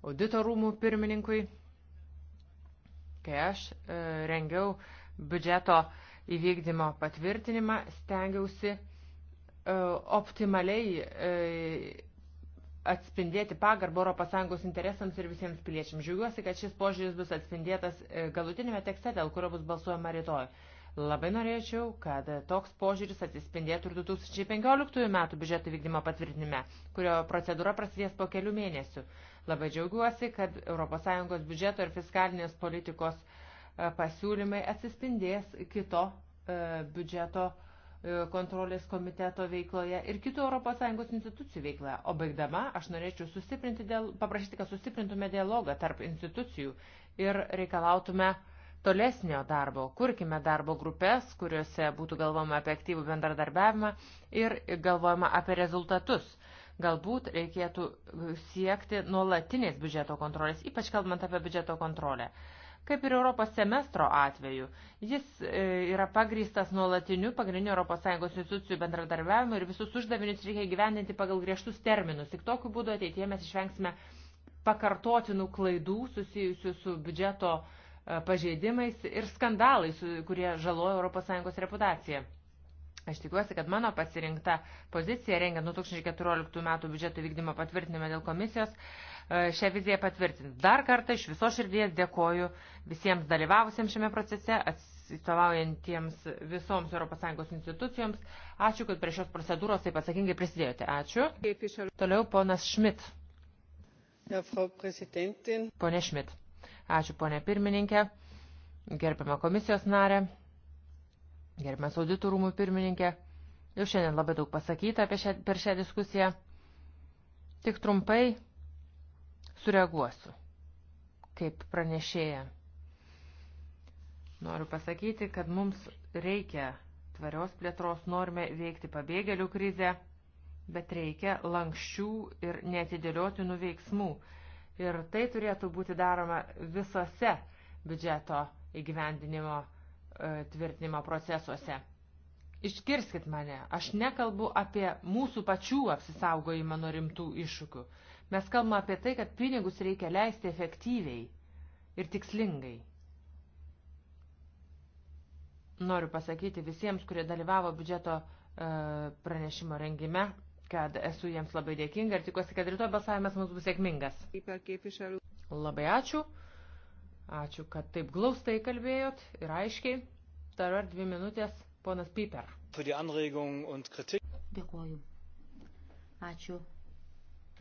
auditorumų pirmininkui, kai aš e, rengiau biudžeto įvykdymo patvirtinimą, stengiausi e, optimaliai e, atspindėti pagarbą ES interesams ir visiems piliečiams. Žiūriuosi, kad šis požiūris bus atspindėtas e, galutinėme tekste, dėl kurio bus balsuojama rytoj. Labai norėčiau, kad toks požiūris atsispindėtų ir 2015 metų biudžeto vykdymo patvirtinime, kurio procedūra prasidės po kelių mėnesių. Labai džiaugiuosi, kad ES biudžeto ir fiskalinės politikos e, pasiūlymai atsispindės kito e, biudžeto uh, E, kontrolės komiteto veikloje ir kitų ES institucijų veikloje. O baigdama, aš norėčiau sustiprinti, dėl, paprašyti, kad sustiprintume dialogą tarp institucijų ir reikalautume tolesnio darbo. Kurkime darbo grupės, kuriuose būtų galvojama apie aktyvų bendradarbiavimą ir galvojama apie rezultatus. Galbūt reikėtų siekti nuolatinės biudžeto kontrolės, ypač kalbant apie biudžeto kontrolę. Uh, kaip ir Europos semestro atveju. Jis e, yra pagrįstas nuolatiniu pagrindiniu ES institucijų bendradarbiavimu ir visus uždavinius reikia gyvendinti pagal griežtus terminus. Tik tokiu būdu ateitie mes išvengsime pakartotinų klaidų susijusių su biudžeto e, pažeidimais ir skandalais, kurie žaloja ES reputaciją. Aš tikiuosi, kad mano pasirinkta pozicija, rengiant 2014 metų biudžeto vykdymo patvirtinimą dėl komisijos, e, šią viziją patvirtint. Dar kartą iš viso širdies dėkoju visiems dalyvavusiems šiame procese, atstovaujantiems visoms ES institucijoms. Ačiū, kad prie šios procedūros taip atsakingai prisidėjote. Ačiū. Toliau ponas Šmit. Pone Šmit. Ačiū, ponė pirmininkė, gerbiama komisijos narė gerbiamas auditorumų pirmininkė, jau šiandien labai daug pasakyta apie šią, per šią diskusiją. Tik trumpai sureaguosiu, kaip pranešėja. Noriu pasakyti, kad mums reikia tvarios plėtros, norime veikti pabėgėlių krizę, bet reikia lankščių ir netidėliotinų veiksmų. Ir tai turėtų būti daroma visose biudžeto įgyvendinimo E, tvirtinimo procesuose. Iškirskit mane, aš nekalbu apie mūsų pačių apsisaugojimą nuo rimtų iššūkių. Mes kalbame apie tai, kad pinigus reikia leisti efektyviai ir tikslingai. Noriu pasakyti visiems, kurie dalyvavo biudžeto e, pranešimo rengime, kad esu jiems labai dėkinga ir tikiuosi, kad rytoj balsavimas mums bus sėkmingas. Labai ačiū. Ačiū, kad taip glaustai kalbėjot ir aiškiai. Tarar dvi minutės, ponas Piper. Dėkuoju. Ačiū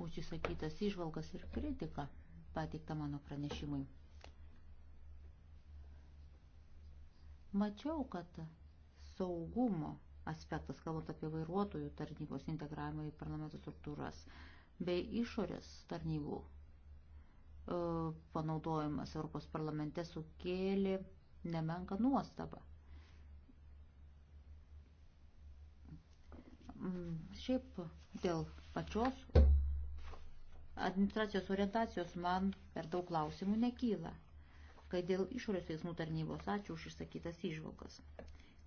už įsakytas išvalgas ir kritiką pateiktą mano pranešimui. Mačiau, kad saugumo aspektas, kalbant apie vairuotojų tarnybos integravimą į parlamento struktūras bei išorės tarnybų E, panaudojimas Europos parlamente sukėlė nemenka nuostabą. Mm, šiaip dėl pačios administracijos orientacijos man per daug klausimų nekyla. Kai dėl išorės veiksmų tarnybos ačiū už išsakytas išvalgas.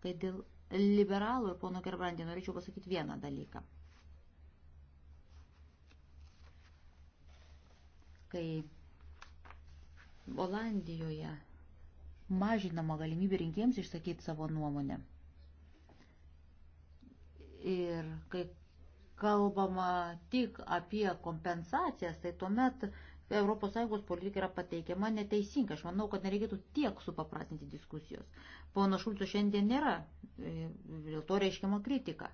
Kai dėl liberalų ir pono Gerbrandė norėčiau pasakyti vieną dalyką. Kai Olandijoje mažinama galimybė rinkėjams išsakyti savo nuomonę. Ir kai kalbama tik apie kompensacijas, tai tuomet ES politika yra pateikiama neteisinga. Aš manau, kad nereikėtų tiek supaprastinti diskusijos. Pono Šulco šiandien nėra, e, dėl to reiškiama kritika.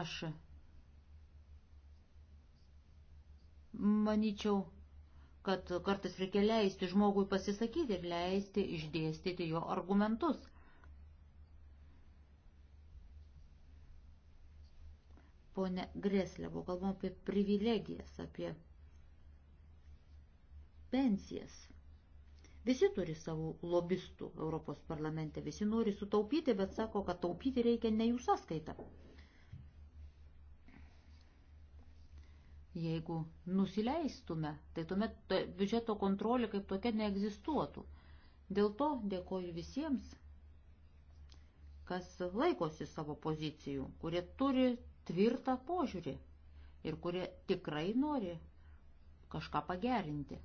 Aš Maničiau, kad kartais reikia leisti žmogui pasisakyti ir leisti išdėstyti jo argumentus. Pone Greslė, buvo kalbama apie privilegijas, apie pensijas. Visi turi savų lobistų Europos parlamente, visi nori sutaupyti, bet sako, kad taupyti reikia ne jų sąskaitą. Jeigu nusileistume, tai tuomet to, biudžeto kontrolė kaip tokia neegzistuotų. Dėl to dėkoju visiems, kas laikosi savo pozicijų, kurie turi tvirtą požiūrį ir kurie tikrai nori kažką pagerinti.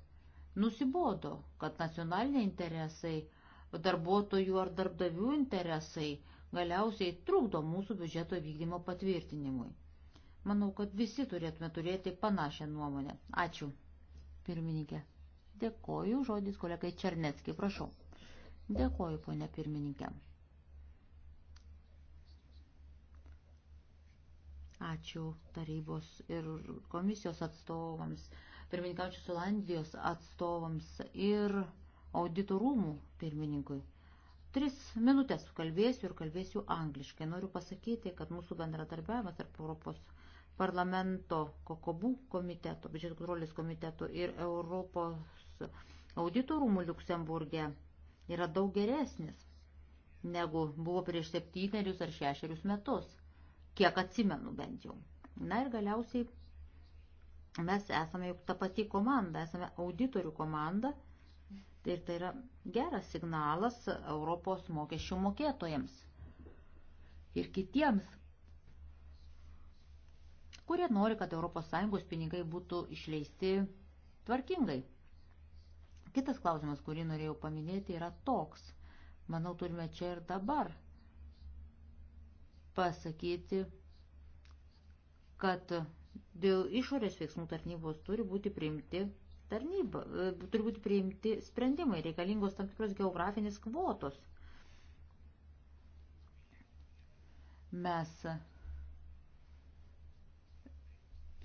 Nusibodo, kad nacionaliniai interesai, darbuotojų ar darbdavių interesai galiausiai trukdo mūsų biudžeto vykdymo patvirtinimui. Manau, kad visi turėtume turėti panašią nuomonę. Ačiū, pirmininkė. Dėkoju, žodis kolegai Černeckiai, prašau. Dėkoju, ponė pirmininkė. Ačiū tarybos ir komisijos atstovams, pirmininkaučius Olandijos atstovams ir auditorumų pirmininkui. Tris minutės kalbėsiu ir kalbėsiu angliškai. Noriu pasakyti, kad mūsų bendradarbiavimas tarp Europos parlamento kokobų komiteto, biudžeto kontrolės komiteto ir Europos auditorumų Luksemburgė yra daug geresnis negu buvo prieš septynerius ar šešerius metus, kiek atsimenu bent jau. Na ir galiausiai mes esame juk ta pati komanda, esame auditorių komanda ir tai yra geras signalas Europos mokesčių mokėtojams ir kitiems kurie nori, kad ES pinigai būtų išleisti tvarkingai. Kitas klausimas, kurį norėjau paminėti, yra toks. Manau, turime čia ir dabar pasakyti, kad dėl išorės veiksmų tarnybos turi būti priimti tarnyba, e, turi būti priimti sprendimai, reikalingos tam tikros geografinės kvotos. Mes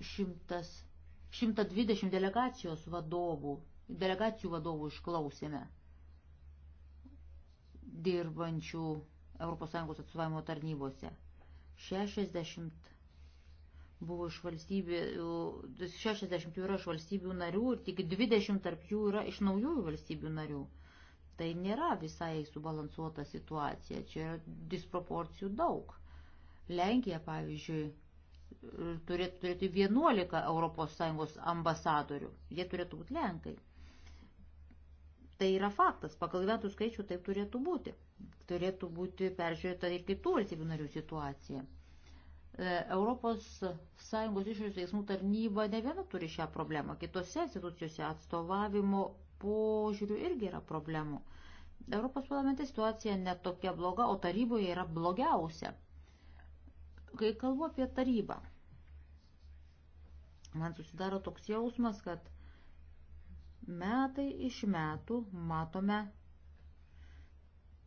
100, 120 delegacijos vadovų, delegacijų vadovų išklausėme dirbančių ES atstovavimo tarnybose. 60 buvo iš valstybių, 60 jų yra iš valstybių narių ir tik 20 tarp jų yra iš naujųjų valstybių narių. Tai nėra visai subalansuota situacija, čia yra disproporcijų daug. Lenkija, pavyzdžiui, turėtų turėti 11 ES ambasadorių. Jie turėtų būti lenkai. Tai yra faktas. Pagal gyventojų skaičių taip turėtų būti. Turėtų būti peržiūrėta ir kitų valstybių narių situacija. E, Europos Sąjungos išorės teismų tarnyba ne viena turi šią problemą. Kitose institucijose atstovavimo požiūrių irgi yra problemų. Europos parlamente situacija netokia bloga, o taryboje yra blogiausia. Kai kalbu apie tarybą, man susidaro toks jausmas, kad metai iš metų matome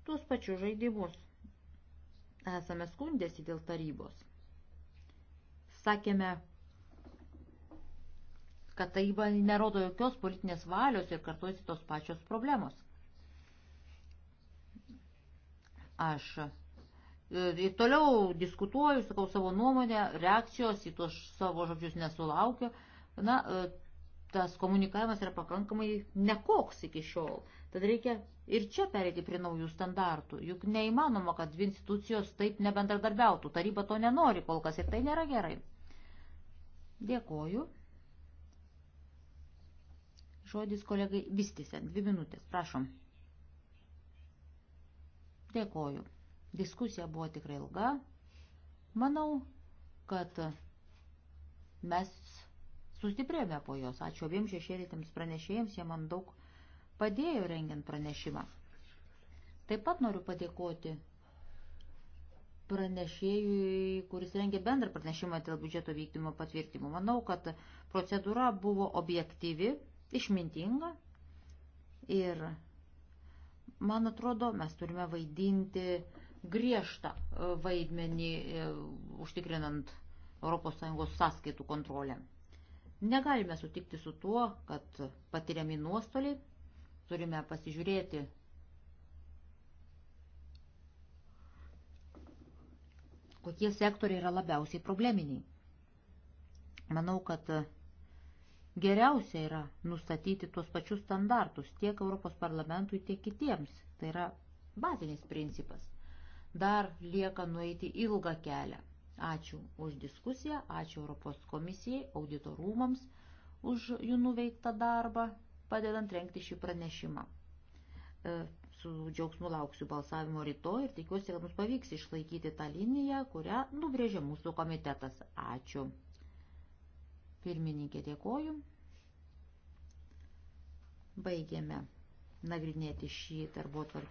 tuos pačius žaidimus. Esame skundėsi dėl tarybos. Sakėme, kad taryba nerodo jokios politinės valios ir kartuosi tos pačios problemos. Aš E, ir toliau diskutuoju, sakau savo nuomonę, reakcijos į tuos savo žodžius nesulaukiu. Na, e, tas komunikavimas yra pakankamai nekoks iki šiol. Tad reikia ir čia perėti prie naujų standartų. Juk neįmanoma, kad dvi institucijos taip nebendradarbiautų. Taryba to nenori kol kas ir tai nėra gerai. Dėkoju. Žodis kolegai Vistisen. Dvi minutės. Prašom. Dėkoju. Diskusija buvo tikrai ilga. Manau, kad mes sustiprėjome po jos. Ačiū abiems šešėlytėms pranešėjams, jie man daug padėjo rengiant pranešimą. Taip pat noriu padėkoti pranešėjui, kuris rengė bendrą pranešimą dėl biudžeto vykdymo patvirtimų. Manau, kad procedūra buvo objektyvi, išmintinga ir, man atrodo, mes turime vaidinti griežtą e, vaidmenį e, užtikrinant ES sąskaitų kontrolę. Negalime sutikti su tuo, kad patiriami nuostoliai, turime pasižiūrėti, kokie sektoriai yra labiausiai probleminiai. Manau, kad geriausia yra nustatyti tuos pačius standartus tiek Europos parlamentui, tiek kitiems. Tai yra bazinis principas dar lieka nueiti ilgą kelią. Ačiū už diskusiją, ačiū Europos komisijai, auditorumams už jų nuveiktą darbą, padedant renkti šį pranešimą. E, su džiaugsmu lauksiu balsavimo rytoj ir tikiuosi, kad mums pavyks išlaikyti tą liniją, kurią nubrėžė mūsų komitetas. Ačiū. Pirmininkė dėkoju. Baigėme nagrinėti šį darbo tvarkės.